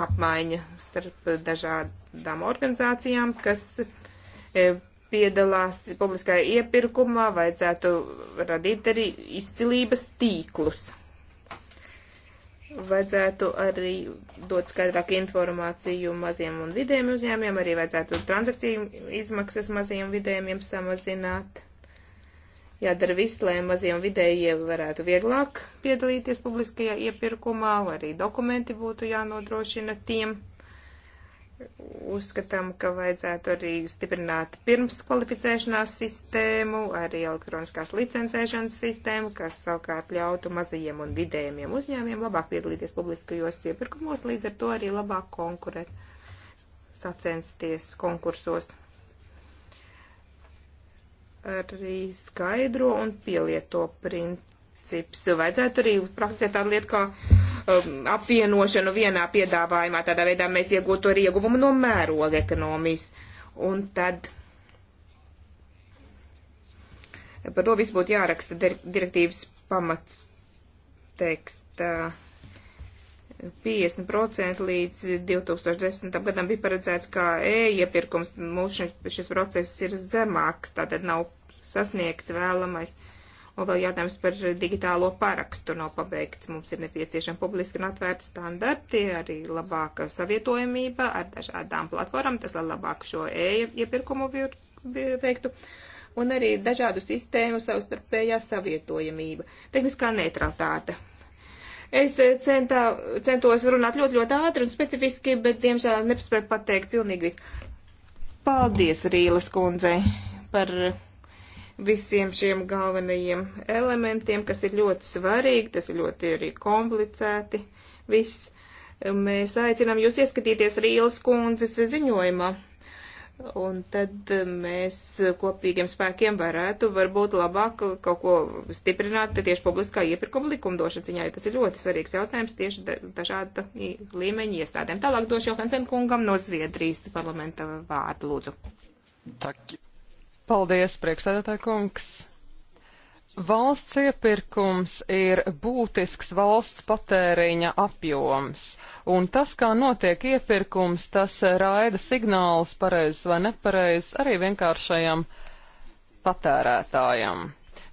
S2: apmaiņa starp dažādām organizācijām, kas e, piedalās publiskajā iepirkumā, vajadzētu radīt arī izcilības tīklus. Vajadzētu arī dot skaidrāku informāciju maziem un vidējiem uzņēmiem, arī vajadzētu transakciju izmaksas maziem vidējiem samazināt jādara viss, lai mazie un vidējie varētu vieglāk piedalīties publiskajā iepirkumā, arī dokumenti būtu jānodrošina tiem. Uzskatām, ka vajadzētu arī stiprināt pirms kvalificēšanās sistēmu, arī elektroniskās licencēšanas sistēmu, kas savukārt ļautu mazajiem un vidējiem uzņēmiem labāk piedalīties publiskajos iepirkumos, līdz ar to arī labāk konkurēt, sacensties konkursos arī skaidro un pielieto princips. Vajadzētu arī praktizēt tādu lietu kā um, apvienošanu vienā piedāvājumā. Tādā veidā mēs iegūtu arī ieguvumu no mēroga ekonomijas. Un tad par to viss būtu jāraksta direktīvas pamats tekstā. 50% līdz 2010. gadam bija paredzēts kā e-iepirkums. Mūsu šis process ir zemāks, tātad nav sasniegts vēlamais. Un vēl jautājums par digitālo parakstu nav pabeigts. Mums ir nepieciešama publiski un atvērta standarti, arī labāka savietojamība ar dažādām platformām, tas lai labāk šo e-iepirkumu veiktu. Un arī dažādu sistēmu savstarpējā savietojamība, tehniskā neutralitāte. Es centā, centos runāt ļoti, ļoti ātri un specifiski, bet, diemžēl, nepaspēju pateikt pilnīgi visu. Paldies Rīles kundzei par visiem šiem galvenajiem elementiem, kas ir ļoti svarīgi, tas ir ļoti arī komplicēti. Viss. Mēs aicinām jūs ieskatīties Rīles kundzes ziņojumā. Un tad mēs kopīgiem spēkiem varētu varbūt labāk kaut ko stiprināt tieši publiskā iepirkuma likumdošanas ziņā, jo tas ir ļoti svarīgs jautājums tieši dažāda līmeņa iestādēm.
S3: Tālāk došu Johansen kungam no Zviedrijas parlamenta vārdu lūdzu. Tak. Paldies, priekšsēdētāji kungs! Valsts iepirkums ir būtisks valsts patēriņa apjoms, un tas, kā notiek iepirkums, tas raida signālus pareizs vai nepareizs arī vienkāršajam patērētājam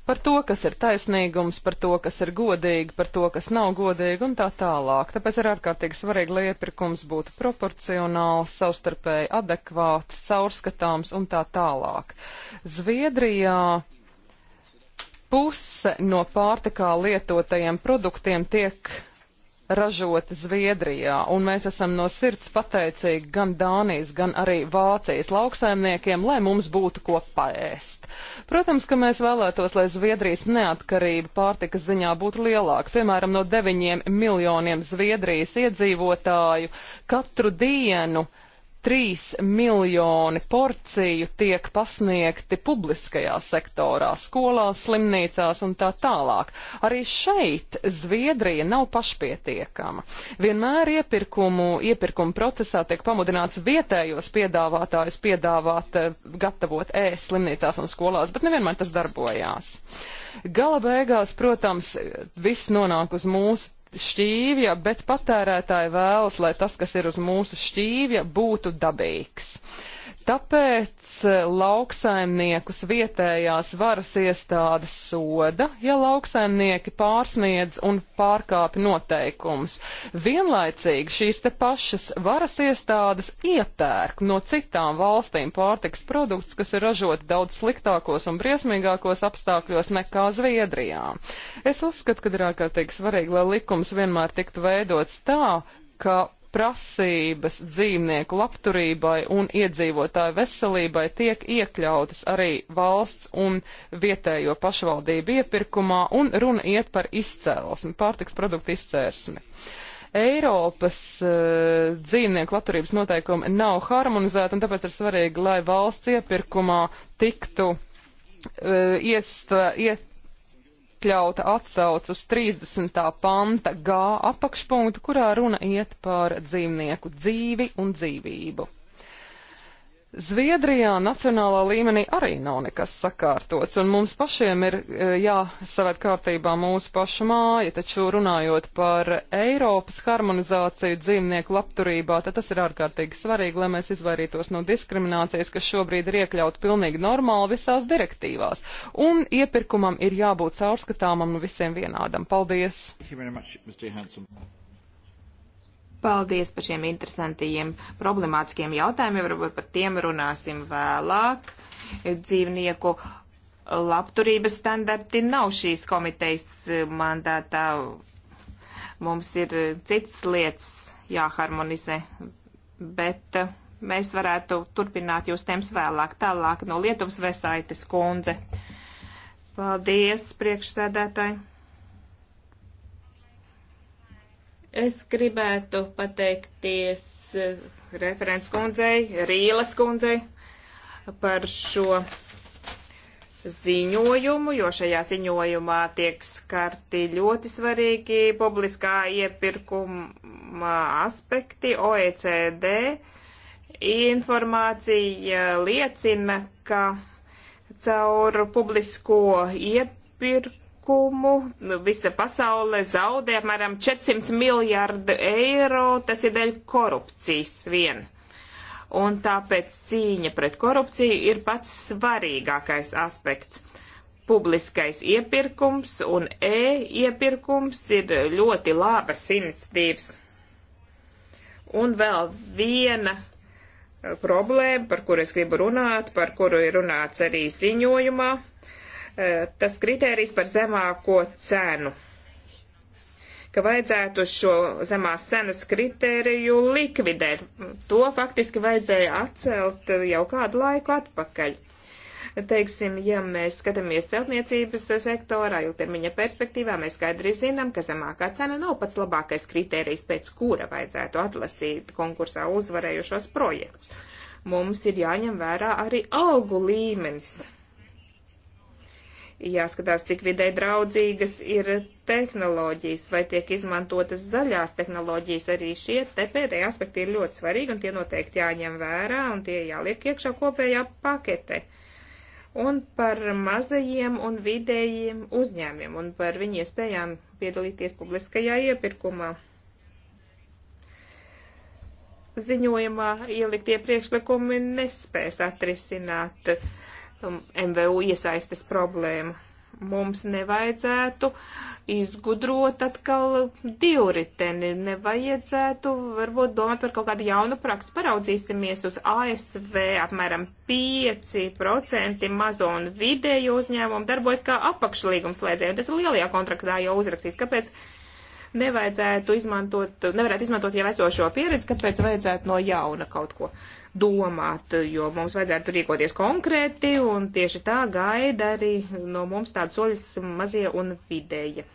S3: par to, kas ir taisnīgums, par to, kas ir godīgi, par to, kas nav godīgi un tā tālāk. Tāpēc ir ārkārtīgi svarīgi, lai iepirkums būtu proporcionāls, savstarpēji adekvāts, caurskatāms un tā tālāk. Zviedrijā puse no pārtikā lietotajiem produktiem tiek ražoti Zviedrijā, un mēs esam no sirds pateicīgi gan Dānijas, gan arī Vācijas lauksaimniekiem, lai mums būtu ko paēst. Protams, ka mēs vēlētos, lai Zviedrijas neatkarība pārtikas ziņā būtu lielāka. Piemēram, no deviņiem miljoniem Zviedrijas iedzīvotāju katru dienu uh, 3 miljoni porciju tiek pasniegti publiskajā sektorā, skolās, slimnīcās un tā tālāk. Arī šeit Zviedrija nav pašpietiekama. Vienmēr iepirkumu, iepirkumu procesā tiek pamudināts vietējos piedāvātājus piedāvāt, eh, gatavot ēst slimnīcās un skolās, bet nevienmēr tas darbojās. Gala beigās, protams, viss nonāk uz mūsu šķīvja, bet patērētāji vēlas, lai tas, kas ir uz mūsu šķīvja, būtu dabīgs. Uh, Tāpēc e, lauksaimniekus vietējās varas iestādes soda, ja lauksaimnieki pārsniedz un pārkāpj noteikumus. Vienlaicīgi šīs te pašas varas iestādes iepērk no citām valstīm pārtiks produktus, kas ir ražoti daudz sliktākos un briesmīgākos apstākļos nekā Zviedrijā. Es uzskatu, ka ir ārkārtīgi svarīgi, lai likums vienmēr tiktu veidots tā, ka prasības dzīvnieku labturībai un iedzīvotāju veselībai tiek iekļautas arī valsts un vietējo pašvaldību iepirkumā, un runa iet par izcēlesmi, pārtiks produktu izcērsmi. Eiropas uh, dzīvnieku labturības noteikumi nav harmonizēti, un tāpēc ir svarīgi, lai valsts iepirkumā tiktu uh, iest, uh, iet, iekļauta atsauc uz 30. panta G apakšpunktu, kurā runa iet par dzīvnieku dzīvi un dzīvību. Zviedrijā nacionālā līmenī arī nav nekas sakārtots, un mums pašiem ir e, jāsavēt kārtībā mūsu pašu māja, taču runājot par Eiropas harmonizāciju dzīvnieku labturībā, tad tas ir ārkārtīgi svarīgi, lai mēs izvairītos no diskriminācijas, kas šobrīd ir iekļaut pilnīgi normāli visās direktīvās, un iepirkumam ir jābūt caurskatāmam un nu visiem vienādam. Paldies! Much, Paldies par šiem
S2: interesantajiem problemātiskiem jautājumiem, varbūt par tiem runāsim vēlāk. Dzīvnieku labturības standarti nav šīs komitejas mandātā. Mums ir citas lietas jāharmonizē, bet mēs varētu turpināt jūs tēmas vēlāk. Tālāk no Lietuvas Vesaites kundze. Paldies, priekšsēdētāji! Es gribētu pateikties eh, referents kundzei, Rīles kundzei par šo ziņojumu, jo šajā ziņojumā tiek skarti ļoti svarīgi publiskā iepirkuma aspekti OECD. Informācija liecina, ka caur publisko iepirkumu ienākumu visa pasaule zaudē apmēram 400 miljārdu eiro, tas ir dēļ korupcijas vien. Un tāpēc cīņa pret korupciju ir pats svarīgākais aspekts. Publiskais iepirkums un e-iepirkums ir ļoti labas iniciatīvas. Un vēl viena problēma, par kuru es gribu runāt, par kuru ir runāts arī ziņojumā, Eh, tas kritērijs par zemāko cenu, ka vajadzētu šo zemās cenas kritēriju likvidēt. To faktiski vajadzēja atcelt jau kādu laiku atpakaļ. Teiksim, ja mēs skatāmies celtniecības sektorā ilgtermiņa perspektīvā, mēs skaidri zinām, ka zemākā cena nav pats labākais kritērijs, pēc kura vajadzētu atlasīt konkursā uzvarējušos projektus. Mums ir jāņem vērā arī algu līmenis jāskatās, cik vidē draudzīgas ir tehnoloģijas, vai tiek izmantotas zaļās tehnoloģijas. Arī šie te pēdējie aspekti ir ļoti svarīgi, un tie noteikti jāņem vērā, un tie jāliek iekšā kopējā pakete. Un par mazajiem un vidējiem uzņēmiem, un par viņu iespējām piedalīties publiskajā iepirkumā ziņojumā ieliktie priekšlikumi nespēs atrisināt MVU um, iesaistes problēmu. Mums nevajadzētu izgudrot atkal divriteni, nevajadzētu varbūt domāt par kaut kādu jaunu praksi. Paraudzīsimies uz ASV, apmēram 5% mazo un vidēju uzņēmumu darbojas kā apakšlīgums slēdzēju, un tas ir lielajā kontraktā jau uzrakstīts. Kāpēc? nevajadzētu izmantot, nevarētu izmantot jau esošo pieredzi, kāpēc vajadzētu no jauna kaut ko domāt, jo mums vajadzētu rīkoties konkrēti, un tieši tā gaida arī no mums tādu soļus mazie un vidēji.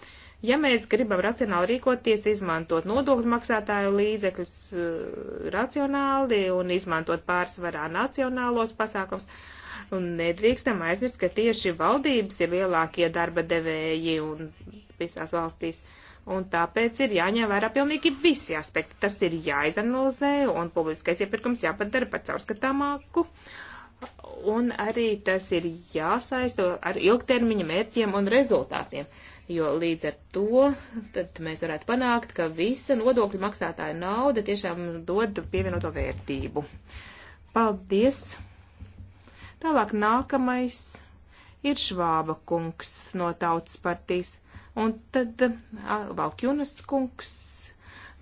S2: Ja mēs gribam racionāli rīkoties, izmantot nodokļu maksātāju līdzekļus eh, racionāli un izmantot pārsvarā nacionālos pasākums, un nedrīkstam aizmirst, ka tieši valdības ir lielākie darba devēji un visās valstīs. Uh, Un tāpēc ir jāņem vērā pilnīgi visi aspekti. Tas ir jāizanalizē un publiskais iepirkums jāpadara par caurskatāmāku. Un arī tas ir jāsaisto ar ilgtermiņa mērķiem un rezultātiem, jo līdz ar to tad mēs varētu panākt, ka visa nodokļu maksātāja nauda tiešām dod pievienoto vērtību. Paldies! Tālāk nākamais ir Švāba kungs no Tautas partijas. Un tad Valkjunas kungs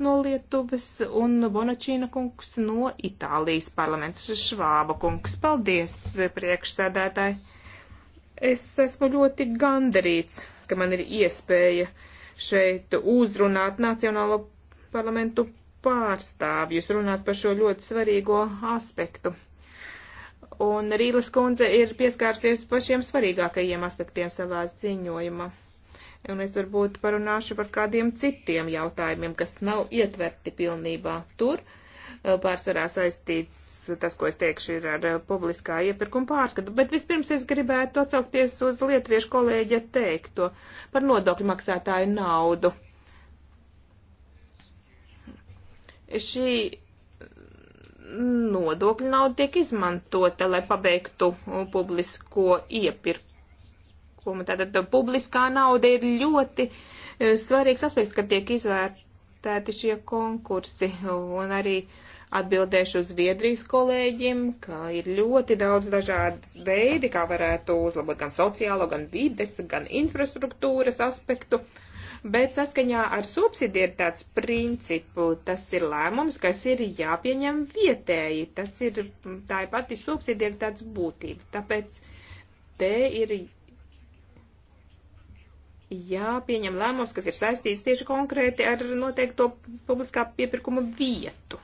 S2: no Lietuvas un Bonačīna kungs no Itālijas parlaments Švāba kungs. Paldies, priekšsēdētāji! Es esmu ļoti gandarīts, ka man ir iespēja šeit uzrunāt Nacionālo parlamentu pārstāvjus, runāt par šo ļoti svarīgo aspektu. Un Rīles kundze ir pieskārsies pašiem svarīgākajiem aspektiem savā ziņojumā un es varbūt parunāšu par kādiem citiem jautājumiem, kas nav ietverti pilnībā tur. Pārsvarā saistīts tas, ko es teikšu, ir ar publiskā iepirkuma pārskatu, bet vispirms es gribētu atsaukties uz lietviešu kolēģa teikto par nodokļu maksātāju naudu. Šī nodokļu nauda tiek izmantota, lai pabeigtu publisko iepirkumu iepirkumu. Tātad publiskā nauda ir ļoti eh, svarīgs aspekts, kad tiek izvērtēti šie konkursi. Un arī atbildēšu uz Viedrijas kolēģim, ka ir ļoti daudz dažādas veidi, kā varētu uzlabot gan sociālo, gan vides, gan infrastruktūras aspektu. Bet saskaņā ar subsidiertāts principu tas ir lēmums, kas ir jāpieņem vietēji. Tas ir tā ir pati subsidiertāts būtība. Tāpēc te ir jāpieņem lēmums, kas ir saistīts tieši konkrēti ar noteikto publiskā piepirkuma vietu.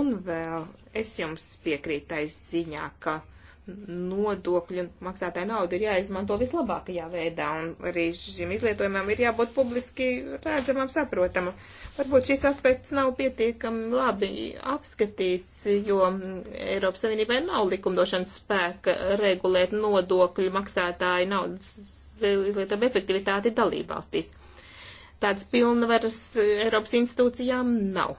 S2: Un vēl es jums piekrītais ziņā, ka nodokļu maksātāja nauda ir jāizmanto vislabākajā veidā, un arī šim izlietojumam ir jābūt publiski redzamam, saprotamam. Varbūt šis aspekts nav pietiekami labi apskatīts, jo Eiropas Savienībai nav likumdošanas spēka regulēt nodokļu maksātāju naudas izlietojumu efektivitāti dalībvalstīs. Tādas pilnvaras Eiropas institūcijām nav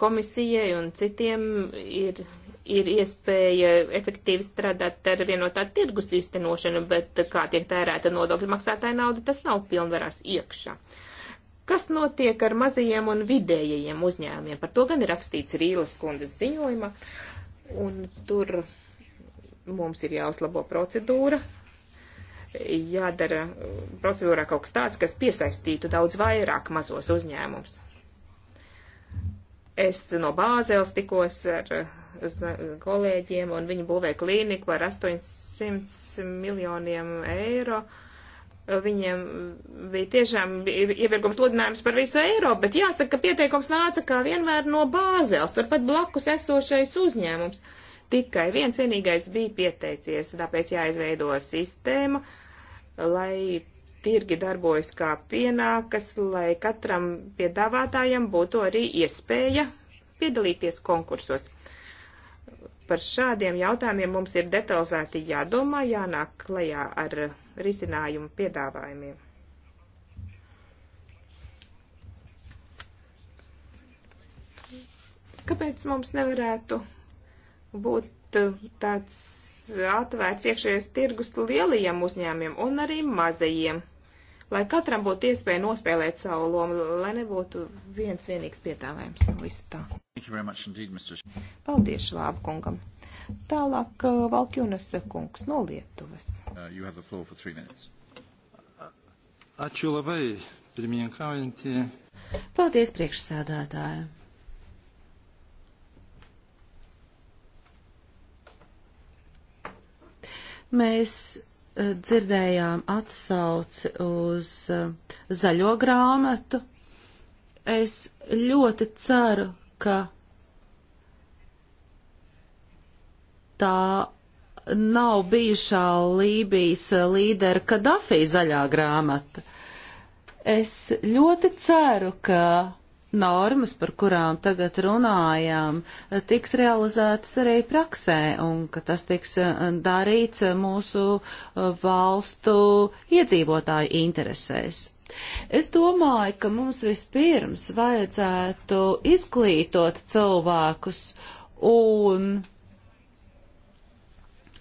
S2: komisijai un citiem ir ir iespēja efektīvi strādāt ar vienotā tirgus īstenošanu, bet kā tiek tērēta nodokļu maksātāja nauda, tas nav pilnvarās iekšā. Kas notiek ar mazajiem un vidējajiem uzņēmumiem? Par to gan ir rakstīts Rīles kundzes ziņojuma, un tur mums ir jāuzlabo procedūra, jādara procedūrā kaut kas tāds, kas piesaistītu daudz vairāk mazos uzņēmumus. Es no Bāzeles tikos ar kolēģiem, un viņi būvē klīniku ar 800 miljoniem eiro. Viņiem bija tiešām iepirkums sludinājums par visu Eiropu, bet jāsaka, ka pieteikums nāca kā vienmēr no Bāzeles, turpat blakus esošais uzņēmums. Tikai viens vienīgais bija pieteicies, tāpēc jāizveido sistēma, lai tirgi darbojas kā pienākas, lai katram piedāvātājam būtu arī iespēja piedalīties konkursos. Par šādiem jautājumiem mums ir detalizēti jādomā, jānāk klajā ar risinājumu piedāvājumiem. Kāpēc mums nevarētu būt uh, tāds atvērts iekšējais tirgus lielajiem uzņēmiem un arī mazajiem? lai katram būtu iespēja nospēlēt savu lomu, lai nebūtu viens vienīgs pietāvājums no visu tā. Indeed, Paldies Švāba kungam. Tālāk uh, Valkjunas kungs no Lietuvas. Uh, Ačiū labai, pirmininkaujantī.
S4: Paldies priekšsēdētājai. Mēs dzirdējām atsauci uz eh, zaļo grāmatu. Es ļoti ceru, ka tā nav bijušā Lībijas līdera Kadafī zaļā grāmata. Es ļoti ceru, ka normas, par kurām tagad runājām, tiks realizētas arī praksē un ka tas tiks eh, darīts mūsu eh, valstu iedzīvotāju interesēs. Es domāju, ka mums vispirms vajadzētu izglītot cilvēkus un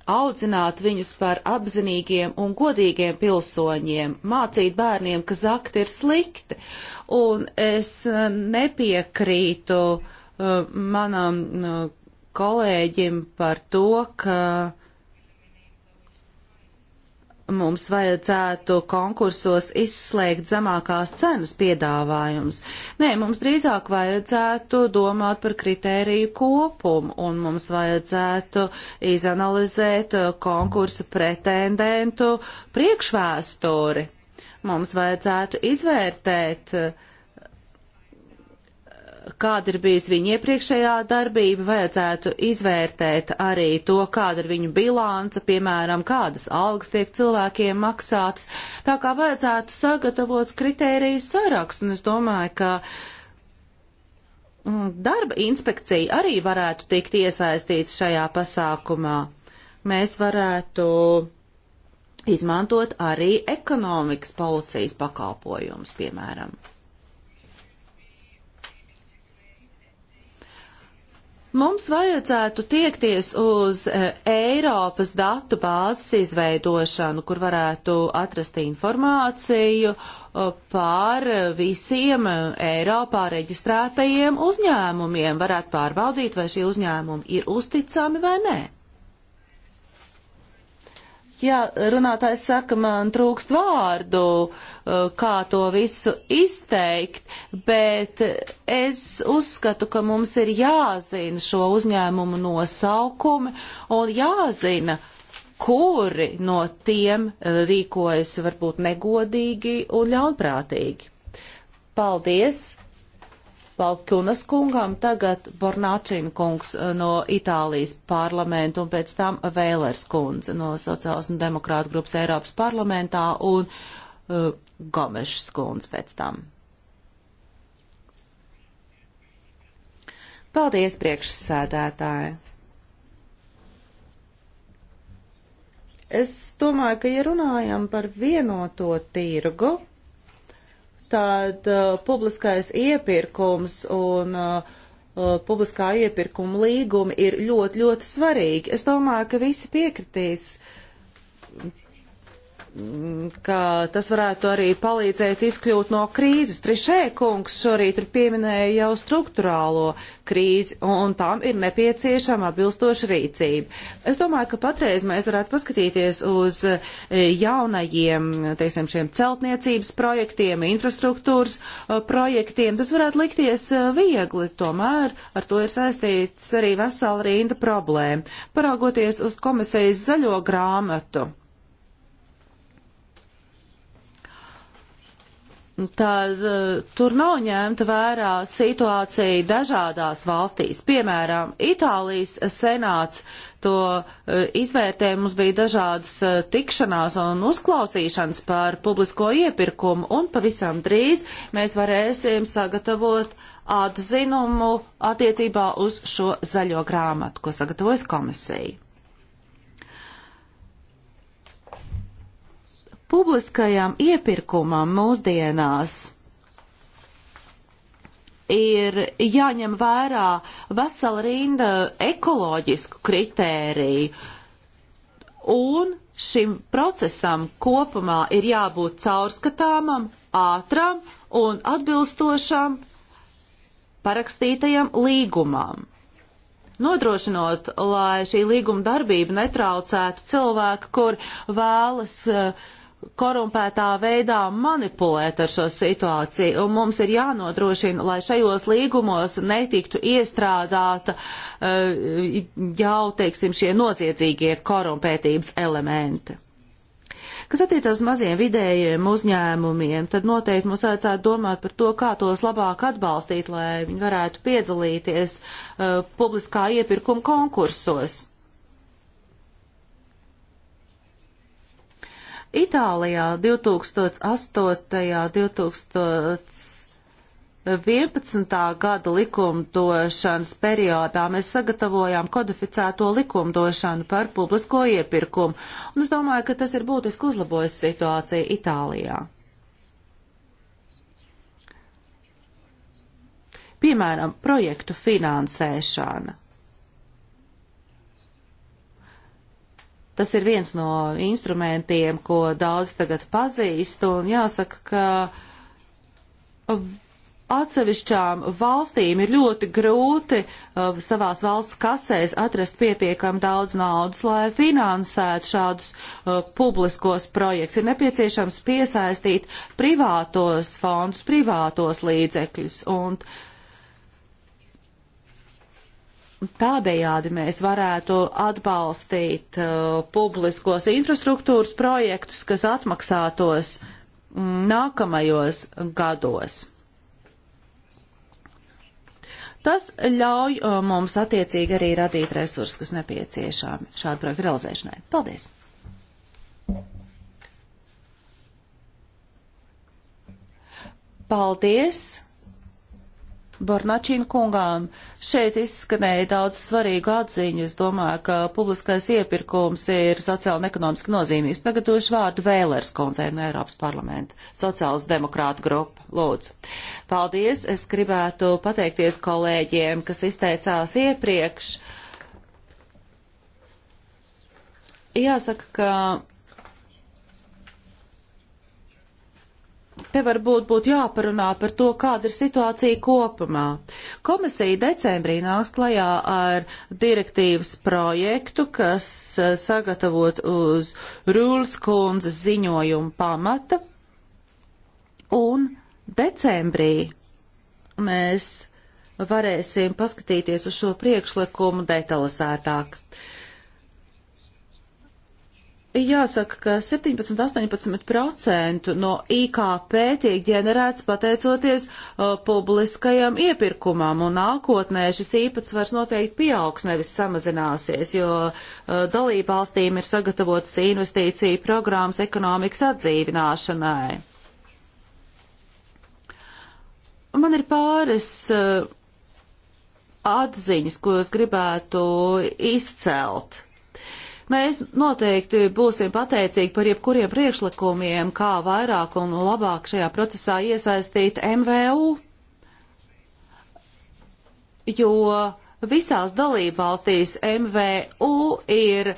S4: audzināt viņus par apzinīgiem un godīgiem pilsoņiem, mācīt bērniem, ka zakti ir slikti. Un es eh, nepiekrītu uh, manam uh, kolēģim par to, ka uh, mums vajadzētu konkursos izslēgt zemākās cenas piedāvājums. Nē, mums drīzāk vajadzētu domāt par kritēriju kopumu un mums vajadzētu izanalizēt uh, konkursa pretendentu priekšvēsturi. Mums vajadzētu izvērtēt uh, kāda ir bijusi viņa iepriekšējā darbība, vajadzētu izvērtēt arī to, kāda ir viņu bilance, piemēram, kādas algas tiek cilvēkiem maksātas. Tā kā vajadzētu sagatavot kritēriju sarakstu, un es domāju, ka mm, darba inspekcija arī varētu tikt iesaistīta šajā pasākumā. Mēs varētu izmantot arī ekonomikas policijas pakalpojumus, piemēram. Mums vajadzētu tiekties uz e, Eiropas datu bāzes izveidošanu, kur varētu atrast informāciju e, par visiem e, Eiropā reģistrētajiem uzņēmumiem, varētu pārbaudīt, vai šie uzņēmumi ir uzticami vai nē ja runātājs saka, man trūkst vārdu, uh, kā to visu izteikt, bet es uzskatu, ka mums ir jāzina šo uzņēmumu nosaukumi un jāzina, kuri no tiem uh, rīkojas varbūt negodīgi un ļaunprātīgi. Paldies! Valkunas kungam, tagad Bornāčina kungs eh, no Itālijas parlamenta un pēc tam Vēlers kundze no Sociālas un Demokrāta grupas Eiropas parlamentā un uh, Gomešs kundze pēc tam. Paldies, priekšsēdētāji! Es domāju, ka, ja runājam par vienoto tirgu, tad uh, publiskais iepirkums un uh, uh, publiskā iepirkuma līgumi ir ļoti, ļoti svarīgi. Es domāju, ka visi piekritīs Mm, ka tas varētu arī palīdzēt izkļūt no krīzes. Trišē kungs šorīt ir pieminēja jau struktūrālo krīzi, un tam ir nepieciešama atbilstoša rīcība. Es domāju, ka patreiz mēs varētu paskatīties uz eh, jaunajiem, teiksim, šiem celtniecības projektiem, infrastruktūras eh, projektiem. Tas varētu likties eh, viegli, tomēr ar to ir saistīts arī vesela rinda problēma. Paraugoties uz komisijas zaļo grāmatu tad e, tur nav ņemta vērā situācija dažādās valstīs. Piemēram, Itālijas senāts to e, izvērtē, mums bija dažādas e, tikšanās un uzklausīšanas par publisko iepirkumu, un pavisam drīz mēs varēsim sagatavot atzinumu attiecībā uz šo zaļo grāmatu, ko sagatavojas komisija. publiskajam iepirkumam mūsdienās ir jāņem vērā vesela rinda ekoloģisku kritēriju, un šim procesam kopumā ir jābūt caurskatāmam, ātram un atbilstošam parakstītajam līgumam. Nodrošinot, lai šī līguma darbība netraucētu cilvēku, kur vēlas uh, korumpētā veidā manipulēt ar šo situāciju, un mums ir jānodrošina, lai šajos līgumos netiktu iestrādāta eh, jau, teiksim, šie noziedzīgie korumpētības elementi. Kas attiecās uz maziem vidējiem uzņēmumiem, tad noteikti mums vajadzētu domāt par to, kā tos labāk atbalstīt, lai viņi varētu piedalīties uh, publiskā iepirkuma konkursos. Itālijā 2008. 2011. gada likumdošanas periodā mēs sagatavojām kodificēto likumdošanu par publisko iepirkumu, un es domāju, ka tas ir būtiski uzlabojis situāciju Itālijā. Piemēram, projektu finansēšana. Tas ir viens no instrumentiem, ko daudz tagad pazīst, un jāsaka, ka atsevišķām valstīm ir ļoti grūti uh, savās valsts kasēs atrast pietiekam daudz naudas, lai finansētu šādus uh, publiskos projektus. Ir nepieciešams piesaistīt privātos fondus, privātos līdzekļus. Un uh, Tādējādi mēs varētu atbalstīt uh, publiskos infrastruktūras projektus, kas atmaksātos mm, nākamajos gados. Tas ļauj uh, mums attiecīgi arī radīt resursus, kas nepieciešami šādu projektu realizēšanai. Paldies! Paldies! Bornačīna kungām. Šeit izskanēja daudz svarīgu atziņu. Es domāju, ka publiskais iepirkums ir sociāli un ekonomiski nozīmīgs. Tagad došu vārdu Vēlers kundzei no Eiropas parlamenta. Sociālas demokrāta grupa. Lūdzu. Paldies. Es gribētu pateikties kolēģiem, kas izteicās iepriekš. Jāsaka, ka te varbūt būtu jāparunā par to, kāda ir situācija kopumā. Komisija decembrī nāks klajā ar direktīvas projektu, kas eh, sagatavot uz Rūles kundzes ziņojumu pamata. Un decembrī mēs varēsim paskatīties uz šo priekšlikumu detalizētāk. Uh, Jāsaka, ka 17-18% no IKP tiek ģenerēts pateicoties uh, publiskajam iepirkumam, un nākotnē šis īpatsvars noteikti pieaugs, nevis samazināsies, jo uh, dalībvalstīm ir sagatavotas investīcija programmas ekonomikas atdzīvināšanai. Man ir pāris uh, atziņas, ko es gribētu izcelt Mēs noteikti būsim pateicīgi par jebkuriem priekšlikumiem, kā vairāk un labāk šajā procesā iesaistīt MVU, jo visās dalībvalstīs MVU ir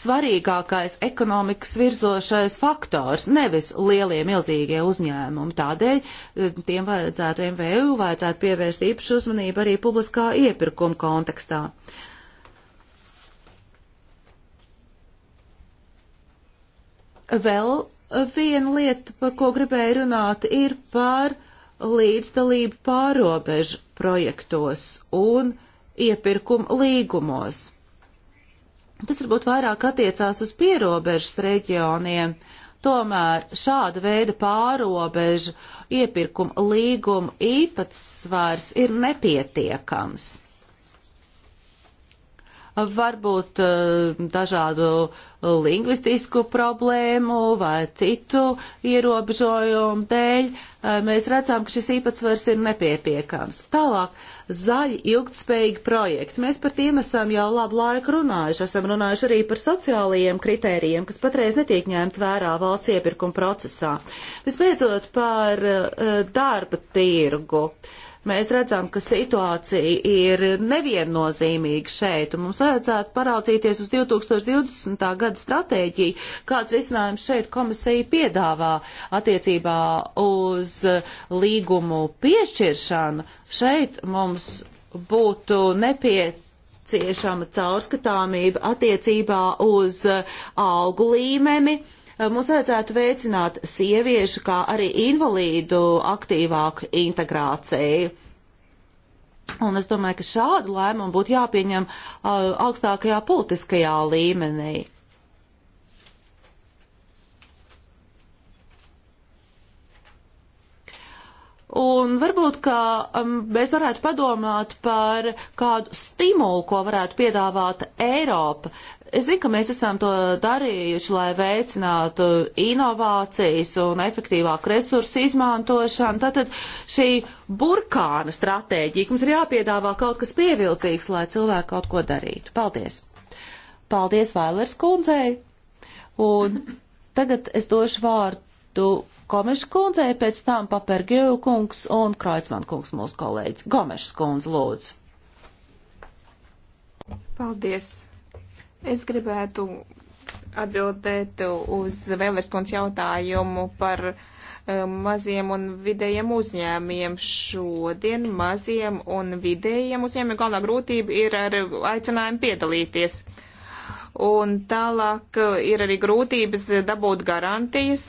S4: svarīgākais ekonomikas virzošais faktors, nevis lielie milzīgie uzņēmumi. Tādēļ eh, tiem vajadzētu MVU vajadzētu pievērst īpašu uzmanību arī publiskā iepirkuma kontekstā. Uh, Vēl viena lieta, par ko gribēju runāt, ir par līdzdalību pārobežu projektos un iepirkuma līgumos. Tas varbūt vairāk attiecās uz pierobežas reģioniem, tomēr šāda veida pārobežu iepirkuma līguma īpatsvars ir nepietiekams varbūt eh, dažādu lingvistisku problēmu vai citu ierobežojumu dēļ, eh, mēs redzam, ka šis īpatsvars ir nepietiekams. Tālāk zaļi, ilgtspējīgi projekti. Mēs par tiem esam jau labu laiku runājuši. Esam runājuši arī par sociālajiem kritērijiem, kas patreiz netiek ņemt vērā valsts iepirkuma procesā. Visbeidzot, par uh, darba tirgu. Uh, Mēs redzam, ka situācija ir neviennozīmīga šeit, un mums vajadzētu paraudzīties uz 2020. gada stratēģiju, kāds risinājums šeit komisija piedāvā attiecībā uz līgumu piešķiršanu. Šeit mums būtu nepiet ciešama caurskatāmība attiecībā uz algu līmeni, uh, Mums vajadzētu veicināt sieviešu, kā arī invalīdu aktīvāku integrāciju. Un es domāju, ka šādu lēmumu būtu jāpieņem uh, augstākajā politiskajā līmenī. Un varbūt, ka um, mēs varētu padomāt par kādu stimulu, ko varētu piedāvāt Eiropa. Es zinu, ka mēs esam to darījuši, lai veicinātu inovācijas un efektīvāku resursu izmantošanu. Tātad šī burkāna stratēģija, mums ir jāpiedāvā kaut kas pievilcīgs, lai cilvēki kaut ko darītu. Paldies! Paldies Vailers kundzei! Un tagad es došu vārdu Gomeša kundzei, pēc tam Papergiju kungs un Kreutzmann kungs mūsu kolēģis. Gomeša kundze, lūdzu!
S2: Paldies! Es gribētu atbildēt uz Vēlēskundas jautājumu par eh, maziem un vidējiem uzņēmiem. Šodien maziem un vidējiem uzņēmiem galvenā grūtība ir ar aicinājumu piedalīties. Un tālāk ir arī grūtības dabūt garantijas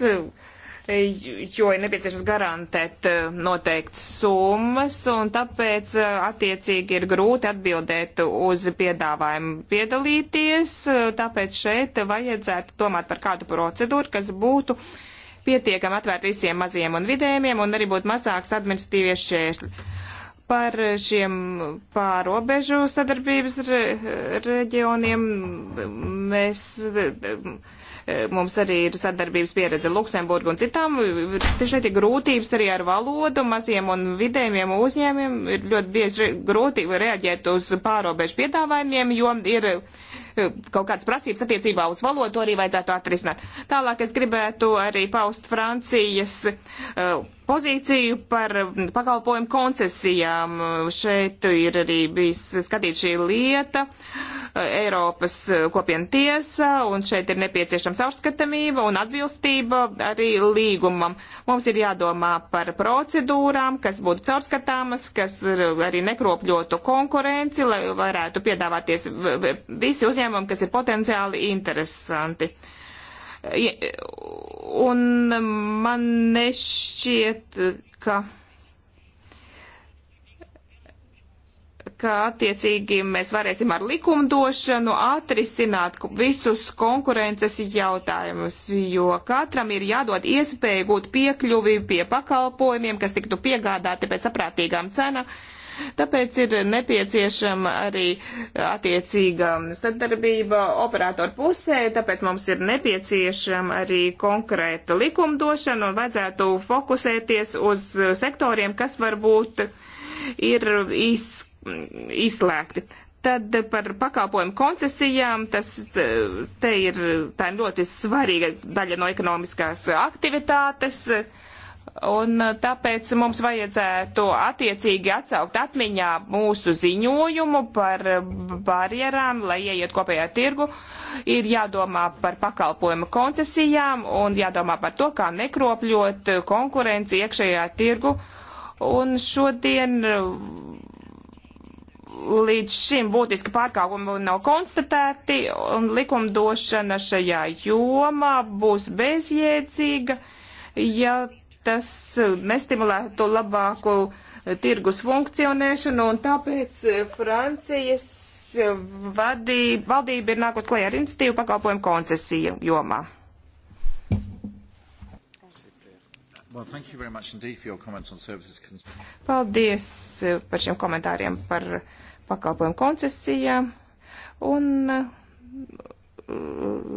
S2: jo ir nepieciešams garantēt eh, noteikts summas, un tāpēc eh, attiecīgi ir grūti atbildēt uz piedāvājumu piedalīties, eh, tāpēc šeit vajadzētu domāt par kādu procedūru, kas būtu pietiekami atvērt visiem maziem un vidējiem, un arī būtu mazāks administratīvie šķēršļi. Par šiem pārobežu sadarbības re reģioniem mēs Mums arī ir sadarbības pieredze Luksemburgu un citām. Šeit ir grūtības arī ar valodu. Maziem un vidējiem uzņēmiem ir ļoti bieži grūti reaģēt uz pārobežu piedāvājumiem, jo ir kaut kādas prasības attiecībā uz valodu arī vajadzētu atrisināt. Tālāk es gribētu arī paust Francijas uh, pozīciju par pakalpojumu koncesijām. Šeit ir arī bijis skatīt šī lieta uh, Eiropas uh, kopiena tiesa, un šeit ir nepieciešams caurskatamība un atbilstība arī līgumam. Mums ir jādomā par procedūrām, kas būtu caurskatāmas, kas arī nekropļotu konkurenci, lai varētu piedāvāties visi uzņēmumi uzņēmumam, kas ir potenciāli interesanti. Un man nešķiet, ka, ka attiecīgi mēs varēsim ar likumdošanu atrisināt visus konkurences jautājumus, jo katram ir jādod iespēju gūt piekļuvi pie pakalpojumiem, kas tiktu piegādāti pēc saprātīgām cenām Tāpēc ir nepieciešama arī attiecīga sadarbība operātoru pusē, tāpēc mums ir nepieciešama arī konkrēta likumdošana un vajadzētu fokusēties uz sektoriem, kas varbūt ir iz, izslēgti. Tad par pakalpojumu koncesijām, tas te ir tā ļoti svarīga daļa no ekonomiskās aktivitātes. Uh, Un uh, tāpēc mums vajadzētu attiecīgi atsaukt atmiņā mūsu ziņojumu par uh, barjerām, lai ieiet kopējā tirgu. Ir jādomā par pakalpojumu koncesijām un jādomā par to, kā nekropļot konkurenci iekšējā tirgu. Un šodien uh, līdz šim būtiski pārkāpumi nav konstatēti, un likumdošana šajā jomā būs bezjēdzīga, ja tas eh, nestimulētu labāku eh, tirgus funkcionēšanu, un tāpēc eh, Francijas vadība, valdība ir nākot klajā ar iniciatīvu pakalpojumu koncesiju jomā. Well, thank you very much indeed for your comments on services. Paldies par šiem komentāriem par pakalpojumu koncesijām. Un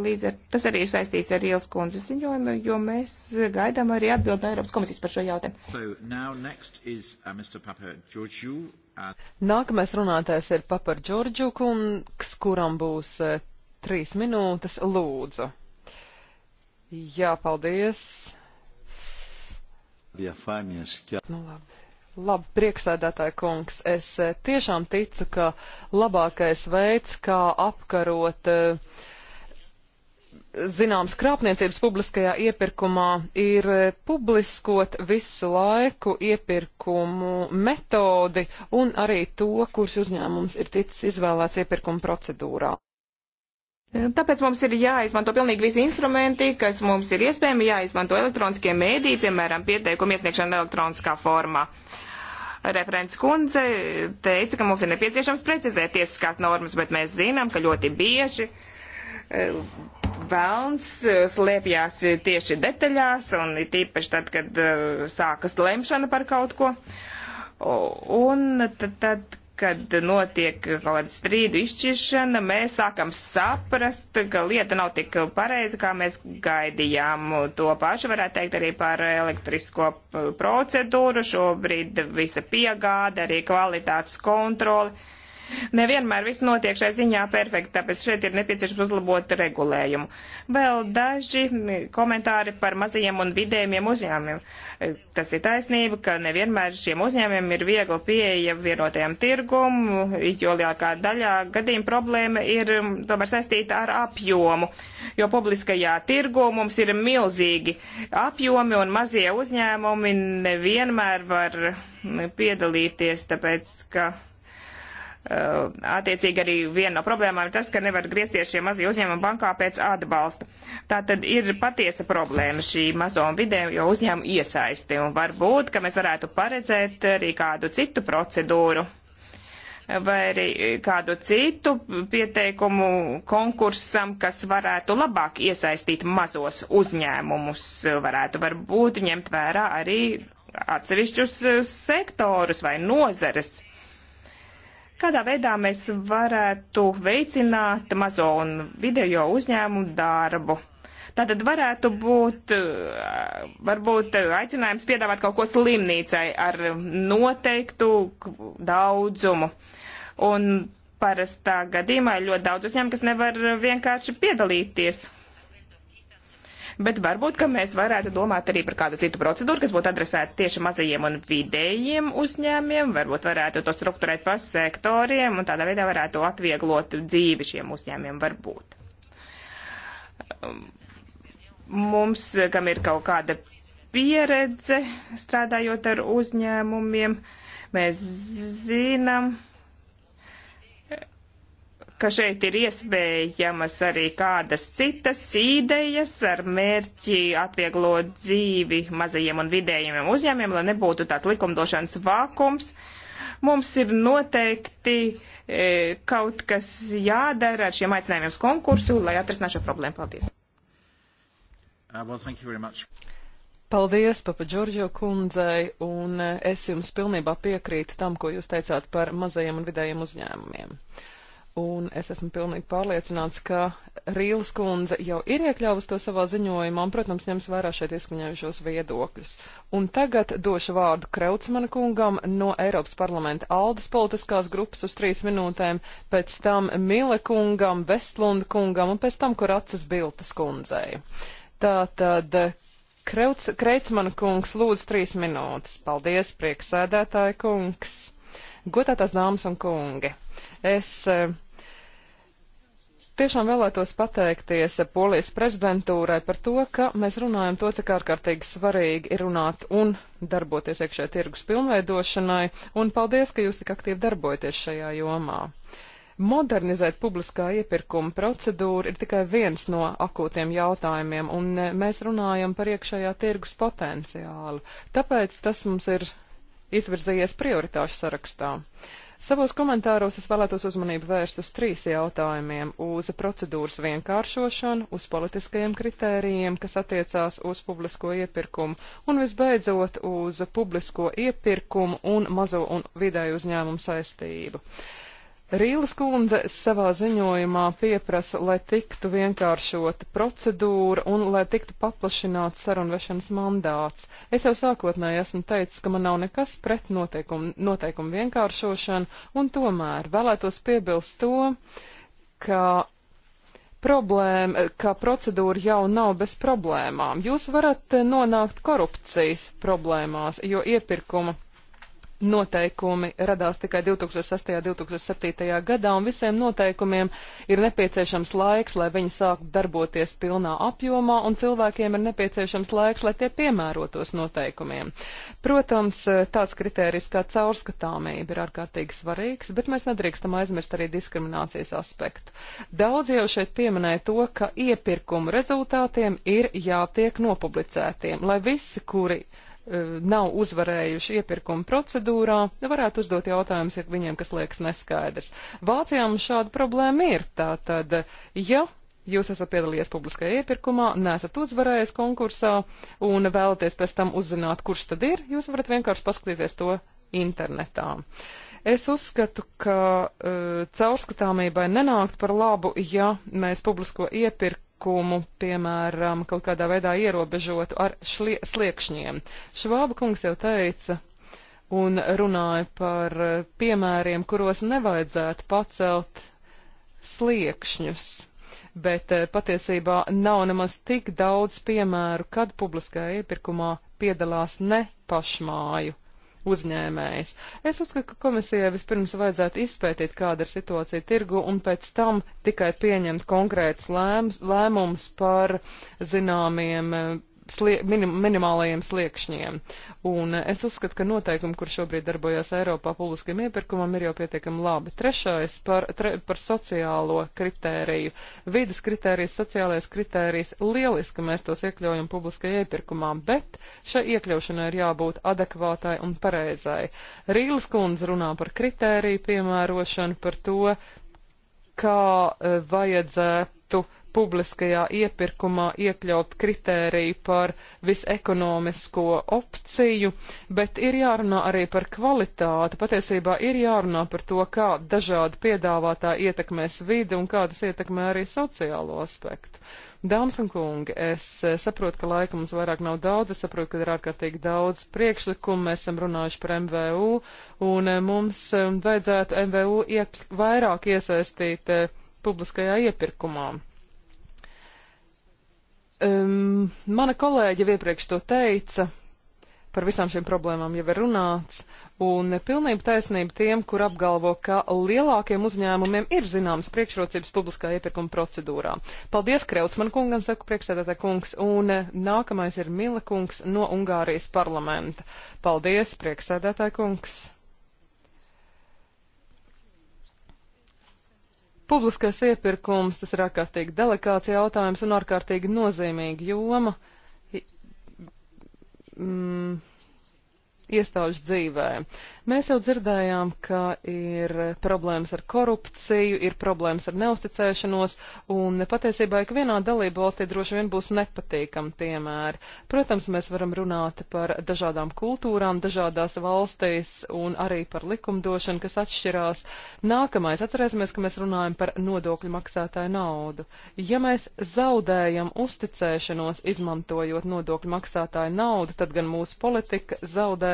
S2: līdz ar, tas arī ir saistīts ar Ielas kundzes ziņojumu,
S3: jo mēs gaidām arī atbildi no Eiropas komisijas par šo jautājumu.
S2: So, now, is, uh,
S3: Papa Giorgiu, and... Uh, Nākamais runātājs ir Papar Džordžu kungs, kuram būs uh, trīs minūtes lūdzu. Jā, paldies. Nu, labi. Labi, prieksēdētāji kungs, es uh, tiešām ticu, ka labākais veids, kā apkarot uh, zināms krāpniecības publiskajā iepirkumā ir publiskot visu laiku iepirkumu metodi un arī to, kurš uzņēmums ir ticis izvēlēts iepirkuma procedūrā.
S2: Tāpēc mums ir jāizmanto pilnīgi visi instrumenti, kas mums ir iespējami, jāizmanto elektroniskie mēdī, piemēram, pieteikumu iesniegšana elektroniskā formā. Referents kundze teica, ka mums ir nepieciešams precizēt tiesiskās normas, bet mēs zinām, ka ļoti bieži uh, Eh, velns eh, slēpjas tieši detaļās, un tīpaši tad, kad eh, sākas lemšana par kaut ko. Un tad, tad kad notiek kaut kāda strīdu izšķiršana, mēs sākam saprast, ka lieta nav tik pareiza, kā mēs gaidījām. To pašu varētu teikt arī par elektrisko procedūru. Šobrīd visa piegāde, arī kvalitātes kontroli Nevienmēr viss notiek šai ziņā perfekti, tāpēc šeit ir nepieciešams uzlabot regulējumu. Vēl daži komentāri par mazajiem un vidējiem uzņēmumiem. Tas ir taisnība, ka nevienmēr šiem uzņēmumiem ir viegla pieeja vienotajam tirgumu, jo lielākā daļā gadījuma problēma ir um, tomēr saistīta ar apjomu, jo publiskajā tirgu mums ir milzīgi apjomi un mazie uzņēmumi nevienmēr var piedalīties, tāpēc ka Eh, attiecīgi arī viena no problēmām ir tas, ka nevar griezties šie mazie uzņēmumi bankā pēc atbalsta. Tā tad ir patiesa problēma šī mazo un vidējo uzņēmumu iesaisti, un varbūt, ka mēs varētu paredzēt arī kādu citu procedūru vai arī kādu citu pieteikumu konkursam, kas varētu labāk iesaistīt mazos uzņēmumus, varētu varbūt ņemt vērā arī atsevišķus sektorus vai nozeres Kādā veidā mēs varētu veicināt mazo un video uzņēmumu darbu? Tātad varētu būt, eh, varbūt eh, aicinājums piedāvāt kaut ko slimnīcai ar noteiktu daudzumu. Un parastā gadījumā ir ļoti daudz uzņēmumu, kas nevar vienkārši piedalīties bet varbūt, ka mēs varētu domāt arī par kādu citu procedūru, kas būtu adresēta tieši mazajiem un vidējiem uzņēmiem, varbūt varētu to strukturēt pa sektoriem un tādā veidā varētu atvieglot dzīvi šiem uzņēmiem varbūt. Um, mums, kam ir kaut kāda pieredze strādājot ar uzņēmumiem, mēs zinām, ka šeit ir iespējamas arī kādas citas idejas ar mērķi atvieglot dzīvi mazajiem un vidējiem uzņēmiem, lai nebūtu tāds likumdošanas vakums. Mums ir noteikti e, kaut kas jādara
S3: ar šiem aicinājumiem uz konkursu, lai atrisinātu šo problēmu. Paldies!
S1: Uh, well, thank you very
S3: much. Paldies, Papa Džordžo kundzei, un es jums pilnībā piekrītu tam, ko jūs teicāt par mazajiem un vidējiem uzņēmumiem. Uh, un es esmu pilnīgi pārliecināts, ka Rīles kundze jau ir iekļāvusi to savā ziņojumā un, protams, ņems vērā šeit ieskaņojušos viedokļus. Un tagad došu vārdu Kreutzmana kungam no Eiropas parlamenta Aldas politiskās grupas uz trīs minūtēm, pēc tam Mile kungam, Vestlunda kungam un pēc tam Kuracas Biltas kundzei. Tātad Kreuc, Kreicmana kungs lūdzu trīs minūtes. Paldies, prieksēdētāja kungs. Godātās dāmas un kungi, es eh, Tiešām vēlētos pateikties Polijas prezidentūrai par to, ka mēs runājam to, cik ārkārtīgi svarīgi ir runāt un darboties iekšē tirgus pilnveidošanai, un paldies, ka jūs tik aktīvi darbojaties šajā jomā. Modernizēt publiskā iepirkuma procedūru ir tikai viens no akūtiem jautājumiem, un e, mēs runājam par iekšējā tirgus potenciālu. Tāpēc tas mums ir izvirzījies prioritāšu sarakstā. Uh, Savos komentāros es vēlētos uzmanību vērst uz trīs jautājumiem - uz procedūras vienkāršošanu, uz politiskajiem kritērijiem, kas attiecās uz publisko iepirkumu, un visbeidzot uz publisko iepirkumu un mazo un vidēju uzņēmumu saistību. Uh, Rīles kundze savā ziņojumā pieprasa, lai tiktu vienkāršota procedūra un lai tiktu paplašināts sarunvešanas mandāts. Es jau sākotnēji esmu teicis, ka man nav nekas pret noteikumu, noteikumu vienkāršošanu, un tomēr vēlētos piebilst to, ka problēma, ka procedūra jau nav bez problēmām. Jūs varat nonākt korupcijas problēmās, jo iepirkuma noteikumi radās tikai 2006. un 2007. gadā, un visiem noteikumiem ir nepieciešams laiks, lai viņi sāktu darboties pilnā apjomā, un cilvēkiem ir nepieciešams laiks, lai tie piemērotos noteikumiem. Protams, tāds kriterijs kā caurskatāmība ir ārkārtīgi svarīgs, bet mēs nedrīkstam aizmirst arī diskriminācijas aspektu. Daudz jau šeit pieminēja to, ka iepirkumu rezultātiem ir jātiek nopublicētiem, lai visi, kuri nav uzvarējuši iepirkuma procedūrā, varētu uzdot jautājumus ja viņiem, kas liekas neskaidrs. Vācijā mums šāda problēma ir. Tātad, ja jūs esat piedalījies publiskajā iepirkumā, nesat uzvarējis konkursā un vēlaties pēc tam uzzināt, kurš tad ir, jūs varat vienkārši paskatīties to internetā. Es uzskatu, ka uh, caurskatāmībai nenākt par labu, ja mēs publisko iepirkumu pasākumu, piemēram, kaut kādā veidā ierobežotu ar šlie, sliekšņiem. Švāba kungs jau teica un runāja par piemēriem, kuros nevajadzētu pacelt sliekšņus bet eh, patiesībā nav nemaz tik daudz piemēru, kad publiskajā iepirkumā piedalās ne pašmāju uzņēmējs. Es uzskatu, ka komisijai vispirms vajadzētu izpētīt, kāda ir situācija tirgu, un pēc tam tikai pieņemt konkrētus lēmumus par zināmiem slie, minim, minimālajiem sliekšņiem. Un es uzskatu, ka noteikumi, kur šobrīd darbojas Eiropā publiskiem iepirkumam, ir jau pietiekami labi. Trešais par, tre, par sociālo kritēriju. Vides kritērijas, sociālais kritērijas, lieliski mēs tos iekļaujam publiskajā iepirkumā, bet šai iekļaušanai ir jābūt adekvātai un pareizai. Rīles kundze runā par kritēriju piemērošanu, par to, kā e, vajadzētu uh, publiskajā iepirkumā iekļaut kritēriju par visekonomisko opciju, bet ir jārunā arī par kvalitāti. Patiesībā ir jārunā par to, kā dažādi piedāvātā ietekmēs vidi un kā tas ietekmē arī sociālo aspektu. Dāmas un kungi, es eh, saprotu, ka laika mums vairāk nav daudz, es saprotu, ka ir ārkārtīgi daudz priekšlikumu, mēs esam runājuši par MVU, un eh, mums eh, vajadzētu MVU iek vairāk iesaistīt publiskajā iepirkumā. Um, mana kolēģe jau iepriekš to teica, par visām šīm problēmām jau ir runāts, un pilnība taisnība tiem, kur apgalvo, ka lielākiem uzņēmumiem ir zināmas priekšrocības publiskā iepirkuma procedūrā. Paldies, Kreuts, man kungam saku priekšsēdētā kungs, un nākamais ir Mila kungs no Ungārijas parlamenta. Paldies, priekšsēdētā kungs! Publiskais iepirkums, tas ir ārkārtīgi delikāts jautājums un ārkārtīgi nozīmīga joma mm, iestāžu dzīvē. Mēs jau dzirdējām, ka ir problēmas ar korupciju, ir problēmas ar neusticēšanos, un patiesībā ikvienā dalību valstī droši vien būs nepatīkami piemēri. Protams, mēs varam runāt par dažādām kultūrām dažādās valstīs un arī par likumdošanu, kas atšķirās. Nākamais, atcerēsimies, ka mēs runājam par nodokļu maksātāju naudu. Ja mēs zaudējam uzticēšanos, izmantojot nodokļu maksātāju naudu, tad gan mūsu politika zaudē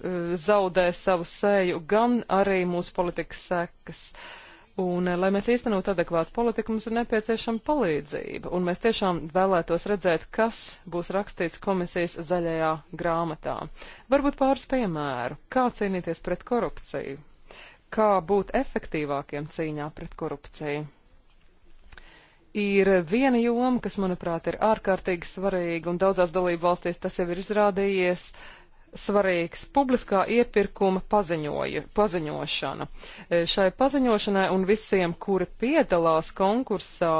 S3: Eh, zaudē savu sēju, gan arī mūsu politikas sekas. Un, eh, lai mēs īstenot adekvātu politiku, mums ir nepieciešama palīdzība, un mēs tiešām vēlētos redzēt, kas būs rakstīts komisijas zaļajā grāmatā. Varbūt pāris piemēru. Kā cīnīties pret korupciju? Kā būt efektīvākiem cīņā pret korupciju? ir viena joma, kas, manuprāt, ir ārkārtīgi svarīga, un daudzās dalību valstīs tas jau ir izrādījies svarīgs publiskā iepirkuma paziņoju, paziņošana. E, šai paziņošanai un visiem, kuri piedalās konkursā,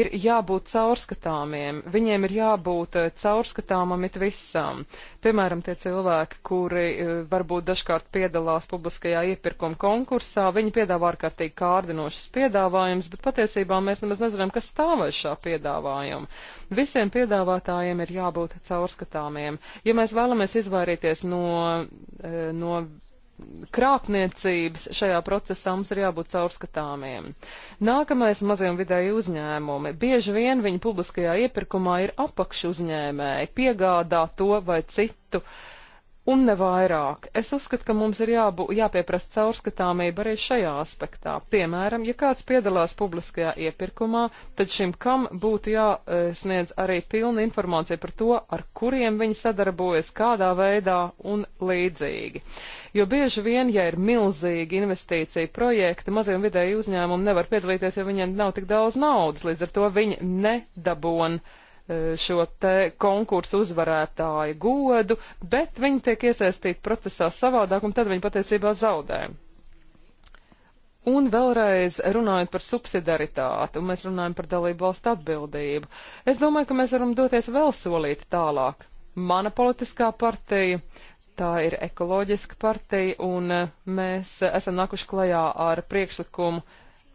S3: ir jābūt caurskatāmiem, viņiem ir jābūt eh, caurskatāmam it visam. Piemēram, tie cilvēki, kuri eh, varbūt dažkārt piedalās publiskajā iepirkuma konkursā, viņi piedāvā ārkārtīgi kārdinošas piedāvājumus, bet patiesībā mēs nemaz nezinām, kas stāv aiz šā piedāvājuma. Visiem piedāvātājiem ir jābūt caurskatāmiem. Ja mēs vēlamies izvairīties no, eh, no krāpniecības šajā procesā mums ir jābūt caurskatāmiem. Nākamais mazie un vidēji uzņēmumi. Bieži vien viņi publiskajā iepirkumā ir apakšu uzņēmēji, piegādā to vai citu uh, un nevairāk. Es uzskatu, ka mums ir jābū, jāpieprasa caurskatāmība arī šajā aspektā. Piemēram, ja kāds piedalās publiskajā iepirkumā, tad šim kam būtu jāsniedz arī pilna informācija par to, ar kuriem viņi sadarbojas, kādā veidā un līdzīgi. Jo bieži vien, ja ir milzīgi investīcija projekti, mazie un vidēji uzņēmumi nevar piedalīties, jo viņiem nav tik daudz naudas, līdz ar to viņi nedabon šo te konkursu uzvarētāju godu, bet viņi tiek iesaistīti procesā savādāk, un tad viņi patiesībā zaudē. Un vēlreiz runājot par subsidaritāti, un mēs runājam par dalību valstu atbildību. Es domāju, ka mēs varam doties vēl solīti tālāk. Mana politiskā partija, tā ir ekoloģiska partija, un mēs esam nākuši klajā ar priekšlikumu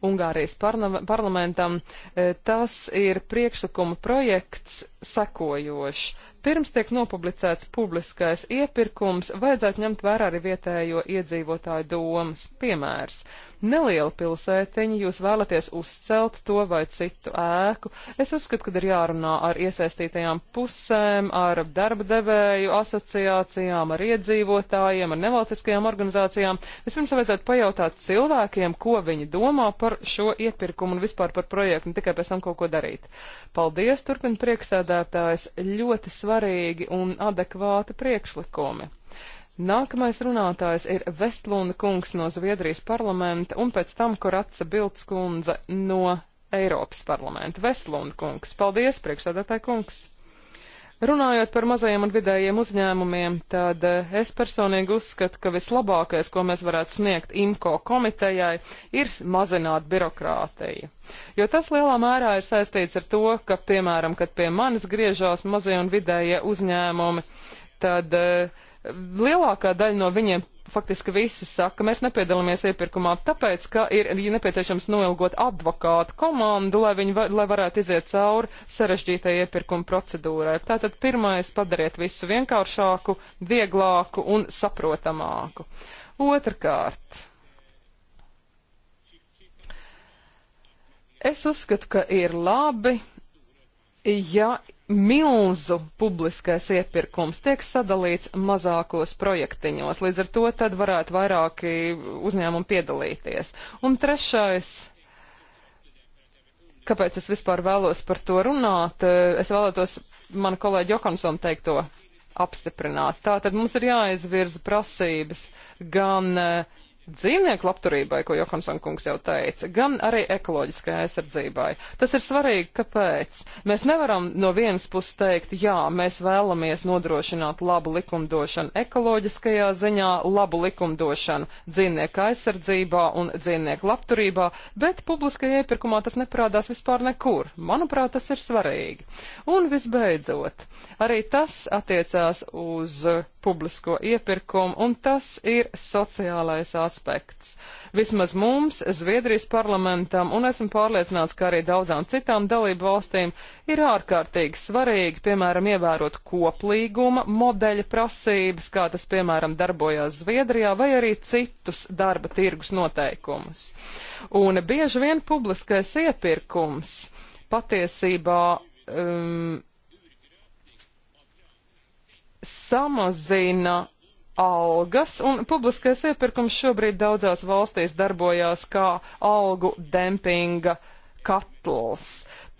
S3: Ungārijas parla parlamentam, e, tas ir priekšlikuma projekts sekojošs. Pirms tiek nopublicēts publiskais iepirkums, vajadzētu ņemt vērā arī vietējo iedzīvotāju domas. Piemērs nelielu pilsētiņu, jūs vēlaties uzcelt to vai citu ēku. Es uzskatu, ka ir jārunā ar iesaistītajām pusēm, ar darba devēju asociācijām, ar iedzīvotājiem, ar nevalstiskajām organizācijām. Vispirms vajadzētu pajautāt cilvēkiem, ko viņi domā par šo iepirkumu un vispār par projektu, un tikai pēc tam kaut ko darīt. Paldies, turpina priekšsēdētājs, ļoti svarīgi un adekvāti priekšlikumi. Nākamais runātājs ir Vestlunda kungs no Zviedrijas parlamenta un pēc tam Koratsa Bilds kundze no Eiropas parlamenta. Vestlunda kungs, paldies, priekšsēdētāji kungs! Runājot par mazajiem un vidējiem uzņēmumiem, tad eh, es personīgi uzskatu, ka vislabākais, ko mēs varētu sniegt IMCO komitejai, ir mazināt birokrātiju. Jo tas lielā mērā ir saistīts ar to, ka, piemēram, kad pie manis griežās mazie un vidējie uzņēmumi, tad uh, lielākā daļa no viņiem faktiski visi saka, mēs nepiedalāmies iepirkumā, tāpēc, ka ir nepieciešams noilgot advokātu komandu, lai viņi var, lai varētu iziet cauri sarežģītai iepirkuma procedūrai. Tātad pirmais padariet visu vienkāršāku, vieglāku un saprotamāku. Otrkārt. Es uzskatu, ka ir labi, ja milzu publiskais iepirkums tiek sadalīts mazākos projektiņos, līdz ar to tad varētu vairāki uzņēmumi piedalīties. Un trešais, kāpēc es vispār vēlos par to runāt, es vēlētos mana kolēģa Johansona teikto apstiprināt. Tātad mums ir jāizvirza prasības gan uh, dzīvnieku labturībai, ko Johansson kungs jau teica, gan arī ekoloģiskai aizsardzībai. Tas ir svarīgi, kāpēc. Mēs nevaram no vienas puses teikt, jā, mēs vēlamies nodrošināt labu likumdošanu ekoloģiskajā ziņā, labu likumdošanu dzīvnieku aizsardzībā un dzīvnieku labturībā, bet publiskajā iepirkumā tas neparādās vispār nekur. Manuprāt, tas ir svarīgi. Un visbeidzot, arī tas attiecās uz publisko iepirkumu, un tas ir sociālais aspekts. Vismaz mums, Zviedrijas parlamentam, un esmu pārliecināts, ka arī daudzām citām dalību valstīm ir ārkārtīgi svarīgi, piemēram, ievērot koplīguma modeļa prasības, kā tas, piemēram, darbojās Zviedrijā, vai arī citus darba tirgus noteikumus. Un bieži vien publiskais iepirkums patiesībā um, samazina algas, un publiskais iepirkums šobrīd daudzās valstīs darbojās kā algu dempinga katls.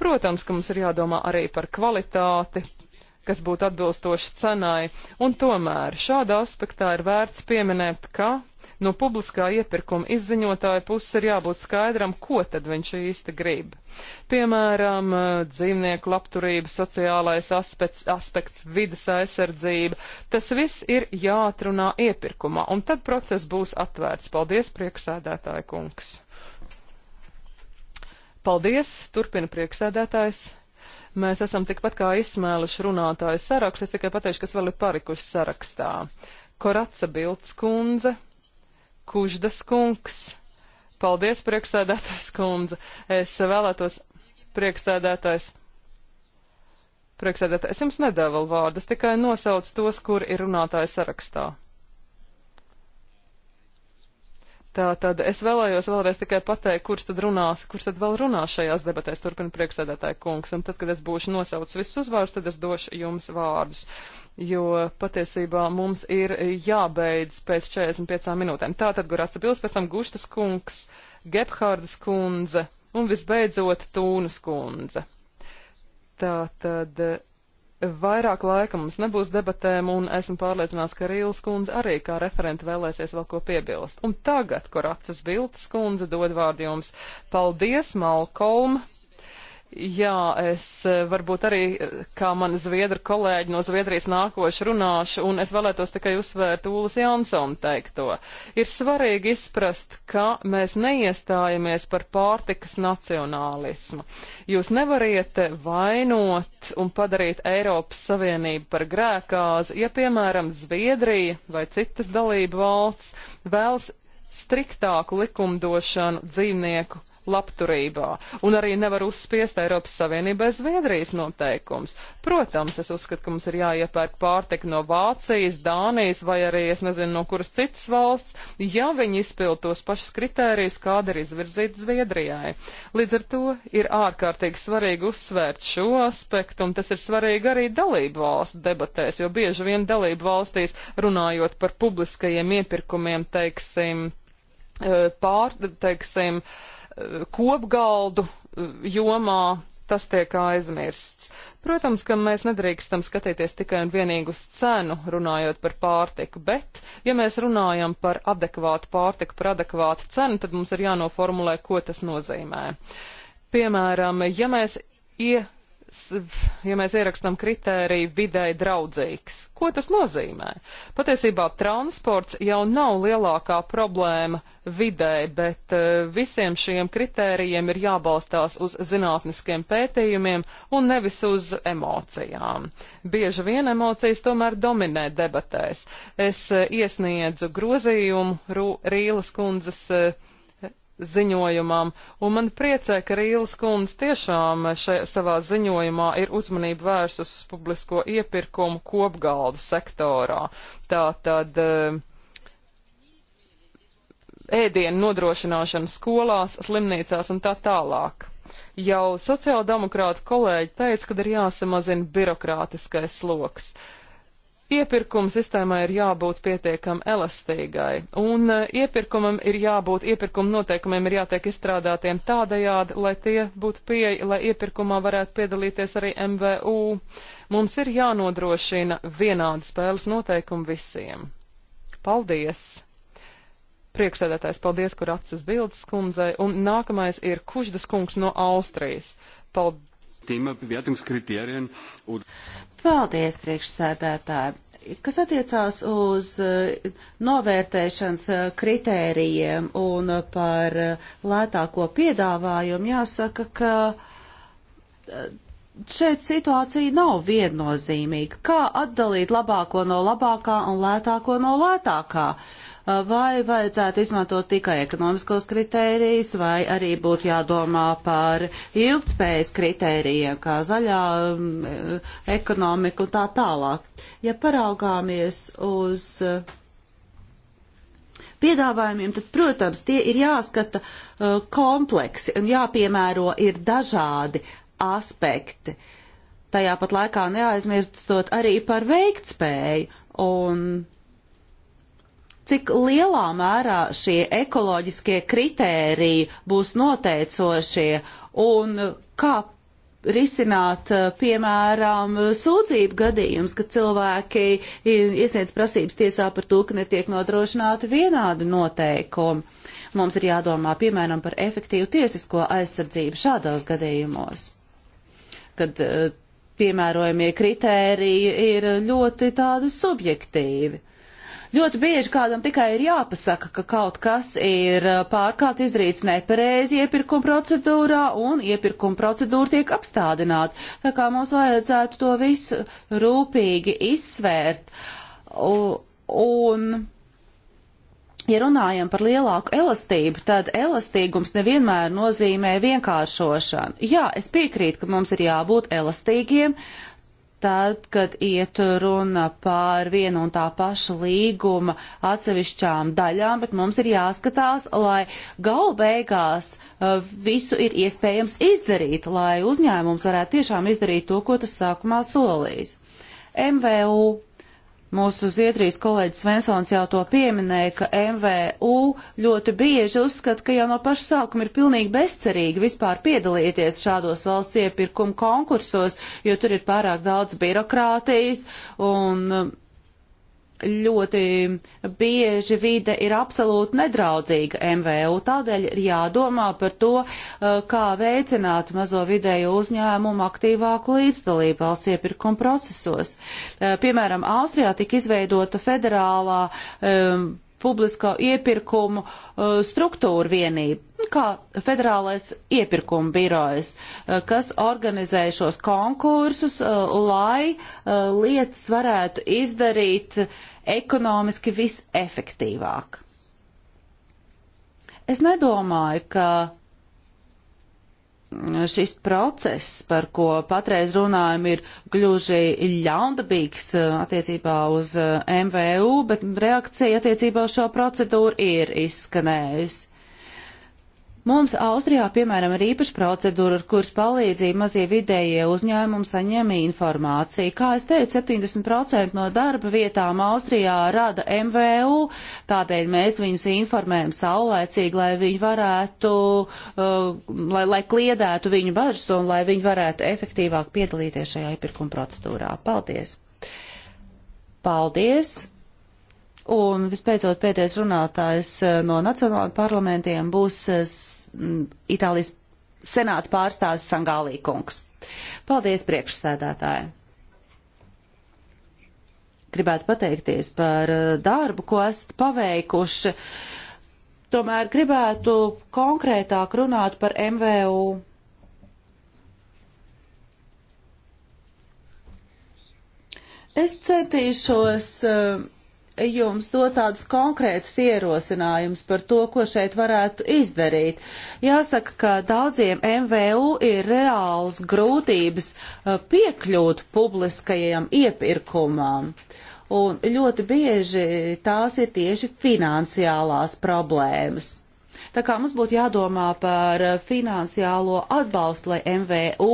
S3: Protams, ka mums ir jādomā arī par kvalitāti, kas būtu atbilstoši cenai, un tomēr šādā aspektā ir vērts pieminēt, ka No publiskā iepirkuma izziņotāja puses ir jābūt skaidram, ko tad viņš īsti grib. Piemēram, eh, dzīvnieku labturība, sociālais aspekts, aspekts vidas aizsardzība. Tas viss ir jāatrunā iepirkumā, un tad process būs atvērts. Paldies, priekšsēdētāja kungs! Paldies, turpina priekšsēdētājs. Mēs esam tikpat kā izsmēluši runātāju sarakstu, es tikai pateikšu, kas vēl ir parikuši sarakstā. Koraca Bilds kundze, Kuždas kungs. Paldies, priekšsēdētājs kundze. Es vēlētos priekšsēdētājs. Priekšsēdētājs, es jums nedēvu vēl vārdus, tikai nosauc tos, kur ir runātāji sarakstā. Tā tad es vēlējos vēlreiz tikai pateikt, kurš tad runās, kurš tad vēl runās šajās debatēs, turpina priekšsēdētāja kungs, un tad, kad es būšu nosaucis visus uzvārds, tad es došu jums vārdus jo patiesībā mums ir jābeidz pēc 45 minūtēm. Tātad Gurāca Pils, pēc tam Guštas kungs, Gebhārdas kundze un visbeidzot Tūnas kundze. Tātad eh, vairāk laika mums nebūs debatēm un esmu pārliecināts, ka Rīles kundze arī kā referenta vēlēsies vēl ko piebilst. Un tagad, Gurācas Biltas kundze dod vārdu jums. Paldies, Malkolm! Jā, es eh, varbūt arī, eh, kā mani zviedru kolēģi no Zviedrijas nākoši runāšu, un es vēlētos tikai uzsvērt Ūlas Jansona teikto. Ir svarīgi izprast, ka mēs neiestājamies par pārtikas nacionālismu. Jūs nevariet vainot un padarīt Eiropas Savienību par grēkāzi, ja, piemēram, Zviedrija vai citas dalību valsts vēlas striktāku likumdošanu dzīvnieku labturībā, un arī nevar uzspiest Eiropas Savienībai Zviedrijas noteikums. Protams, es uzskatu, ka mums ir jāiepērk pārtika no Vācijas, Dānijas vai arī, es nezinu, no kuras citas valsts, ja viņi izpild tos pašus kritērijus, kāda ir izvirzīta Zviedrijai. Līdz ar to ir ārkārtīgi svarīgi uzsvērt šo aspektu, un tas ir svarīgi arī dalību valstu debatēs, jo bieži vien dalību valstīs runājot par publiskajiem iepirkumiem, teiksim, Eh, pār, teiksim, eh, kopgaldu eh, jomā tas tiek aizmirsts. Protams, ka mēs nedrīkstam skatīties tikai un vienīgi uz cenu, runājot par pārtiku, bet, ja mēs runājam par adekvātu pārtiku, par adekvātu cenu, tad mums ir jānoformulē, ko tas nozīmē. Piemēram, ja mēs ie ja mēs ierakstam kritēriju videi draudzīgs. Ko tas nozīmē? Patiesībā transports jau nav lielākā problēma videi, bet eh, visiem šiem kritērijiem ir jābalstās uz zinātniskiem pētījumiem un nevis uz emocijām. Bieži vien emocijas tomēr dominē debatēs. Es eh, iesniedzu grozījumu Rīlas kundzes eh, ziņojumam, un man priecē, ka Rīles kundze tiešām šajā, savā ziņojumā ir uzmanību vērs uz publisko iepirkumu kopgaldu sektorā. Tātad eh, ēdienu nodrošināšana skolās, slimnīcās un tā tālāk. Jau sociāldemokrāta kolēģi teica, ka ir jāsamazina birokrātiskais sloks. Uh, Iepirkuma sistēmai ir jābūt pietiekam elastīgai, un eh, iepirkumam ir jābūt, iepirkuma noteikumiem ir jātiek izstrādātiem tādajādi, lai tie būtu pieeja, lai iepirkumā varētu piedalīties arī MVU. Mums ir jānodrošina vienādi spēles noteikumi visiem. Paldies! Priekšsēdētājs paldies, kur acis bildes kundzei, un nākamais ir Kuždas kungs no Austrijas. Paldies! Thema Bewertungskriterien oder
S4: Paldies, priekšsēdētāji! Kas attiecās uz eh, novērtēšanas eh, kritērijiem un eh, par lētāko piedāvājumu, jāsaka, ka šeit situācija nav viennozīmīga. Kā atdalīt labāko no labākā un lētāko no lētākā? Uh, Uh, vai vajadzētu izmantot tikai ekonomiskos kritērijus, vai arī būtu jādomā par ilgtspējas kritērijiem, kā zaļā um, e, ekonomika un tā tālāk. Ja paraugāmies uz uh, piedāvājumiem, tad, protams, tie ir jāskata uh, kompleksi un jāpiemēro ir dažādi aspekti. Tajā pat laikā neaizmirstot arī par veiktspēju un cik lielā mērā šie ekoloģiskie kritēriji būs noteicošie un kā risināt, eh, piemēram, sūdzību gadījums, kad cilvēki iesniedz prasības tiesā par to, ka netiek nodrošināti vienādi noteikumi. Mums ir jādomā, piemēram, par efektīvu tiesisko aizsardzību šādos gadījumos, kad eh, piemērojamie kritēriji ir ļoti tādi subjektīvi. Ļoti bieži kādam tikai ir jāpasaka, ka kaut kas ir pārkāpts, izdarīts nepareizi iepirkuma procedūrā, un iepirkuma procedūra tiek apstādināta. Tā kā mums vajadzētu to visu rūpīgi izsvērt. Un, ja runājam par lielāku elastību, tad elastīgums nevienmēr nozīmē vienkāršošanu. Jā, es piekrītu, ka mums ir jābūt elastīgiem, uh, tad, kad iet runa par vienu un tā pašu līguma atsevišķām daļām, bet mums ir jāskatās, lai galu beigās uh, visu ir iespējams izdarīt, lai uzņēmums varētu tiešām izdarīt to, ko tas sākumā solīs. MVU Mūsu Zviedrijas kolēģis Svensons jau to pieminēja, ka MVU ļoti bieži uzskata, ka jau no paša sākuma ir pilnīgi bezcerīgi vispār piedalīties šādos valsts iepirkuma konkursos, jo tur ir pārāk daudz birokrātijas un ļoti bieži vide ir absolūti nedraudzīga MVU. Tādēļ ir jādomā par to, uh, kā veicināt mazo vidēju uzņēmumu aktīvāku līdzdalību valsts iepirkuma procesos. Uh, piemēram, Austrijā tika izveidota federālā um, publisko iepirkumu uh, struktūru vienību, nu, kā federālais iepirkumu birojas, uh, kas organizē šos konkursus, uh, lai uh, lietas varētu izdarīt ekonomiski visefektīvāk. Es nedomāju, ka šis process, par ko patreiz runājam, ir gluži ļaundabīgs uh, attiecībā uz uh, MVU, bet reakcija attiecībā uz šo procedūru ir izskanējusi. Mums Austrijā, piemēram, ir īpaša procedūra, ar kuras palīdzību mazie vidējie uzņēmumi saņem informāciju. Kā es teicu, 70% no darba vietām Austrijā rada MVU, tādēļ mēs viņus informējam saulēcīgi, lai viņi varētu, uh, lai, lai kliedētu viņu bažas un lai viņi varētu efektīvāk piedalīties šajā iepirkuma procedūrā. Paldies! Paldies! Un vispēcot pēdējais runātājs eh, no nacionālajiem parlamentiem būs eh, Itālijas senāta pārstāvis Sangālī kungs. Paldies priekšsēdētāji! Gribētu pateikties par eh, darbu, ko esat paveikuši. Tomēr gribētu konkrētāk runāt par MVU. Es centīšos uh, jums dot tādus konkrētus ierosinājumus par to, ko šeit varētu izdarīt. Jāsaka, ka daudziem MVU ir reāls grūtības uh, piekļūt publiskajiem iepirkumam. Un ļoti bieži tās ir tieši finansiālās problēmas. Tā kā mums būtu jādomā par finansiālo atbalstu, lai MVU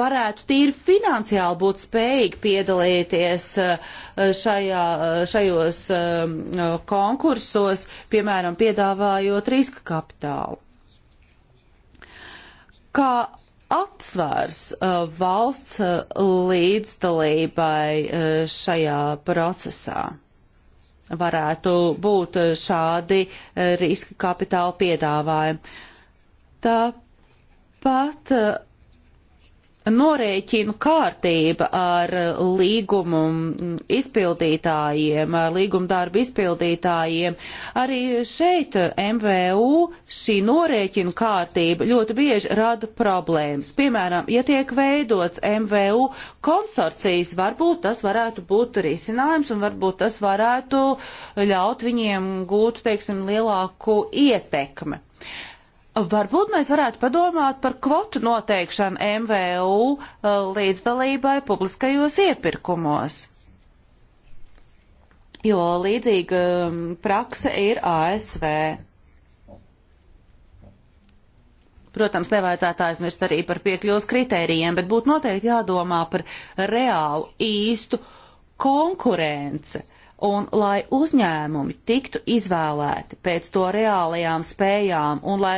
S4: varētu tīri finansiāli būt spējīgi piedalīties eh, šajā, eh, šajos eh, konkursos, piemēram, piedāvājot riska kapitālu. Kā atsvars valsts līdzdalībai šajā procesā? varētu būt šādi eh, riska kapitāla piedāvājumi. Tāpat eh, norēķinu kārtība ar līgumu izpildītājiem, ar līgumu darbu izpildītājiem. Arī šeit MVU šī norēķinu kārtība ļoti bieži rada problēmas. Piemēram, ja tiek veidots MVU konsorcijas, varbūt tas varētu būt risinājums un varbūt tas varētu ļaut viņiem gūt, teiksim, lielāku ietekmi. Varbūt mēs varētu padomāt par kvotu noteikšanu MVU uh, līdzdalībai publiskajos iepirkumos. Jo līdzīga um, prakse ir ASV. Protams, nevajadzētu aizmirst arī par piekļuvas kritērijiem, bet būtu noteikti jādomā par reālu, īstu konkurenci un lai uzņēmumi tiktu izvēlēti pēc to reālajām spējām, un lai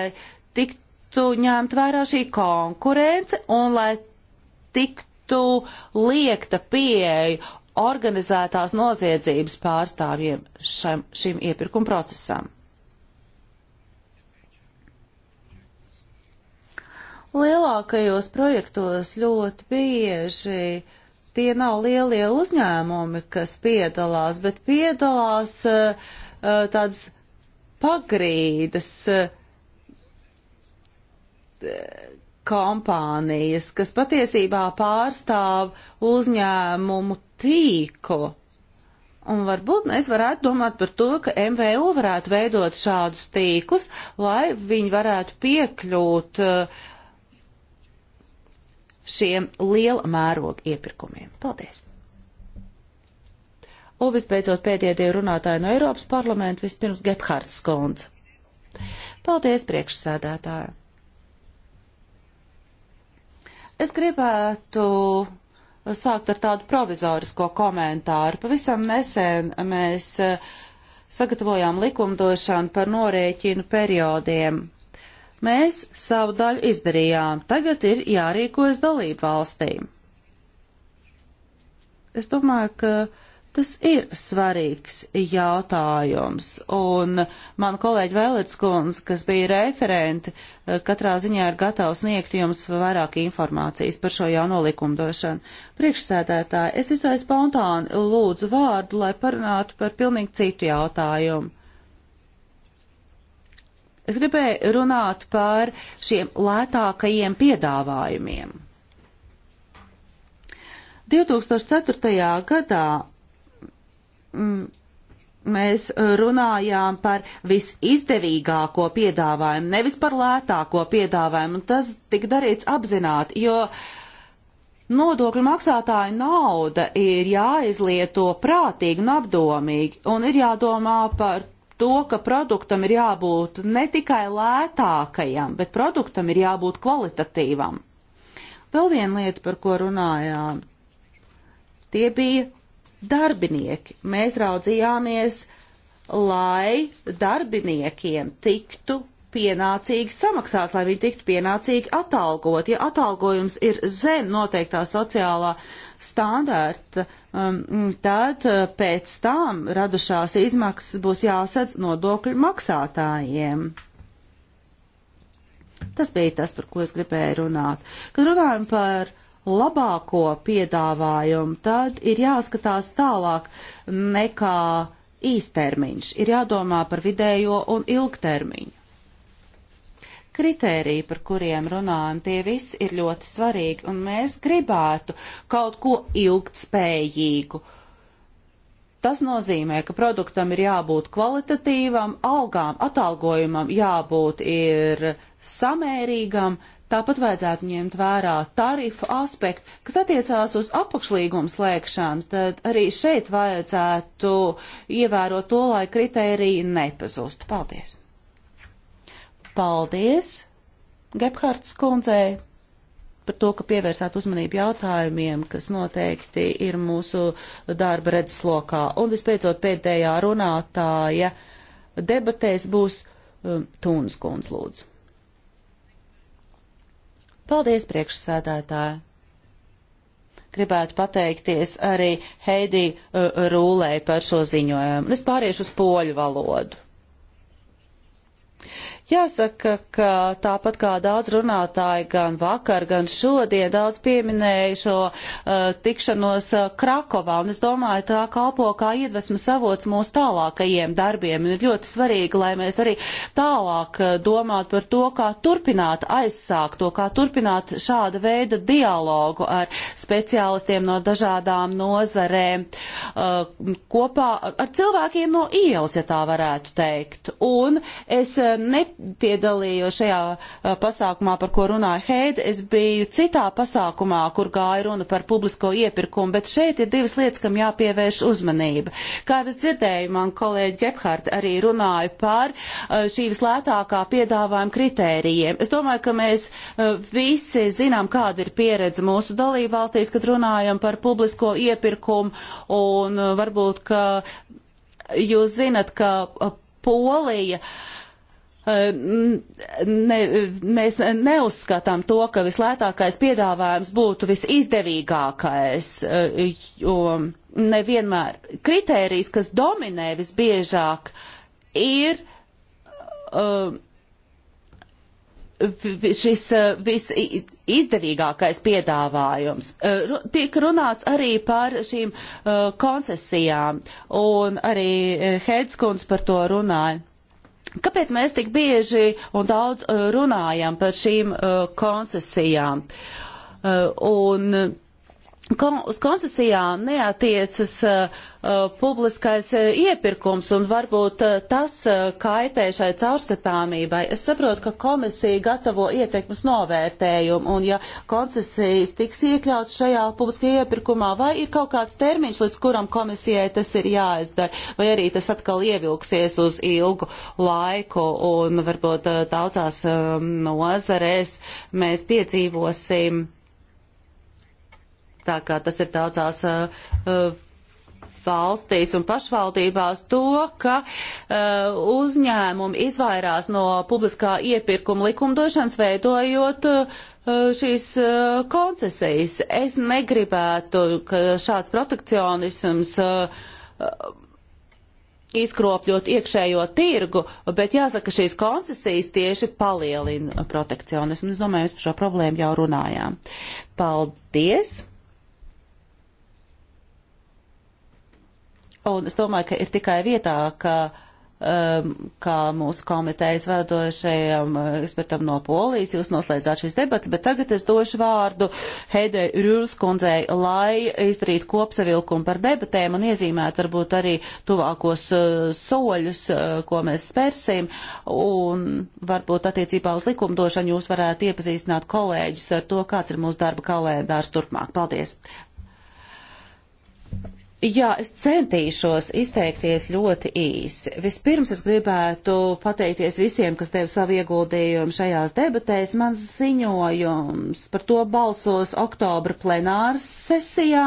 S4: tiktu ņemt vērā šī konkurence, un lai tiktu liekta pieeja organizētās noziedzības pārstāvjiem šam, šim iepirkuma procesam. Lielākajos projektos ļoti bieži uh, tie nav lielie uzņēmumi, kas piedalās, bet piedalās uh, tādas pagrīdas uh, eh, kompānijas, kas patiesībā pārstāv uzņēmumu tīku. Un varbūt mēs varētu domāt par to, ka MVU varētu veidot šādus tīklus, lai viņi varētu piekļūt uh, šiem liela mēroga iepirkumiem. Paldies! Un visbeidzot pēdējie divi runātāji no Eiropas parlamenta, vispirms Gebhards Konds. Paldies, priekšsēdētāji! Es gribētu sākt ar tādu provizorisko komentāru. Pavisam nesen mēs eh, sagatavojām likumdošanu par norēķinu periodiem Mēs savu daļu izdarījām, tagad ir jārīkojas dalību valstīm. Es domāju, ka tas ir svarīgs jautājums, un man kolēģi Vēlēts kundze, kas bija referenti, katrā ziņā ir gatavs sniegt jums vairāk informācijas par šo jauno likumdošanu. Priekšsēdētāji, es visai spontāni lūdzu vārdu, lai parunātu par pilnīgi citu jautājumu Es gribēju runāt par šiem lētākajiem piedāvājumiem. 2004. gadā mm, mēs runājām par visizdevīgāko piedāvājumu, nevis par lētāko piedāvājumu, un tas tika darīts apzināti, jo nodokļu maksātāju nauda ir jāizlieto prātīgi un apdomīgi, un ir jādomā par to, ka produktam ir jābūt ne tikai lētākajam, bet produktam ir jābūt kvalitatīvam. Vēl viena lieta, par ko runājām, tie bija darbinieki. Mēs raudzījāmies, lai darbiniekiem tiktu pienācīgi samaksāts, lai viņi tiktu pienācīgi atalgot. Ja atalgojums ir zem noteiktā sociālā standārta, um, tad uh, pēc tam radušās izmaksas būs jāsadz nodokļu maksātājiem. Tas bija tas, par ko es gribēju runāt. Kad runājam par labāko piedāvājumu, tad ir jāskatās tālāk nekā īstermiņš. Ir jādomā par vidējo un ilgtermiņu. Kritēriji, par kuriem runājam, tie visi ir ļoti svarīgi, un mēs gribētu kaut ko ilgtspējīgu. Tas nozīmē, ka produktam ir jābūt kvalitatīvam, algām, atalgojumam jābūt ir samērīgam, Tāpat vajadzētu ņemt vērā tarifu aspektu, kas attiecās uz apakšlīgumu slēgšanu, tad arī šeit vajadzētu ievērot to, lai kritēriji nepazustu. Paldies! Paldies Gebhards kundzei par to, ka pievērsāt uzmanību jautājumiem, kas noteikti ir mūsu darba redzeslokā. Un vispēcot pēdējā runātāja debatēs būs um, Tūnas kundz lūdzu. Paldies, priekšsēdētāji! Gribētu pateikties arī Heidi uh, Rūlē par šo ziņojumu. Es pāriešu uz poļu valodu. Jāsaka, ka tāpat kā daudz runātāji gan vakar, gan šodien daudz pieminēja šo uh, tikšanos uh, Krakovā, un es domāju, tā kalpo kā iedvesmas avots mūsu tālākajiem darbiem. Un ir ļoti svarīgi, lai mēs arī tālāk uh, domātu par to, kā turpināt aizsākt to, kā turpināt šāda veida dialogu ar speciālistiem no dažādām nozarēm, uh, kopā ar cilvēkiem no ielas, ja tā varētu teikt. Un es uh, ne nepiedalījos šajā pasākumā, par ko runāja Heida. Es biju citā pasākumā, kur gāja runa par publisko iepirkumu, bet šeit ir divas lietas, kam jāpievērš uzmanība. Kā es dzirdēju, man kolēģi Gebhardt arī runāja par šī vislētākā piedāvājuma kritērijiem. Es domāju, ka mēs visi zinām, kāda ir pieredze mūsu dalībvalstīs, kad runājam par publisko iepirkumu, un varbūt, ka jūs zinat, ka Polija uh, ne, mēs neuzskatām to, ka vislētākais piedāvājums būtu visizdevīgākais, jo nevienmēr kritērijs, kas dominē visbiežāk, ir um, šis uh, visizdevīgākais piedāvājums. Uh, tiek runāts arī par šīm koncesijām, un arī Hedskunds par to runāja. Kāpēc mēs tik bieži un daudz uh, runājam par šīm uh, koncesijām? Uh, un Kon uz koncesijām neatiecas uh, uh, publiskais uh, iepirkums un varbūt uh, tas uh, kaitē šai caurskatāmībai. Es saprotu, ka komisija gatavo ietekmes novērtējumu un ja koncesijas tiks iekļauts šajā publiskajā iepirkumā, vai ir kaut kāds termiņš, līdz kuram komisijai tas ir jāizdara, vai arī tas atkal ievilksies uz ilgu laiku un varbūt uh, daudzās um, nozarēs mēs piedzīvosim tā kā tas ir daudzās valstīs un pašvaldībās to, ka uh, uzņēmumi izvairās no publiskā iepirkuma likumdošanas veidojot uh, šīs uh, koncesijas. Es negribētu, ka šāds protekcionisms uh, uh, izkropļot iekšējo tirgu, bet jāsaka, šīs koncesijas tieši palielina protekcionismu. Es domāju, mēs par šo problēmu jau runājām. Paldies! un es domāju, ka ir tikai vietā, ka um, kā mūsu komitejas vadošajam uh, ekspertam no Polijas, jūs noslēdzāt šīs debats, bet tagad es došu vārdu Heidei Rūrskundzei, lai izdarītu kopsavilkumu par debatēm un iezīmētu varbūt arī tuvākos uh, soļus, uh, ko mēs spērsim, un varbūt attiecībā uz likumdošanu jūs varētu iepazīstināt kolēģis ar to, kāds ir mūsu darba kalendārs turpmāk. Paldies! Jā, es centīšos izteikties ļoti īsi. Vispirms es gribētu pateikties visiem, kas deva savu ieguldījumu šajās debatēs. Mans ziņojums par to balsos oktobra plenāras sesijā.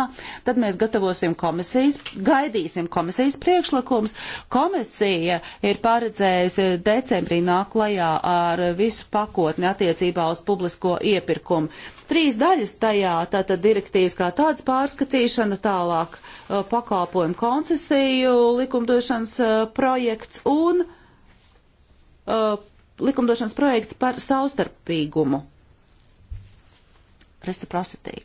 S4: Tad mēs gatavosim komisijas, gaidīsim komisijas priekšlikums. Komisija ir paredzējusi decembrī nāk klajā ar visu pakotni attiecībā uz publisko iepirkumu. Trīs daļas tajā, tātad direktīvas kā tāds pārskatīšana tālāk pakalpojumu koncesiju likumdošanas eh, projekts un eh, likumdošanas projekts par savstarpīgumu. Reciprocity.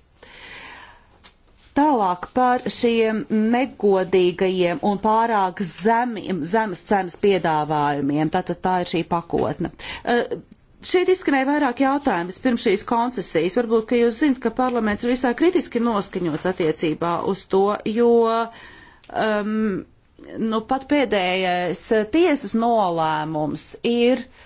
S4: Tālāk par šiem negodīgajiem un pārāk zemiem, zemes cenas piedāvājumiem. Tātad tā ir šī pakotne. Eh, Šeit izskanēja vairāk jautājumus pirms šīs koncesijas. Varbūt, ka jūs zinat, ka parlaments ir visai kritiski noskaņots attiecībā uz to, jo um, nu, pat pēdējais tiesas nolēmums ir uh,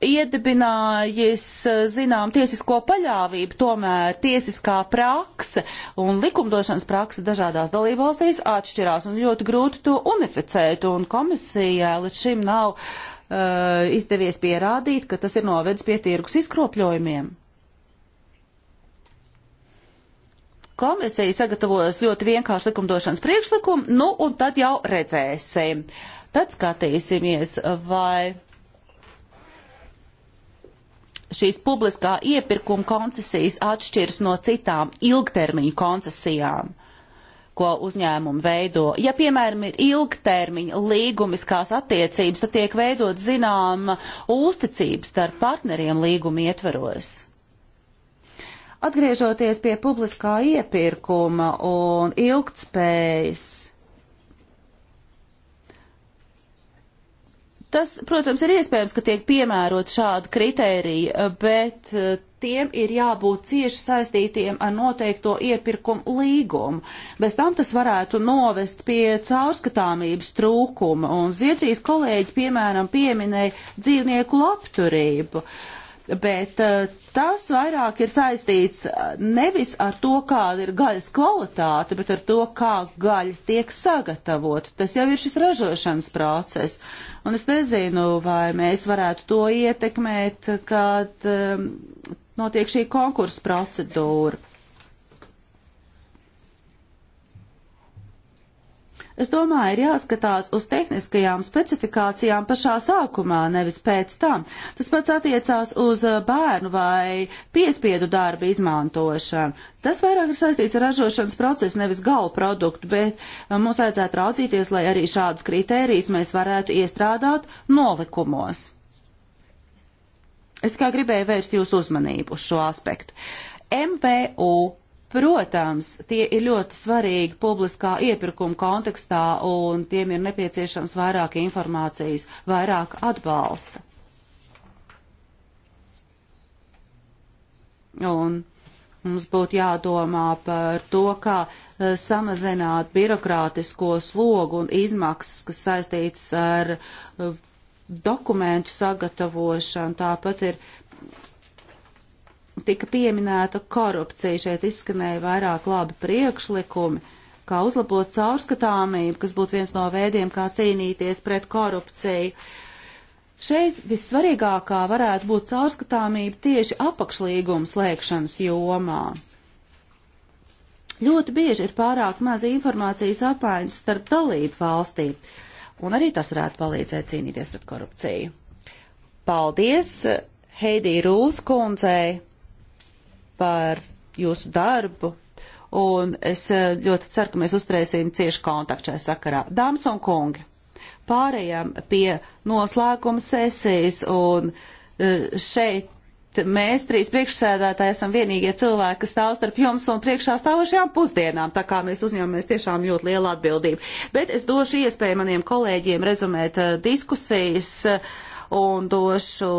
S4: iedibinājis eh, zinām tiesisko paļāvību, tomēr tiesiskā prakse un likumdošanas prakse dažādās dalībvalstīs atšķirās un ļoti grūti to unificēt, un komisijā līdz šim nav uh, izdevies pierādīt, ka tas ir novedis pie tirgus izkropļojumiem. Komisija sagatavojas ļoti vienkāršu likumdošanas priekšlikumu, nu un tad jau redzēsim. Tad skatīsimies, vai šīs publiskā iepirkuma koncesijas atšķiras no citām ilgtermiņa koncesijām ko uzņēmumi veido. Ja, piemēram, ir ilgtermiņa līgumiskās attiecības, tad tiek veidot zināma uzticības starp partneriem līguma ietveros. Atgriežoties pie publiskā iepirkuma un ilgtspējas Tas, protams, ir iespējams, ka tiek piemērot šādu kritēriju, bet eh, tiem ir jābūt cieši saistītiem ar noteikto iepirkumu līgumu. Bez tam tas varētu novest pie caurskatāmības trūkuma, un Zviedrijas kolēģi, piemēram, pieminēja dzīvnieku labturību. Uh, bet eh, tas vairāk ir saistīts eh, nevis ar to, kāda ir gaļas kvalitāte, bet ar to, kā gaļa tiek sagatavot. Tas jau ir šis ražošanas process. Un es nezinu, vai mēs varētu to ietekmēt, kad um, notiek šī konkursa procedūra. Es domāju, ir jāskatās uz tehniskajām specifikācijām pašā sākumā, nevis pēc tam. Tas pats attiecās uz eh, bērnu vai piespiedu darbu izmantošanu. Tas vairāk ir saistīts ar ražošanas procesu, nevis galu produktu, bet eh, mums vajadzētu raudzīties, lai arī šādus kritērijus mēs varētu iestrādāt nolikumos. Es tikai gribēju vērst jūsu uzmanību uz šo aspektu. MVU Protams, tie ir ļoti svarīgi publiskā iepirkuma kontekstā un tiem ir nepieciešams vairāk informācijas, vairāk atbalsta. Un mums būtu jādomā par to, kā eh, samazināt birokrātisko slogu un izmaksas, kas saistītas ar eh, dokumentu sagatavošanu. Tāpat ir tika pieminēta korupcija. Šeit izskanēja vairāk labi priekšlikumi, kā uzlabot caurskatāmību, kas būtu viens no veidiem, kā cīnīties pret korupciju. Šeit vissvarīgākā varētu būt caurskatāmība tieši apakšlīguma slēgšanas jomā. Ļoti bieži ir pārāk maz informācijas apmaiņas starp dalību valstīm, un arī tas varētu palīdzēt cīnīties pret korupciju. Paldies Heidī Rūls kundzei! par jūsu darbu. Un es eh, ļoti ceru, ka mēs uzturēsim cieši kontaktu šajā sakarā. Dāmas un kungi, pārējām pie noslēguma sesijas, un eh, šeit mēs trīs priekšsēdētāji esam vienīgie cilvēki, kas stāv starp jums un priekšā stāvošajām pusdienām, tā kā mēs uzņemamies tiešām ļoti lielu atbildību. Bet es došu iespēju maniem kolēģiem rezumēt uh, diskusijas un došu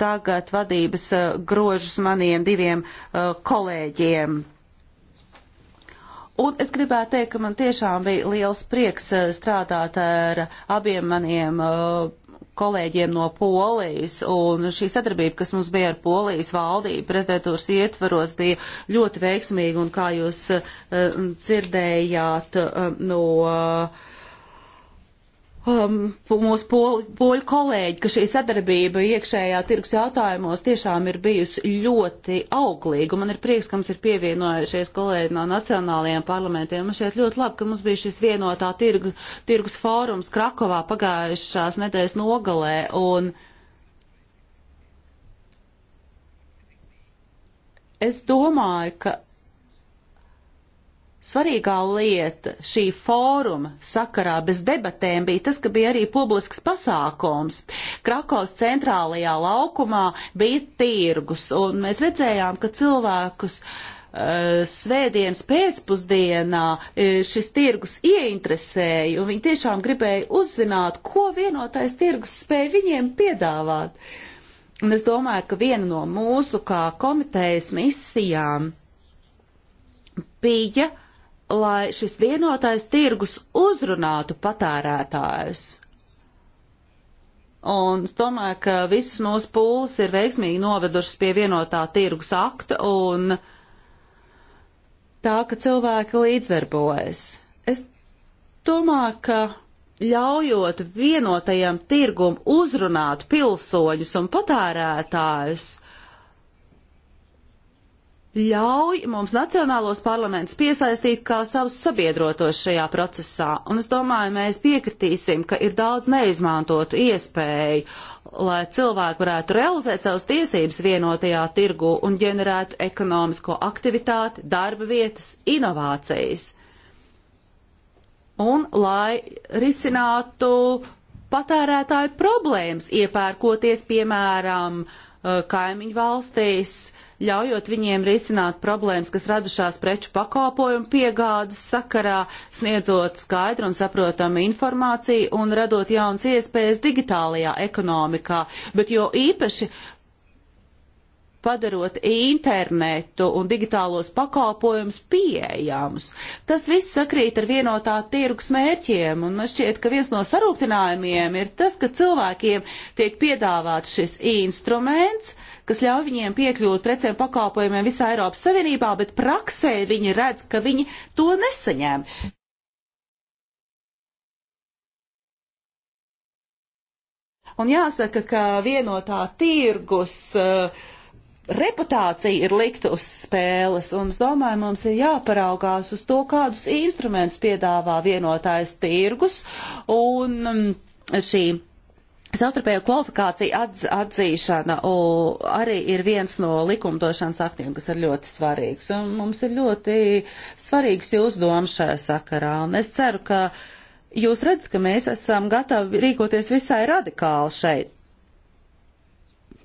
S4: tagad vadības eh, grožus maniem diviem eh, kolēģiem. Un es gribētu teikt, ka man tiešām bija liels prieks eh, strādāt ar abiem maniem kolēģiem no Polijas, un šī sadarbība, kas mums bija ar Polijas valdību, prezidentūras ietvaros, bija ļoti veiksmīga, un kā jūs dzirdējāt no. Uh, um, mūsu poļu, poļu kolēģi, ka šī sadarbība iekšējā tirgus jautājumos tiešām ir bijusi ļoti auglīga. Man ir prieks, ka mums ir pievienojušies kolēģi no nacionālajiem parlamentiem. Man šeit ļoti labi, ka mums bija šis vienotā tirgu, tirgus fórums Krakovā pagājušās nedēļas nogalē. Un, Es domāju, ka Svarīgā lieta šī fóruma sakarā bez debatēm bija tas, ka bija arī publisks pasākums. Krakovas centrālajā laukumā bija tirgus, un mēs redzējām, ka cilvēkus uh, svētdienas pēcpusdienā eh, šis tirgus ieinteresēja, un viņi tiešām gribēja uzzināt, ko vienotais tirgus spēja viņiem piedāvāt. Un es domāju, ka viena no mūsu kā komitejas misijām bija lai šis vienotais tirgus uzrunātu patērētājus. Un es domāju, ka visas mūsu pūles ir veiksmīgi novedušas pie vienotā tirgus akta un tā, ka cilvēki līdzverbojas. Es domāju, ka ļaujot vienotajam tirgum uzrunāt pilsoņus un patērētājus, uh, ļauj mums nacionālos parlamentus piesaistīt kā savus sabiedrotos šajā procesā. Un es domāju, mēs piekritīsim, ka ir daudz neizmantotu iespēju, lai cilvēki varētu realizēt savas tiesības vienotajā tirgu un ģenerētu ekonomisko aktivitāti, darba vietas, inovācijas. Un lai risinātu patērētāju problēmas, iepērkoties, piemēram, eh, kaimiņu valstīs, uh, ļaujot viņiem risināt problēmas, kas radušās preču pakalpojumu piegādes sakarā, sniedzot skaidru un saprotamu informāciju un radot jaunas iespējas digitālajā ekonomikā, bet jo īpaši padarot internetu un digitālos pakalpojumus pieejamus. Tas viss sakrīt ar vienotā tirgus mērķiem, un man šķiet, ka viens no sarūktinājumiem ir tas, ka cilvēkiem tiek piedāvāts šis instruments, kas ļauj viņiem piekļūt precēm pakalpojumiem visā Eiropas Savienībā, bet praksē viņi redz, ka viņi to nesaņēma. Un jāsaka, ka vienotā tirgus uh, reputācija ir likt uz spēles, un es domāju, mums ir jāparaugās uz to, kādus instrumentus piedāvā vienotais tirgus, un um, šī Savstarpējo kvalifikāciju atz, atzīšana o, arī ir viens no likumdošanas aktiem, kas ir ļoti svarīgs. Un mums ir ļoti svarīgs jūs domas šajā sakarā. Un es ceru, ka jūs redzat, ka mēs esam gatavi rīkoties visai radikāli šeit.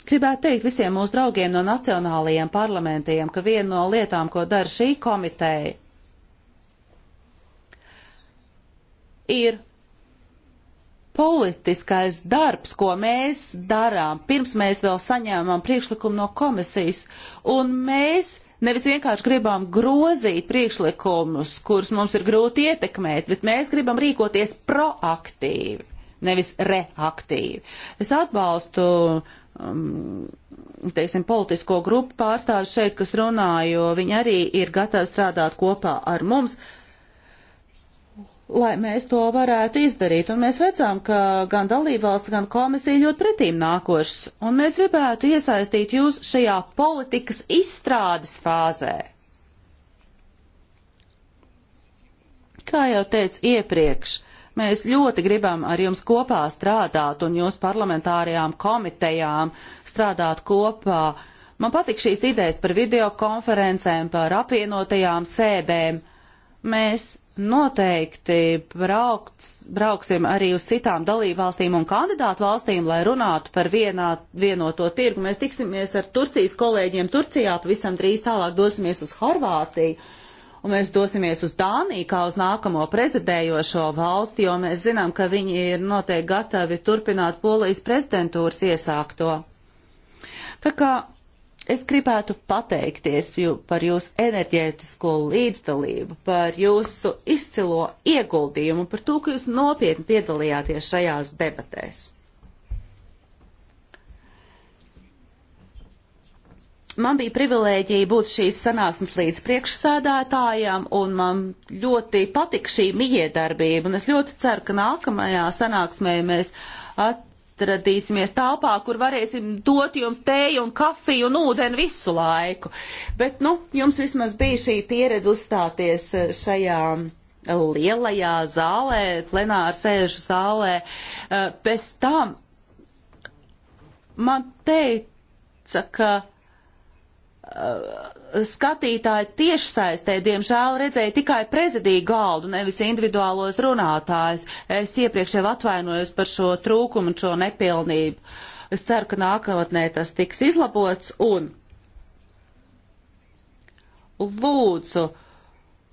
S4: Gribētu teikt visiem mūsu draugiem no nacionālajiem parlamentiem, ka viena no lietām, ko dara šī komiteja, ir politiskais darbs, ko mēs darām, pirms mēs vēl saņēmām priekšlikumu no komisijas, un mēs nevis vienkārši gribam grozīt priekšlikumus, kurus mums ir grūti ietekmēt, bet mēs gribam rīkoties proaktīvi, nevis reaktīvi. Es atbalstu um, teiksim, politisko grupu pārstāvis šeit, kas runā, jo viņi arī ir gatavi strādāt kopā ar mums, lai mēs to varētu izdarīt. Un mēs redzam, ka gan dalībvalsts, gan komisija ļoti pretīm nākošas. Un mēs gribētu iesaistīt jūs šajā politikas izstrādes fāzē. Kā jau teicu iepriekš, mēs ļoti gribam ar jums kopā strādāt un jūs parlamentārajām komitejām strādāt kopā. Man patīk šīs idejas par videokonferencēm, par apvienotajām sēdēm. Mēs noteikti brauks, brauksim arī uz citām dalībvalstīm un kandidātu valstīm, lai runātu par vienā, vienoto tirgu. Mēs tiksimies ar Turcijas kolēģiem Turcijā, pavisam drīz tālāk dosimies uz Horvātiju. Un mēs dosimies uz Dāniju kā uz nākamo prezidējošo valsti, jo mēs zinām, ka viņi ir noteikti gatavi turpināt polijas prezidentūras iesākto. Tā kā Es gribētu pateikties jū, par jūsu enerģētisko līdzdalību, par jūsu izcilo ieguldījumu, par to, ka jūs nopietni piedalījāties šajās debatēs. Man bija privilēģija būt šīs sanāksmes līdz priekšsēdētājām, un man ļoti patika šī mijiedarbība, un es ļoti ceru, ka nākamajā sanāksmē mēs at atradīsimies telpā, kur varēsim dot jums tēju un kafiju un ūdeni visu laiku. Bet, nu, jums vismaz bija šī pieredze uzstāties eh, šajā eh, lielajā zālē, plenāra sēžu zālē. Pēc eh, tam man teica, ka skatītāji tiešsaistē, diemžēl, redzēja tikai prezidiju galdu, nevis individuālos runātājus. Es iepriekš jau atvainojos par šo trūkumu un šo nepilnību. Es ceru, ka nākotnē tas tiks izlabots un lūdzu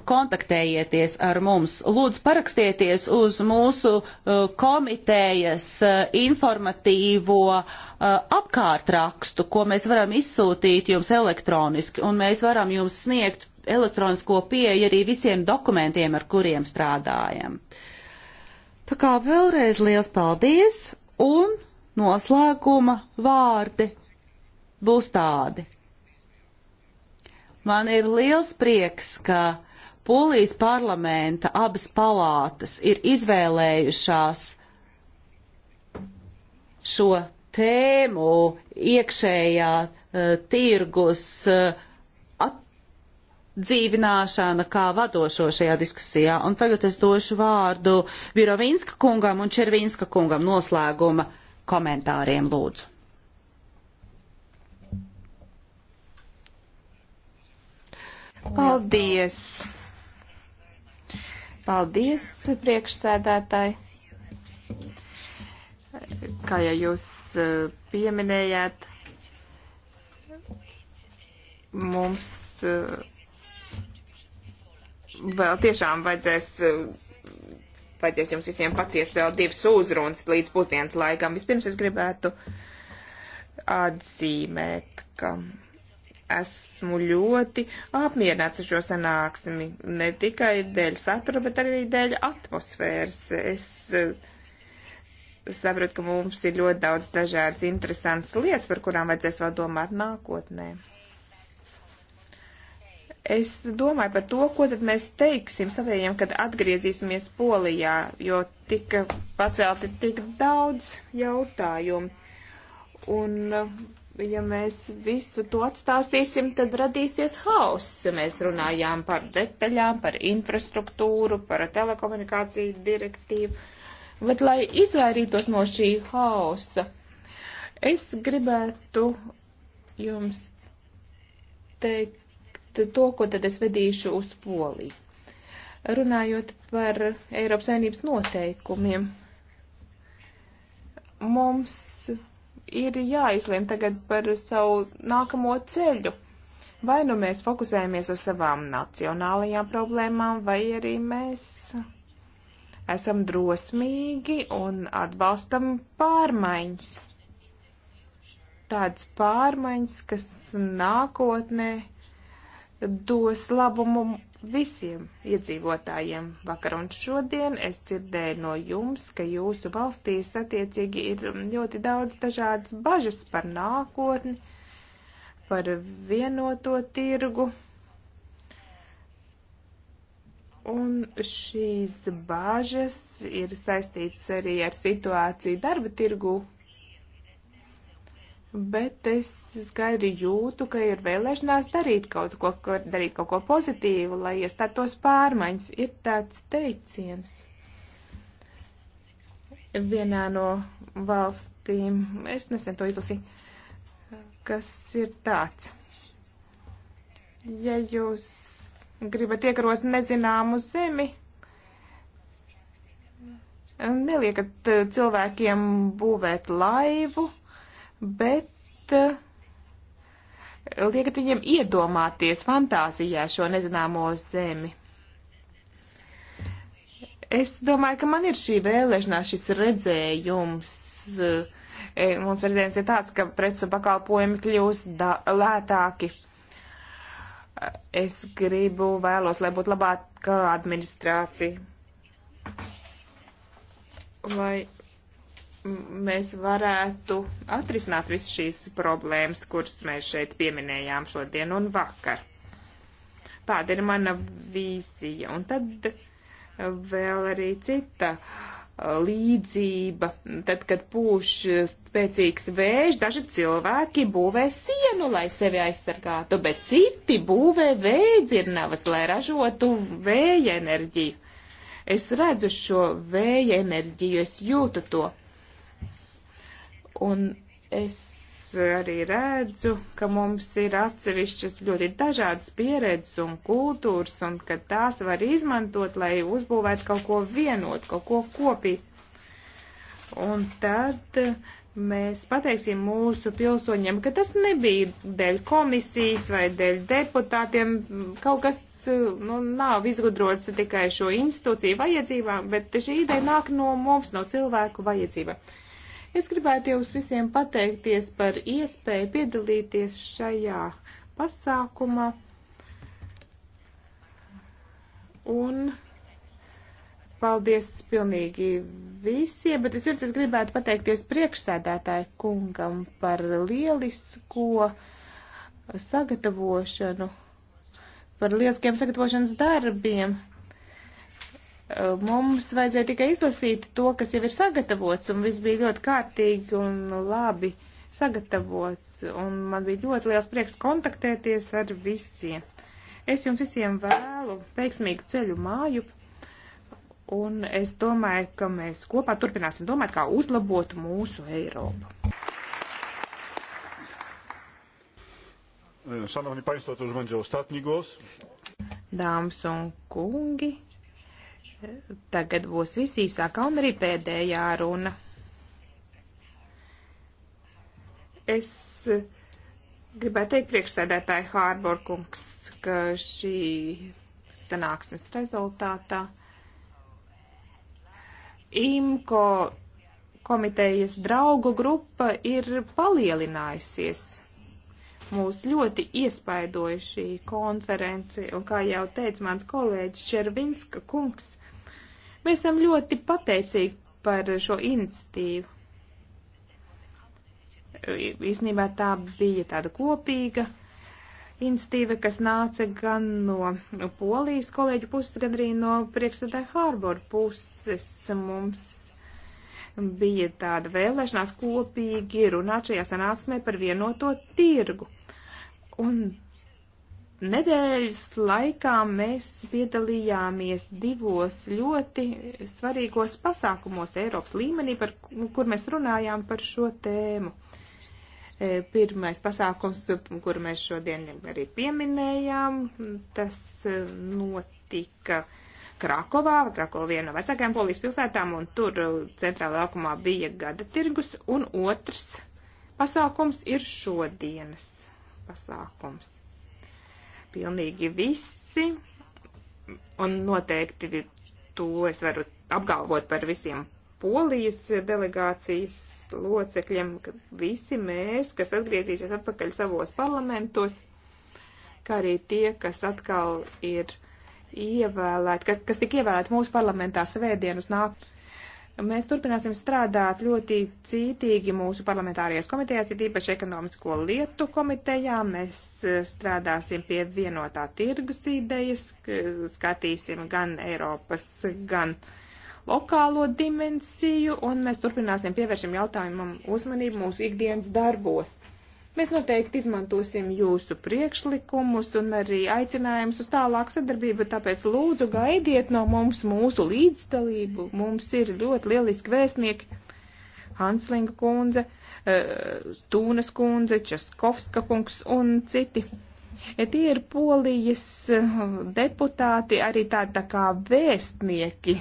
S4: kontaktējieties ar mums. Lūdzu, parakstieties uz mūsu uh, komitejas uh, informatīvo uh, Uh, apkārtrakstu, ko mēs varam izsūtīt jums elektroniski, un mēs varam jums sniegt elektronisko pieeju arī visiem dokumentiem, ar kuriem strādājam. Tā kā vēlreiz liels paldies, un noslēguma vārdi būs tādi. Man ir liels prieks, ka Polijas parlamenta abas palātas ir izvēlējušās šo tēmu iekšējā eh, tirgus eh, dzīvināšana kā vadošo šajā diskusijā. Un tagad es došu vārdu Birovinska kungam un Červinska kungam noslēguma komentāriem lūdzu.
S2: Paldies! Paldies, priekšsēdētāji! kā jau jūs eh, pieminējāt, mums eh, vēl tiešām vajadzēs, eh, vajadzēs jums visiem paciest vēl divas uzrunas līdz pusdienas laikam. Vispirms es gribētu atzīmēt, ka esmu ļoti apmierināts ar šo sanāksmi, ne tikai dēļ satura, bet arī dēļ atmosfēras. Es saprotu, ka mums ir ļoti daudz dažādas interesantas lietas, par kurām vajadzēs vēl domāt nākotnē. Es domāju par to, ko tad mēs teiksim savējiem, kad atgriezīsimies Polijā, jo tika pacelti tik daudz jautājumu. Un ja mēs visu to atstāstīsim, tad radīsies hauss. Mēs runājām par detaļām, par infrastruktūru, par telekomunikāciju direktīvu. Bet, lai izvairītos no šī hausa, es gribētu jums teikt to, ko tad es vedīšu uz Poliju. Runājot par Eiropas Savienības noteikumiem, mums ir jāizlem tagad par savu nākamo ceļu. Vai nu mēs fokusējamies uz savām nacionālajām problēmām, vai arī mēs esam drosmīgi un atbalstam pārmaiņas. Tādas pārmaiņas, kas nākotnē dos labumu visiem iedzīvotājiem. Vakar un šodien es dzirdēju no jums, ka jūsu valstīs attiecīgi ir ļoti daudz dažādas bažas par nākotni, par vienoto tirgu. Un šīs bāžas ir saistītas arī ar situāciju darba tirgu. Bet es skaidri jūtu, ka ir vēlēšanās darīt kaut ko, darīt kaut ko pozitīvu, lai iestātos pārmaiņas. Ir tāds teiciens vienā no valstīm, es nesen to izlasīju, kas ir tāds. Ja jūs gribat iekarot nezināmu zemi, neliekat eh, cilvēkiem būvēt laivu, bet eh, liekat viņiem iedomāties fantāzijā šo nezināmo zemi. Es domāju, ka man ir šī vēlēšanās, šis redzējums. Eh, mums redzējums ir tāds, ka preču pakalpojumi kļūs lētāki. Es gribu vēlos, lai būtu labāka administrācija. Lai mēs varētu atrisināt visas šīs problēmas, kuras mēs šeit pieminējām šodien un vakar. Tāda ir mana vīzija. Un tad vēl arī cita uh, līdzība. Tad, kad pūš spēcīgs vējš, daži cilvēki būvē sienu, lai sevi aizsargātu, bet citi būvē vējdzirnavas, lai ražotu vēja enerģiju. Es redzu šo vēja enerģiju, es jūtu to. Un es arī redzu, ka mums ir atsevišķas ļoti dažādas pieredzes un kultūras, un ka tās var izmantot, lai uzbūvētu kaut ko vienot, kaut ko kopīgu. Un tad eh, mēs pateiksim mūsu pilsoņiem, ka tas nebija dēļ komisijas vai dēļ deputātiem kaut kas eh, nu, nav izgudrots tikai šo institūciju vajadzībām, bet šī ideja nāk no mums, no cilvēku vajadzībām. Es gribētu jums visiem pateikties par iespēju piedalīties šajā pasākumā. Un paldies pilnīgi visiem, bet es jums es gribētu pateikties priekšsēdētāju kungam par lielisko sagatavošanu, par lieliskiem sagatavošanas darbiem. Mums vajadzēja tikai izlasīt to, kas jau ir sagatavots, un viss bija ļoti kārtīgi un labi sagatavots, un man bija ļoti liels prieks kontaktēties ar visiem. Es jums visiem vēlu veiksmīgu ceļu māju, un es domāju, ka mēs kopā turpināsim domāt, kā uzlabot mūsu Eiropu.
S4: Szanowni Państwo, to już będzie ostatni głos.
S2: Dāmas un kungi, Tagad būs visīsākā un arī pēdējā runa. Es gribētu teikt priekšsēdētāji Hārborkungs, ka šī sanāksmes rezultātā IMKO komitejas draugu grupa ir palielinājusies. Mūs ļoti iespaidoja šī konference, un kā jau teica mans kolēģis Červinska kungs, Mēs esam ļoti pateicīgi par šo iniciatīvu. Īsnībā tā bija tāda kopīga iniciatīva, kas nāca gan no polijas kolēģu puses, gan arī no priekšsēdē Hārboru puses. Mums bija tāda vēlēšanās kopīgi runāt šajā sanāksmē par vienoto tirgu. Un nedēļas laikā mēs piedalījāmies divos ļoti svarīgos pasākumos Eiropas līmenī, par, kur mēs runājām par šo tēmu. E, pirmais pasākums, kur mēs šodien arī pieminējām, tas e, notika Krakovā, Krakovā viena no vecākajām polijas pilsētām, un tur e, centrālā laukumā bija gada tirgus, un otrs pasākums ir šodienas pasākums pilnīgi visi, un noteikti to es varu apgalvot par visiem Polijas delegācijas locekļiem, ka visi mēs, kas atgriezīsies atpakaļ savos parlamentos, kā arī tie, kas atkal ir ievēlēti, kas, kas tika ievēlēti mūsu parlamentā svētdienas nāk Mēs turpināsim strādāt ļoti cītīgi mūsu parlamentārajās komitejās, ir īpaši ekonomisko lietu komitejā. Mēs eh, strādāsim pie vienotā tirgus idejas, skatīsim gan Eiropas, gan lokālo dimensiju, un mēs turpināsim pievēršam jautājumam uzmanību mūsu ikdienas darbos. Mēs noteikti izmantosim jūsu priekšlikumus un arī aicinājumus uz tālāku sadarbību, tāpēc lūdzu gaidiet no mums mūsu līdzdalību. Mums ir ļoti lieliski vēstnieki Hanslinga kundze, eh, Tūnas kundze, Českovska kungs un citi. E, tie ir polijas eh, deputāti, arī tādi tā kā vēstnieki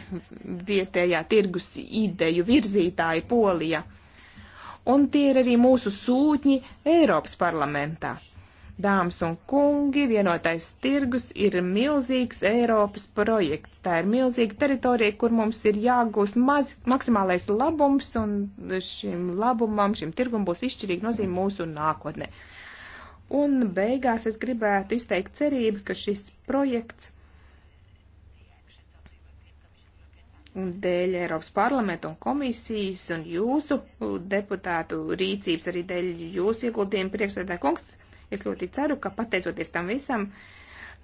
S2: vietējā tirgus ideju virzītāji polijā un tie ir arī mūsu sūtņi Eiropas parlamentā. Dāmas un kungi, vienotais tirgus ir milzīgs Eiropas projekts. Tā ir milzīga teritorija, kur mums ir jāgūst maz, maksimālais labums, un šim labumam, šim tirgum būs izšķirīga nozīme mūsu nākotnē. Un beigās es gribētu izteikt cerību, ka šis projekts dēļ Eiropas parlamenta un komisijas un jūsu deputātu rīcības, arī dēļ jūsu ieguldījumu priekšsēdā kungs. Es ļoti ceru, ka pateicoties tam visam,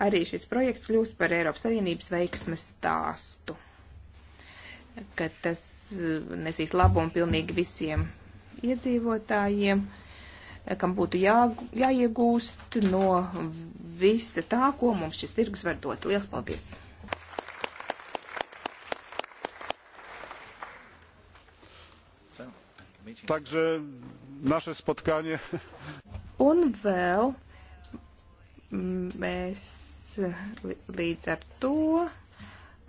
S2: arī šis projekts kļūs par Eiropas Savienības veiksmes stāstu, ka tas uh, nesīs labumu pilnīgi visiem iedzīvotājiem, kam būtu jā, jāiegūst no visa tā, ko mums šis tirgus var dot. Lielas paldies!
S1: Także nasze spotkanie.
S2: Un vēl mēs līdz ar to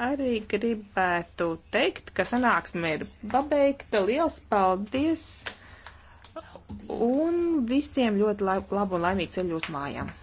S2: arī gribētu teikt, ka sanāksme ir pabeigta. Liels paldies! Un visiem ļoti labu un laimīgu ceļu uz mājām!